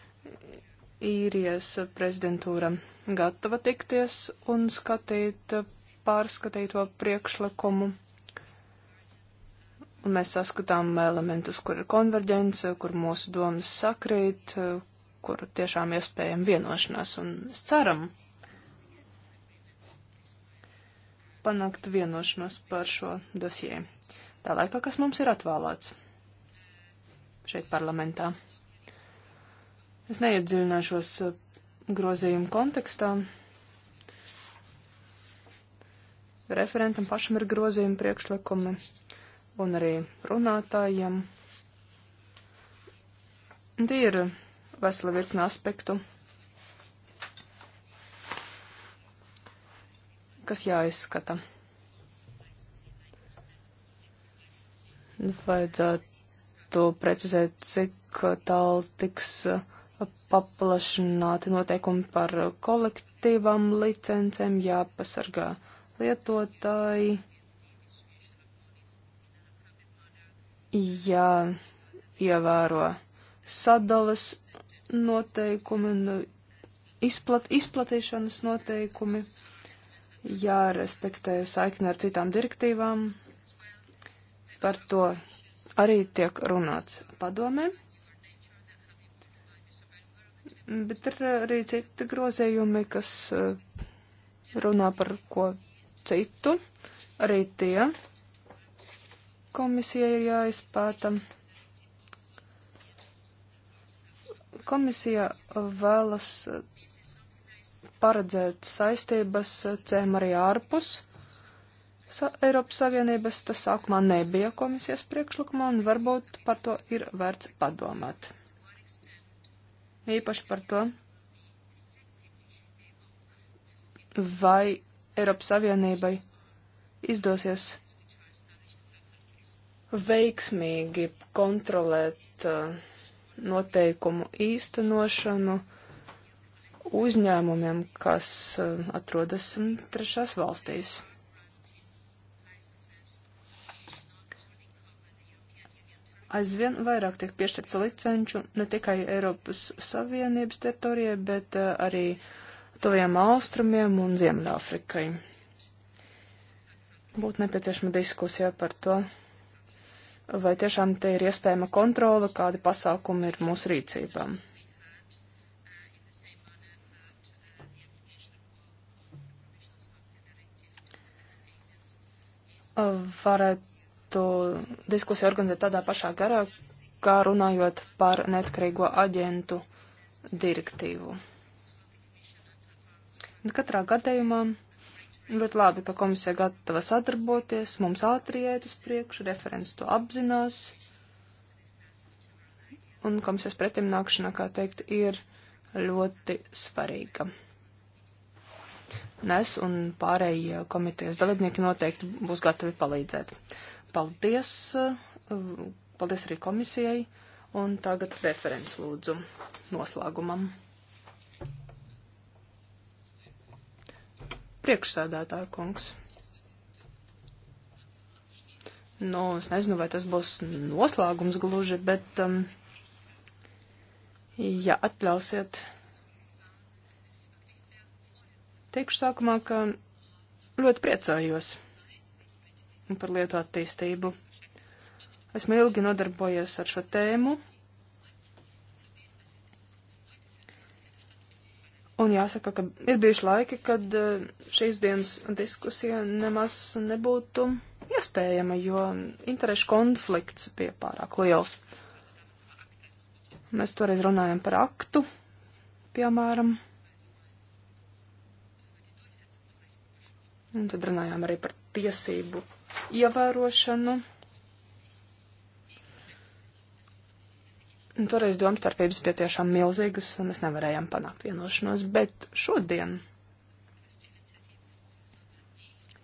īrijas prezidentūra gatava tikties un skatīt pārskatīto priekšlikumu. Un mēs saskatām elementus, kur ir konverģence, kur mūsu domas sakrīt, kur tiešām iespējama vienošanās. Un es ceram panākt vienošanos par šo dosiju. Tā laikā, kas mums ir atvēlēts šeit parlamentā. Es neiedziļināšos eh, grozījumu kontekstā. Referentam pašam ir grozījumi priekšlikumi un arī runātājiem. Tie ir vesela virkna aspektu, kas jāizskata. Vajadzētu precizēt, cik eh, tālu tiks uh, paplašināti noteikumi par kolektīvām licencēm, jāpasargā lietotāji, jāievēro sadalas noteikumi un uh, izplat, izplatīšanas noteikumi, jārespektē saikni ar citām direktīvām. Par to arī tiek runāts padomēm Bet ir eh, arī citi grozījumi, kas eh, runā par ko citu. Arī tie komisija ir jāizpēta. Komisija eh, vēlas paredzēt saistības cēm arī ārpus Sa Eiropas Savienības. Tas sākumā nebija komisijas priekšlikumā un varbūt par to ir vērts padomāt īpaši par to, vai Eiropas Savienībai izdosies veiksmīgi kontrolēt uh, noteikumu īstenošanu uzņēmumiem, kas uh, atrodas mm, trešās valstīs. aizvien vairāk tiek piešķirts licenču ne tikai Eiropas Savienības teritorijai, bet eh, arī tuviem austrumiem un Ziemeļāfrikai. Būtu nepieciešama diskusija par to, vai tiešām te ir iespējama kontrola, kādi pasākumi ir mūsu rīcībām. Varētu diskusiju organizēt tādā pašā garā, kā runājot par neatkarīgo aģentu direktīvu. Un nu, katrā gadījumā ļoti labi, ka komisija gatava sadarboties, mums ātri iet uz priekšu, referents to apzinās. Un komisijas pretim nākšana, kā teikt, ir ļoti svarīga. Nes un pārējie komitejas dalībnieki noteikti būs gatavi palīdzēt. Paldies! Paldies arī komisijai. Un tagad referents lūdzu noslēgumam. Priekšsēdētāja kungs. Nu, es nezinu, vai tas būs noslēgums gluži, bet, um, ja atļausiet, teikšu sākumā, ka ļoti priecājos par lietu attīstību. Esmu ilgi nodarbojies ar šo tēmu. Un jāsaka, ka ir bijuši laiki, kad eh, šīs dienas diskusija nemaz nebūtu iespējama, jo interešu konflikts bija pārāk liels. Mēs toreiz runājam par aktu, piemēram. Un tad runājām arī par tiesību ievērošanu. Un toreiz domstarpības bija tiešām milzīgas, un mēs nevarējām panākt vienošanos, bet šodien,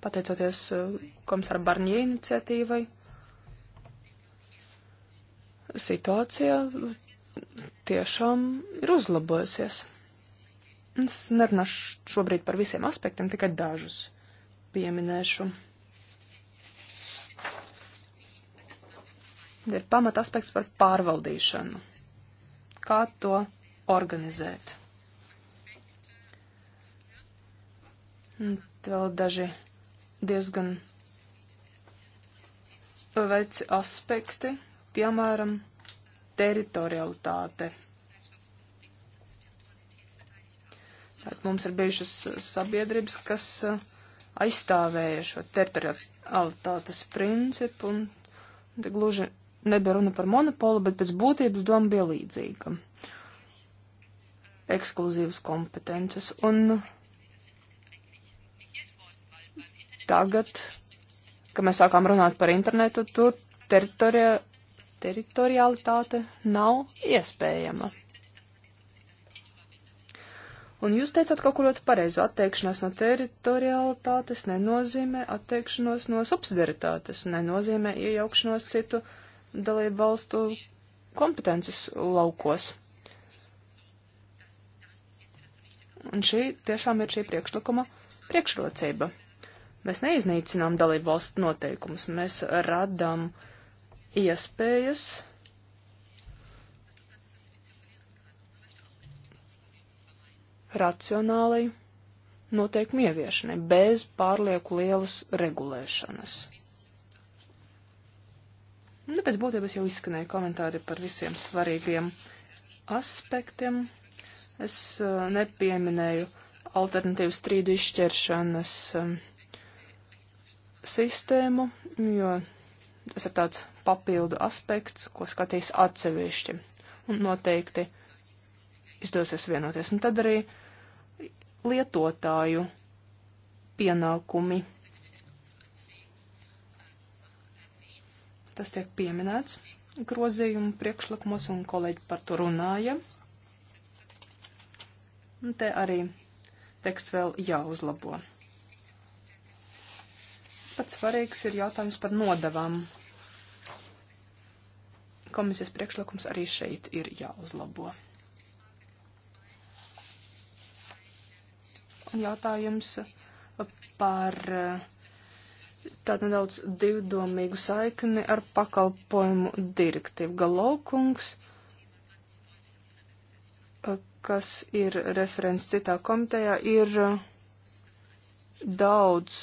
pateicoties uh, komisāra Barņie iniciatīvai, situācija tiešām ir uzlabojusies. Es nerunāšu šobrīd par visiem aspektiem, tikai dažus pieminēšu. ir pamat aspekts par pārvaldīšanu. Kā to organizēt? Un vēl daži diezgan veci aspekti, piemēram, teritorialitāte. Tātad mums ir bijušas sabiedrības, kas uh, aizstāvēja šo teritorialitātes principu, un te gluži Nebija runa par monopolu, bet pēc būtības doma bija līdzīga. Ekskluzīvas kompetences. Un tagad, kad mēs sākām runāt par internetu, tur teritorija, teritorialitāte nav iespējama. Un jūs teicāt kaut ko ļoti pareizu. Atteikšanās no teritorialitātes nenozīmē atteikšanos no subsidiaritātes un nenozīmē iejaukšanos citu dalību valstu kompetences laukos. Un šī tiešām ir šī priekšlikuma priekšrocība. Mēs neiznīcinām dalību valstu noteikumus, mēs radām iespējas racionālai noteikumu ieviešanai, bez pārlieku lielas regulēšanas. Nu, pēc būtības jau izskanēja komentāri par visiem svarīgiem aspektiem. Es uh, nepieminēju alternatīvu strīdu izšķiršanas um, sistēmu, jo tas ir tāds papildu aspekts, ko skatīs atsevišķi. Un noteikti izdosies vienoties. Un tad arī lietotāju pienākumi Tas tiek pieminēts grozījumu priekšlikumos, un kolēģi par to runāja. Un te arī teksts vēl jāuzlabo. Pats svarīgs ir jautājums par nodevām. Komisijas priekšlikums arī šeit ir jāuzlabo. Un jautājums par uh, tādu nedaudz divdomīgu saikni ar pakalpojumu direktīvu. Galaukungs, kas ir referents citā komitejā, ir uh, daudz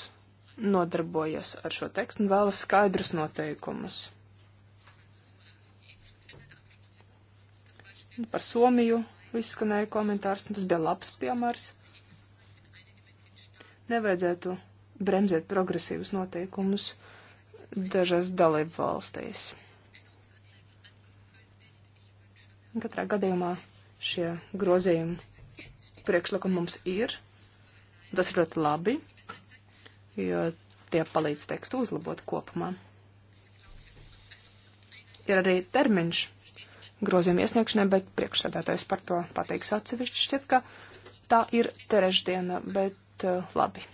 nodarbojies ar šo tekstu un vēlas skaidrus noteikumus. Par Somiju izskanēja komentārs, un tas bija labs piemērs. Nevajadzētu bremzēt progresīvus noteikumus dažās dalību valstīs. Katrā gadījumā šie grozījumi priekšlikumi mums ir. Tas ir ļoti labi, jo tie palīdz tekstu uzlabot kopumā. Ir arī termiņš grozījuma iesniegšanai, bet priekšsēdētājs par to pateiks atsevišķi. Šķiet, ka tā ir trešdiena, bet uh, labi.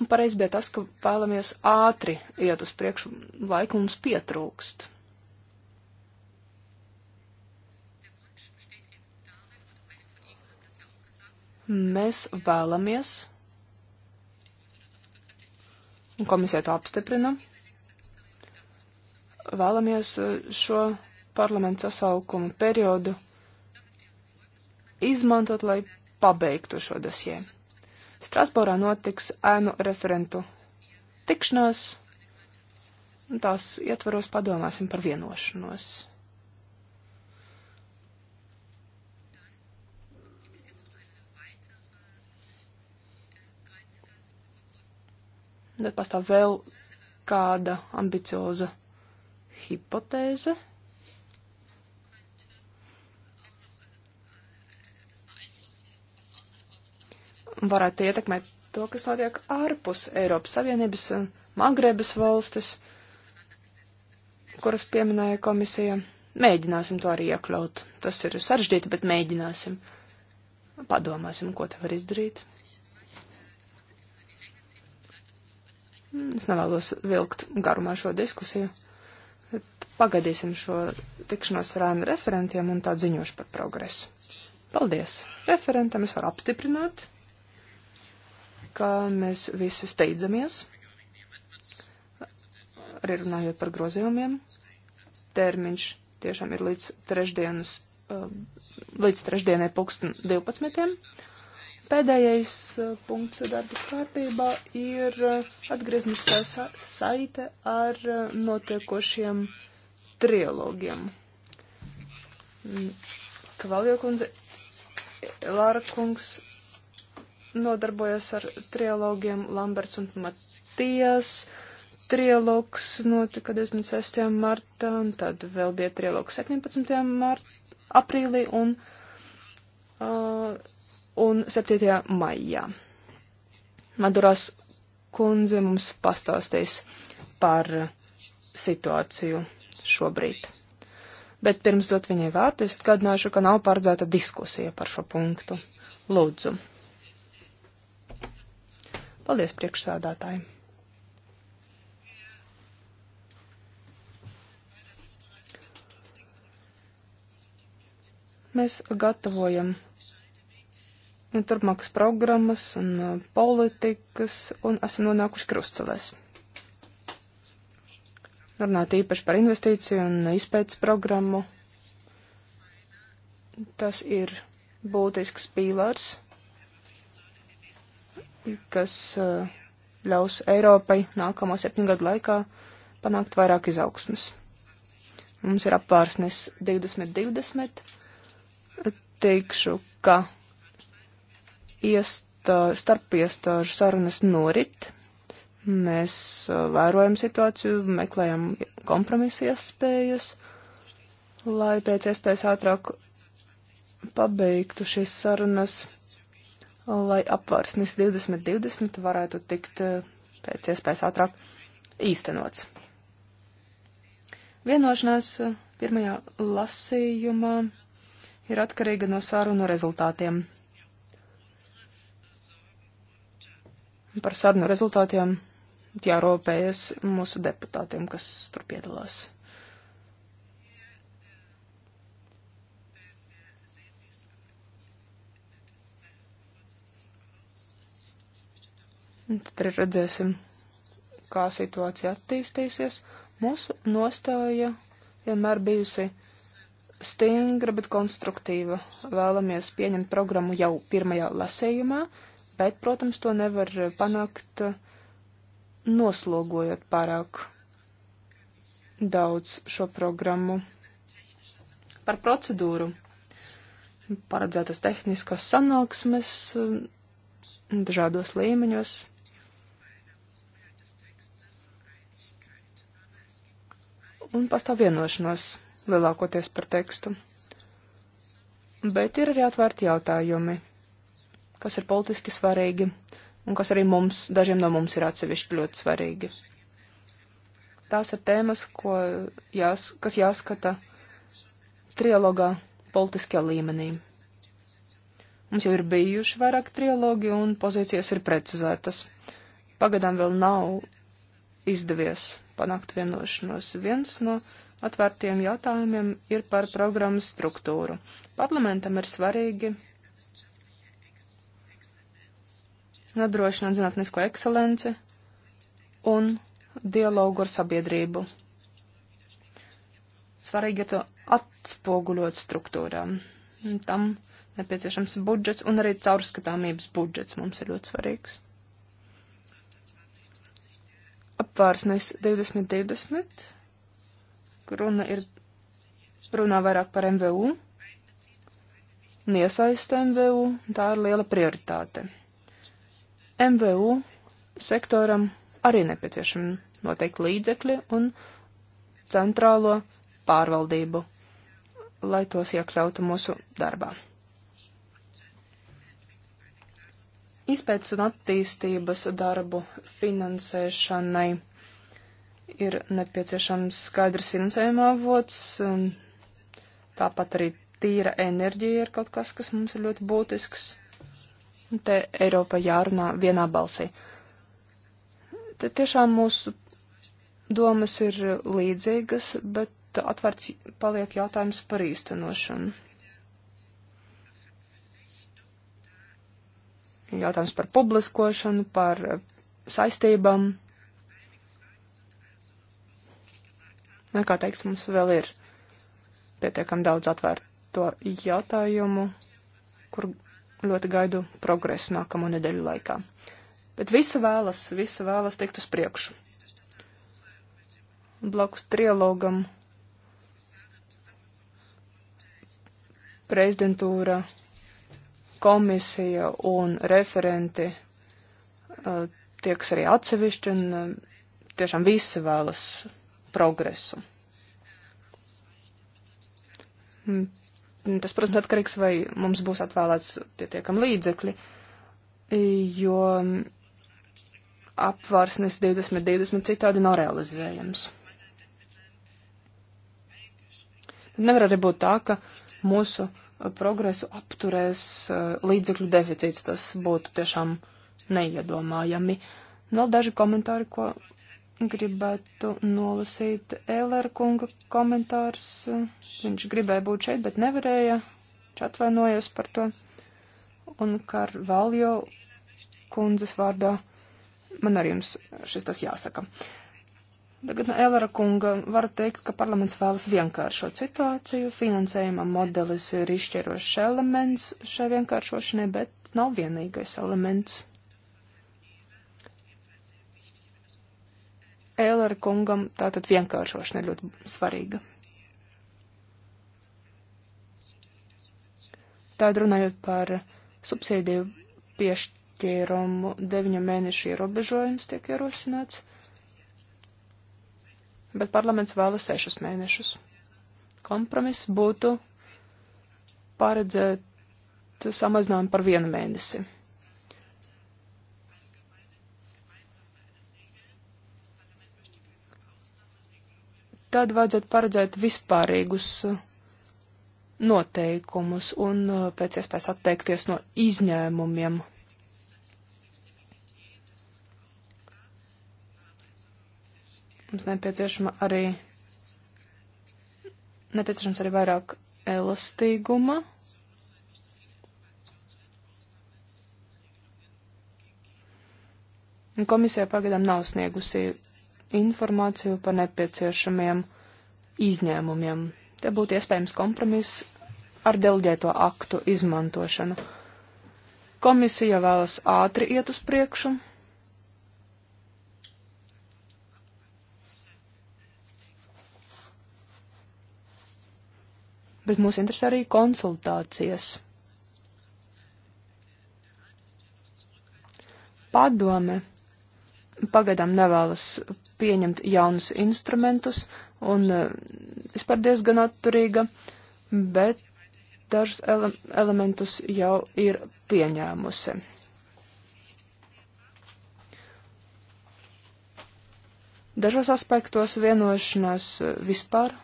Un pareizi bija tas, ka vēlamies ātri iet uz priekšu, laika mums pietrūkst. Mēs vēlamies, un komisija to apstiprina, vēlamies uh, šo parlamentu sasaukumu periodu izmantot, lai pabeigtu šo dosieru. Strasbūrā notiks ēnu referentu tikšanās, un tās ietvaros padomāsim par vienošanos. Bet pastāv vēl kāda ambicioza hipotēze. varētu ietekmēt to, kas notiek ārpus Eiropas Savienības un Magrebas valstis, kuras pieminēja komisija. Mēģināsim to arī iekļaut. Tas ir sarežģīti, bet mēģināsim. Padomāsim, ko te var izdarīt. Es nevēlos vilkt garumā šo diskusiju. Pagadīsim šo tikšanos ar ANU referentiem un tā ziņošu par progresu. Paldies! Referentam es varu apstiprināt ka mēs visi steidzamies, arī runājot par grozījumiem. Termiņš tiešām ir līdz trešdienas, um, līdz trešdienai pulksten 12. Pēdējais uh, punkts darba kārtībā ir uh, atgriezniskā sa saite ar uh, notiekošiem trilogiem. Mm, Kvaljokundze, Lārkungs nodarbojas ar trilogiem Lamberts un Matijas. Trilogs notika 26. martā, un tad vēl bija trilogs 17. Mart, aprīlī un, uh, un 7. maijā. Maduras kundze mums pastāstīs par situāciju šobrīd. Bet pirms dot viņai vārdu, es atgādināšu, ka nav paredzēta diskusija par šo punktu. Lūdzu. Paldies priekšsādātājiem! Mēs gatavojam turpmākas programmas un uh, politikas un esam nonākuši krustcelēs. Runāt īpaši par investīciju un izpētes programmu. Tas ir būtisks pīlārs kas eh, ļaus Eiropai nākamo septiņgadu laikā panākt vairāk izaugsmas. Mums ir apvārsnes 2020. Teikšu, ka iestā, starp iestāžu sarunas norit. Mēs eh, vērojam situāciju, meklējam kompromisu iespējas, lai pēc iespējas ātrāk pabeigtu šīs sarunas lai apvārsnis 2020 varētu tikt eh, pēc iespējas ātrāk īstenots. Vienošanās eh, pirmajā lasījumā ir atkarīga no sarunu rezultātiem. Par sarunu rezultātiem jārūpējas mūsu deputātiem, kas tur piedalās. Un tad arī redzēsim, kā situācija attīstīsies. Mūsu nostāja vienmēr bijusi stingra, bet konstruktīva. Vēlamies pieņemt programmu jau pirmajā lasējumā, bet, protams, to nevar panākt noslogojot pārāk daudz šo programmu. Par procedūru. Paredzētas tehniskas sanāksmes dažādos līmeņos un pastāv vienošanos lielākoties par tekstu. Bet ir arī atvērti jautājumi, kas ir politiski svarīgi un kas arī mums, dažiem no mums ir atsevišķi ļoti svarīgi. Tās ir tēmas, ko jās, kas jāskata trilogā politiskajā līmenī. Mums jau ir bijuši vairāk trilogi un pozīcijas ir precizētas. Pagadām vēl nav izdevies panākt vienošanos. Viens no atvērtiem jautājumiem ir par programmas struktūru. Parlamentam ir svarīgi nodrošināt zinātnisko ekscelenci un dialogu ar sabiedrību. Svarīgi ir to atspoguļot struktūrām. Tam nepieciešams budžets un arī caurskatāmības budžets mums ir ļoti svarīgs apvārsnes 2020, kur runa ir runā vairāk par MVU un iesaista MVU, un tā ir liela prioritāte. MVU sektoram arī nepieciešami noteikti līdzekļi un centrālo pārvaldību, lai tos iekļautu mūsu darbā. Izpētes un attīstības darbu finansēšanai ir nepieciešams skaidrs finansējuma avots, un tāpat arī tīra enerģija ir kaut kas, kas mums ir ļoti būtisks. Un te Eiropa jārunā vienā balsī. Te tiešām mūsu domas ir līdzīgas, bet atvērts paliek jautājums par īstenošanu. jautājums par publiskošanu, par eh, saistībām. Nu, kā teiks, mums vēl ir pietiekam daudz atvērto jautājumu, kur ļoti gaidu progresu nākamo nedēļu laikā. Bet visi vēlas, visi vēlas tikt uz priekšu. Blakus trilogam prezidentūra komisija un referenti uh, tieks arī atsevišķi un uh, tiešām visi vēlas progresu. Mm. Tas, protams, atkarīgs, vai mums būs atvēlēts pietiekam līdzekļi, jo um, apvārsnes 2020 citādi nav realizējams. Nevar arī būt tā, ka mūsu uh, progresu apturēs eh, līdzekļu deficīts. Tas būtu tiešām neiedomājami. Vēl daži komentāri, ko gribētu nolasīt. Ēlēra kunga komentārs. Viņš gribēja būt šeit, bet nevarēja. Viņš atvainojas par to. Un Karvaljo kundzes vārdā man arī jums šis tas jāsaka. Uh, Tagad no Elera kunga var teikt, ka parlaments vēlas vienkāršot situāciju, finansējuma modelis ir izšķirošs elements šai vienkāršošanai, bet nav vienīgais elements. Elera kungam tātad vienkāršošana ir ļoti svarīga. Tād runājot par subsīdiju piešķīrumu, deviņu mēnešu ierobežojums tiek ierosināts bet parlaments vēlas sešus mēnešus. Kompromiss būtu paredzēt samazinājumu par vienu mēnesi. Tad vajadzētu paredzēt vispārīgus uh, noteikumus un uh, pēc iespējas atteikties no izņēmumiem Mums nepieciešama arī, nepieciešams arī vairāk elastīguma. Komisija pagaidām nav sniegusi informāciju par nepieciešamiem izņēmumiem. Te būtu iespējams kompromiss ar delģēto aktu izmantošanu. Komisija vēlas ātri iet uz priekšu. bet mūs interesē arī konsultācijas. Padome pagaidām nevēlas pieņemt jaunus instrumentus, un vispār eh, diezgan atturīga, bet dažus ele elementus jau ir pieņēmusi. Dažos aspektos vienošanās eh, vispār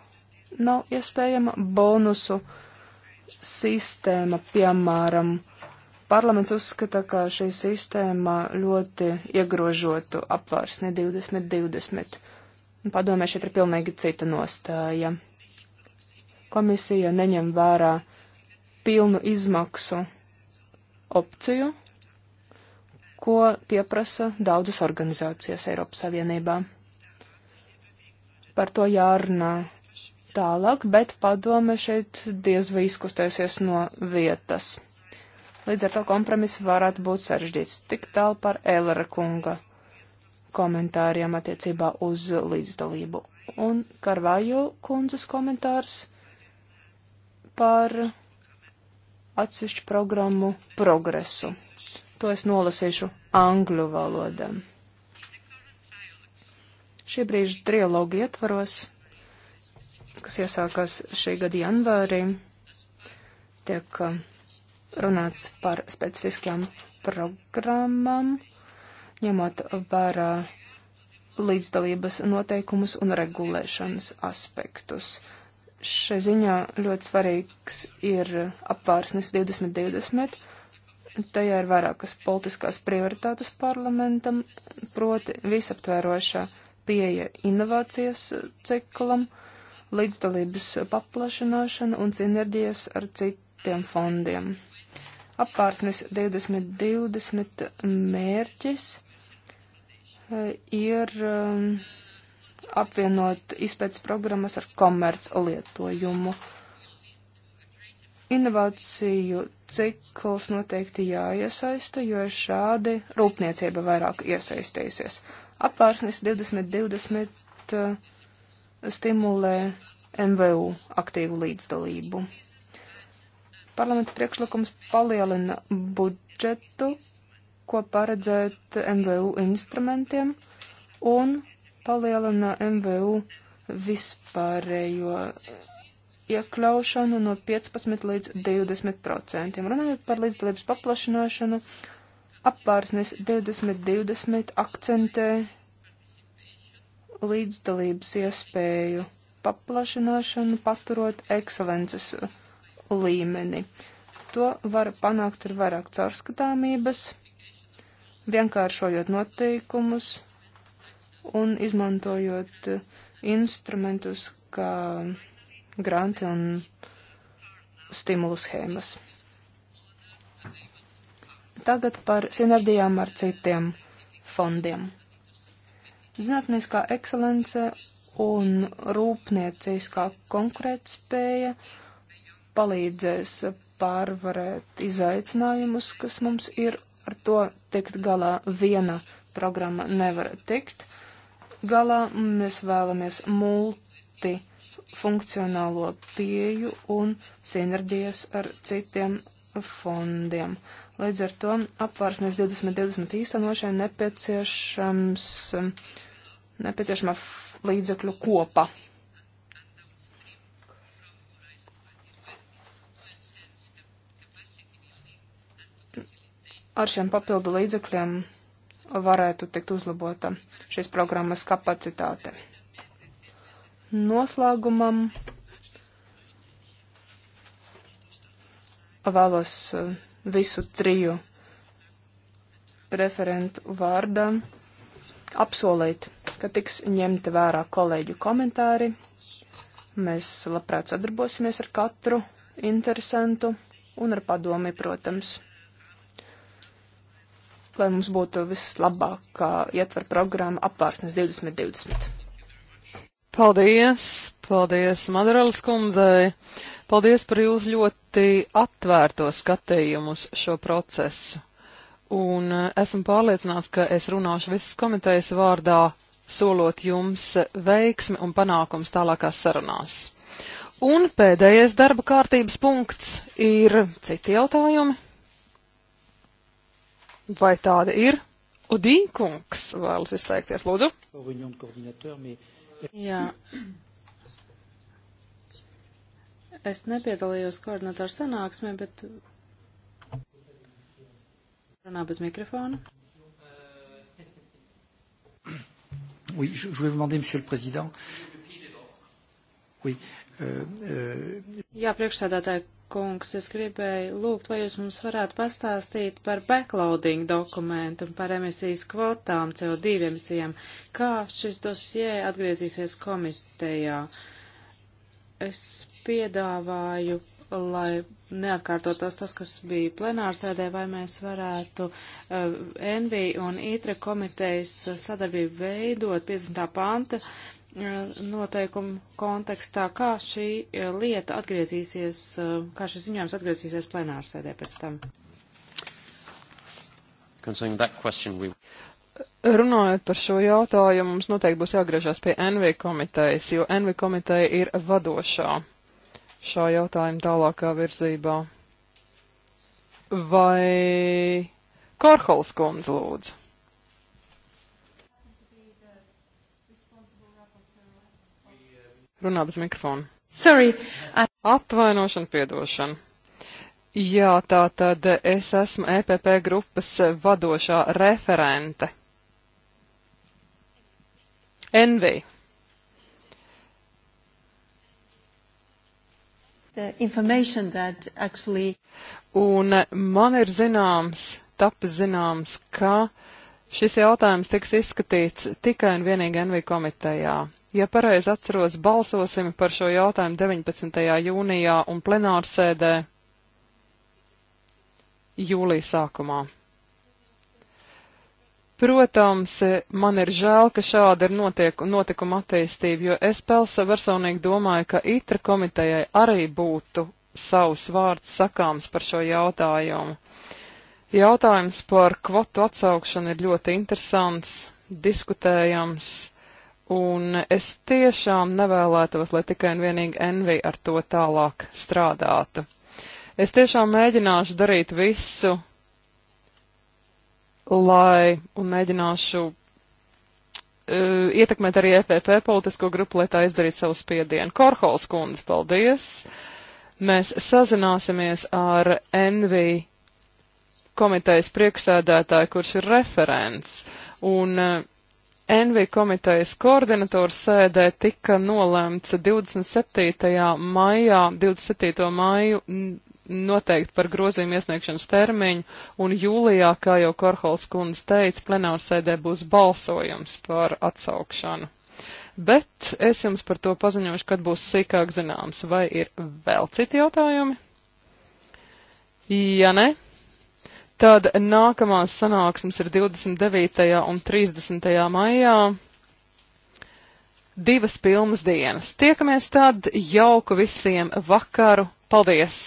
nav iespējama bonusu sistēma, piemēram. Parlaments uzskata, ka šī sistēma ļoti iegrožotu apvārsni 2020. Padomē šeit ir pilnīgi cita nostāja. Komisija neņem vērā pilnu izmaksu opciju, ko pieprasa daudzas organizācijas Eiropas Savienībā. Par to jārunā tālāk, bet padome šeit diez vai izkustēsies no vietas. Līdz ar to kompromiss varētu būt sarežģīts. Tik tālu par Ellera kunga komentāriem attiecībā uz līdzdalību. Un Karvajo kundzes komentārs par atsevišķu programmu progresu. To es nolasīšu angļu valodā. Šī brīža trialogu ietvaros kas iesākās šī gada janvārī, tiek uh, runāts par specifiskajām programmām, ņemot vērā līdzdalības noteikumus un regulēšanas aspektus. Šai ziņā ļoti svarīgs ir apvārsnes 2020. Tajā ir vairākas politiskās prioritātes parlamentam, proti visaptvērošā pieeja inovācijas ciklam, uh, līdzdalības paplašināšana un sinerģijas ar citiem fondiem. Apvārsnes 2020 mērķis eh, ir um, apvienot izpētes programmas ar komerc lietojumu. Inovāciju cikls noteikti jāiesaista, jo šādi rūpniecība vairāk iesaistīsies. Apvārsnes 2020 stimulē MVU aktīvu līdzdalību. Parlamenta priekšlikums palielina budžetu, ko paredzēt MVU instrumentiem, un palielina MVU vispārējo iekļaušanu no 15 līdz 20 procentiem. Runājot par līdzdalības paplašināšanu, apvārsnes 2020 akcentē līdzdalības iespēju paplašināšanu, paturot ekscelences līmeni. To var panākt ar vairāk caurskatāmības, vienkāršojot noteikumus un izmantojot instrumentus kā granti un stimulu schēmas. Tagad par sinerģijām ar citiem fondiem. Zinātniskā ekscelence un rūpnieciskā konkurētspēja palīdzēs pārvarēt izaicinājumus, kas mums ir ar to tikt galā. Viena programma nevar tikt galā. Mēs vēlamies multi funkcionālo pieju un sinerģijas ar citiem fondiem. Līdz ar to apvārsnes 2020 īstenošanai nepieciešams, um, nepieciešama līdzekļu kopa. Ar šiem papildu līdzekļiem varētu tikt uzlabota šīs programmas kapacitāte. Noslēgumam vēlos eh, visu triju referentu vārdā apsolīt, ka tiks ņemti vērā kolēģu komentāri. Mēs labprāt sadarbosimies ar katru interesantu un ar padomi, protams lai mums būtu vislabākā ietver programma apvārsnes 2020. Paldies! Paldies Madaras kundzei! Paldies par jūsu ļoti atvērto skatījumu uz šo procesu. Un eh, esmu pārliecināts, ka es runāšu visas komitejas vārdā, solot jums veiksmi un panākums tālākās sarunās. Un pēdējais darba kārtības punkts ir citi jautājumi. Vai tāda ir? Udīkungs vēlas izteikties, lūdzu. Jā. Es nepiedalījos koordinatoru sanāksmē, bet runā bez mikrofona. Oui, je, je voulais vous demander, Monsieur le Président. Oui, euh, euh... Jā, priekšsēdētāji kungs, es gribēju lūgt, vai jūs mums varētu pastāstīt par backloading dokumentu un par emisijas kvotām, CO2 emisijām. Kā šis dosie atgriezīsies komitejā? Es piedāvāju, lai neatkārtotos tas, kas bija plenārsēdē, vai mēs varētu uh, eh, NV un ITRE komitejas sadarbību veidot 50. panta Eh, noteikumu kontekstā, kā šī eh, lieta atgriezīsies, eh, kā šis ziņojums atgriezīsies plenārsēdē pēc tam. We... Runājot par šo jautājumu, mums noteikti būs jāgriežas pie NV komitejas, jo NV komiteja ir vadošā šā jautājuma tālākā virzībā. Vai Korhols kundze lūdzu? Runā bez mikrofona. Sorry. I... Atvainošana, piedošana. Jā, tā tad es esmu EPP grupas vadošā referente. Envy. Actually... Un man ir zināms, tapis zināms, ka šis jautājums tiks izskatīts tikai un vienīgi NV komitejā. Ja pareizi atceros, balsosim par šo jautājumu 19. jūnijā un plenārsēdē jūlija sākumā. Protams, man ir žēl, ka šāda ir notiek, notikuma attīstība, jo es pelsa personīgi domāju, ka itra komitejai arī būtu savs vārds sakāms par šo jautājumu. Jautājums par kvotu atsaukšanu ir ļoti interesants, diskutējams Un es tiešām nevēlētos, lai tikai un vienīgi Envi ar to tālāk strādātu. Es tiešām mēģināšu darīt visu, lai, un mēģināšu uh, ietekmēt arī EPP politisko grupu, lai tā izdarītu savu spiedienu. Korhols kundze, paldies! Mēs sazināsimies ar Envi komitejas priekšsēdētāju, kurš ir referents. Un uh, NV komitejas koordinatoru sēdē tika nolēmts 27. maijā, 27. maiju noteikt par grozījumu iesniegšanas termiņu, un jūlijā, kā jau Korhols kundze teica, plenārsēdē būs balsojums par atsaukšanu. Bet es jums par to paziņošu, kad būs sīkāk zināms, vai ir vēl citi jautājumi? Ja ne, Tad nākamās sanāksmes ir 29. un 30. maijā. Divas pilnas dienas. Tiekamies tad jauku visiem vakaru. Paldies!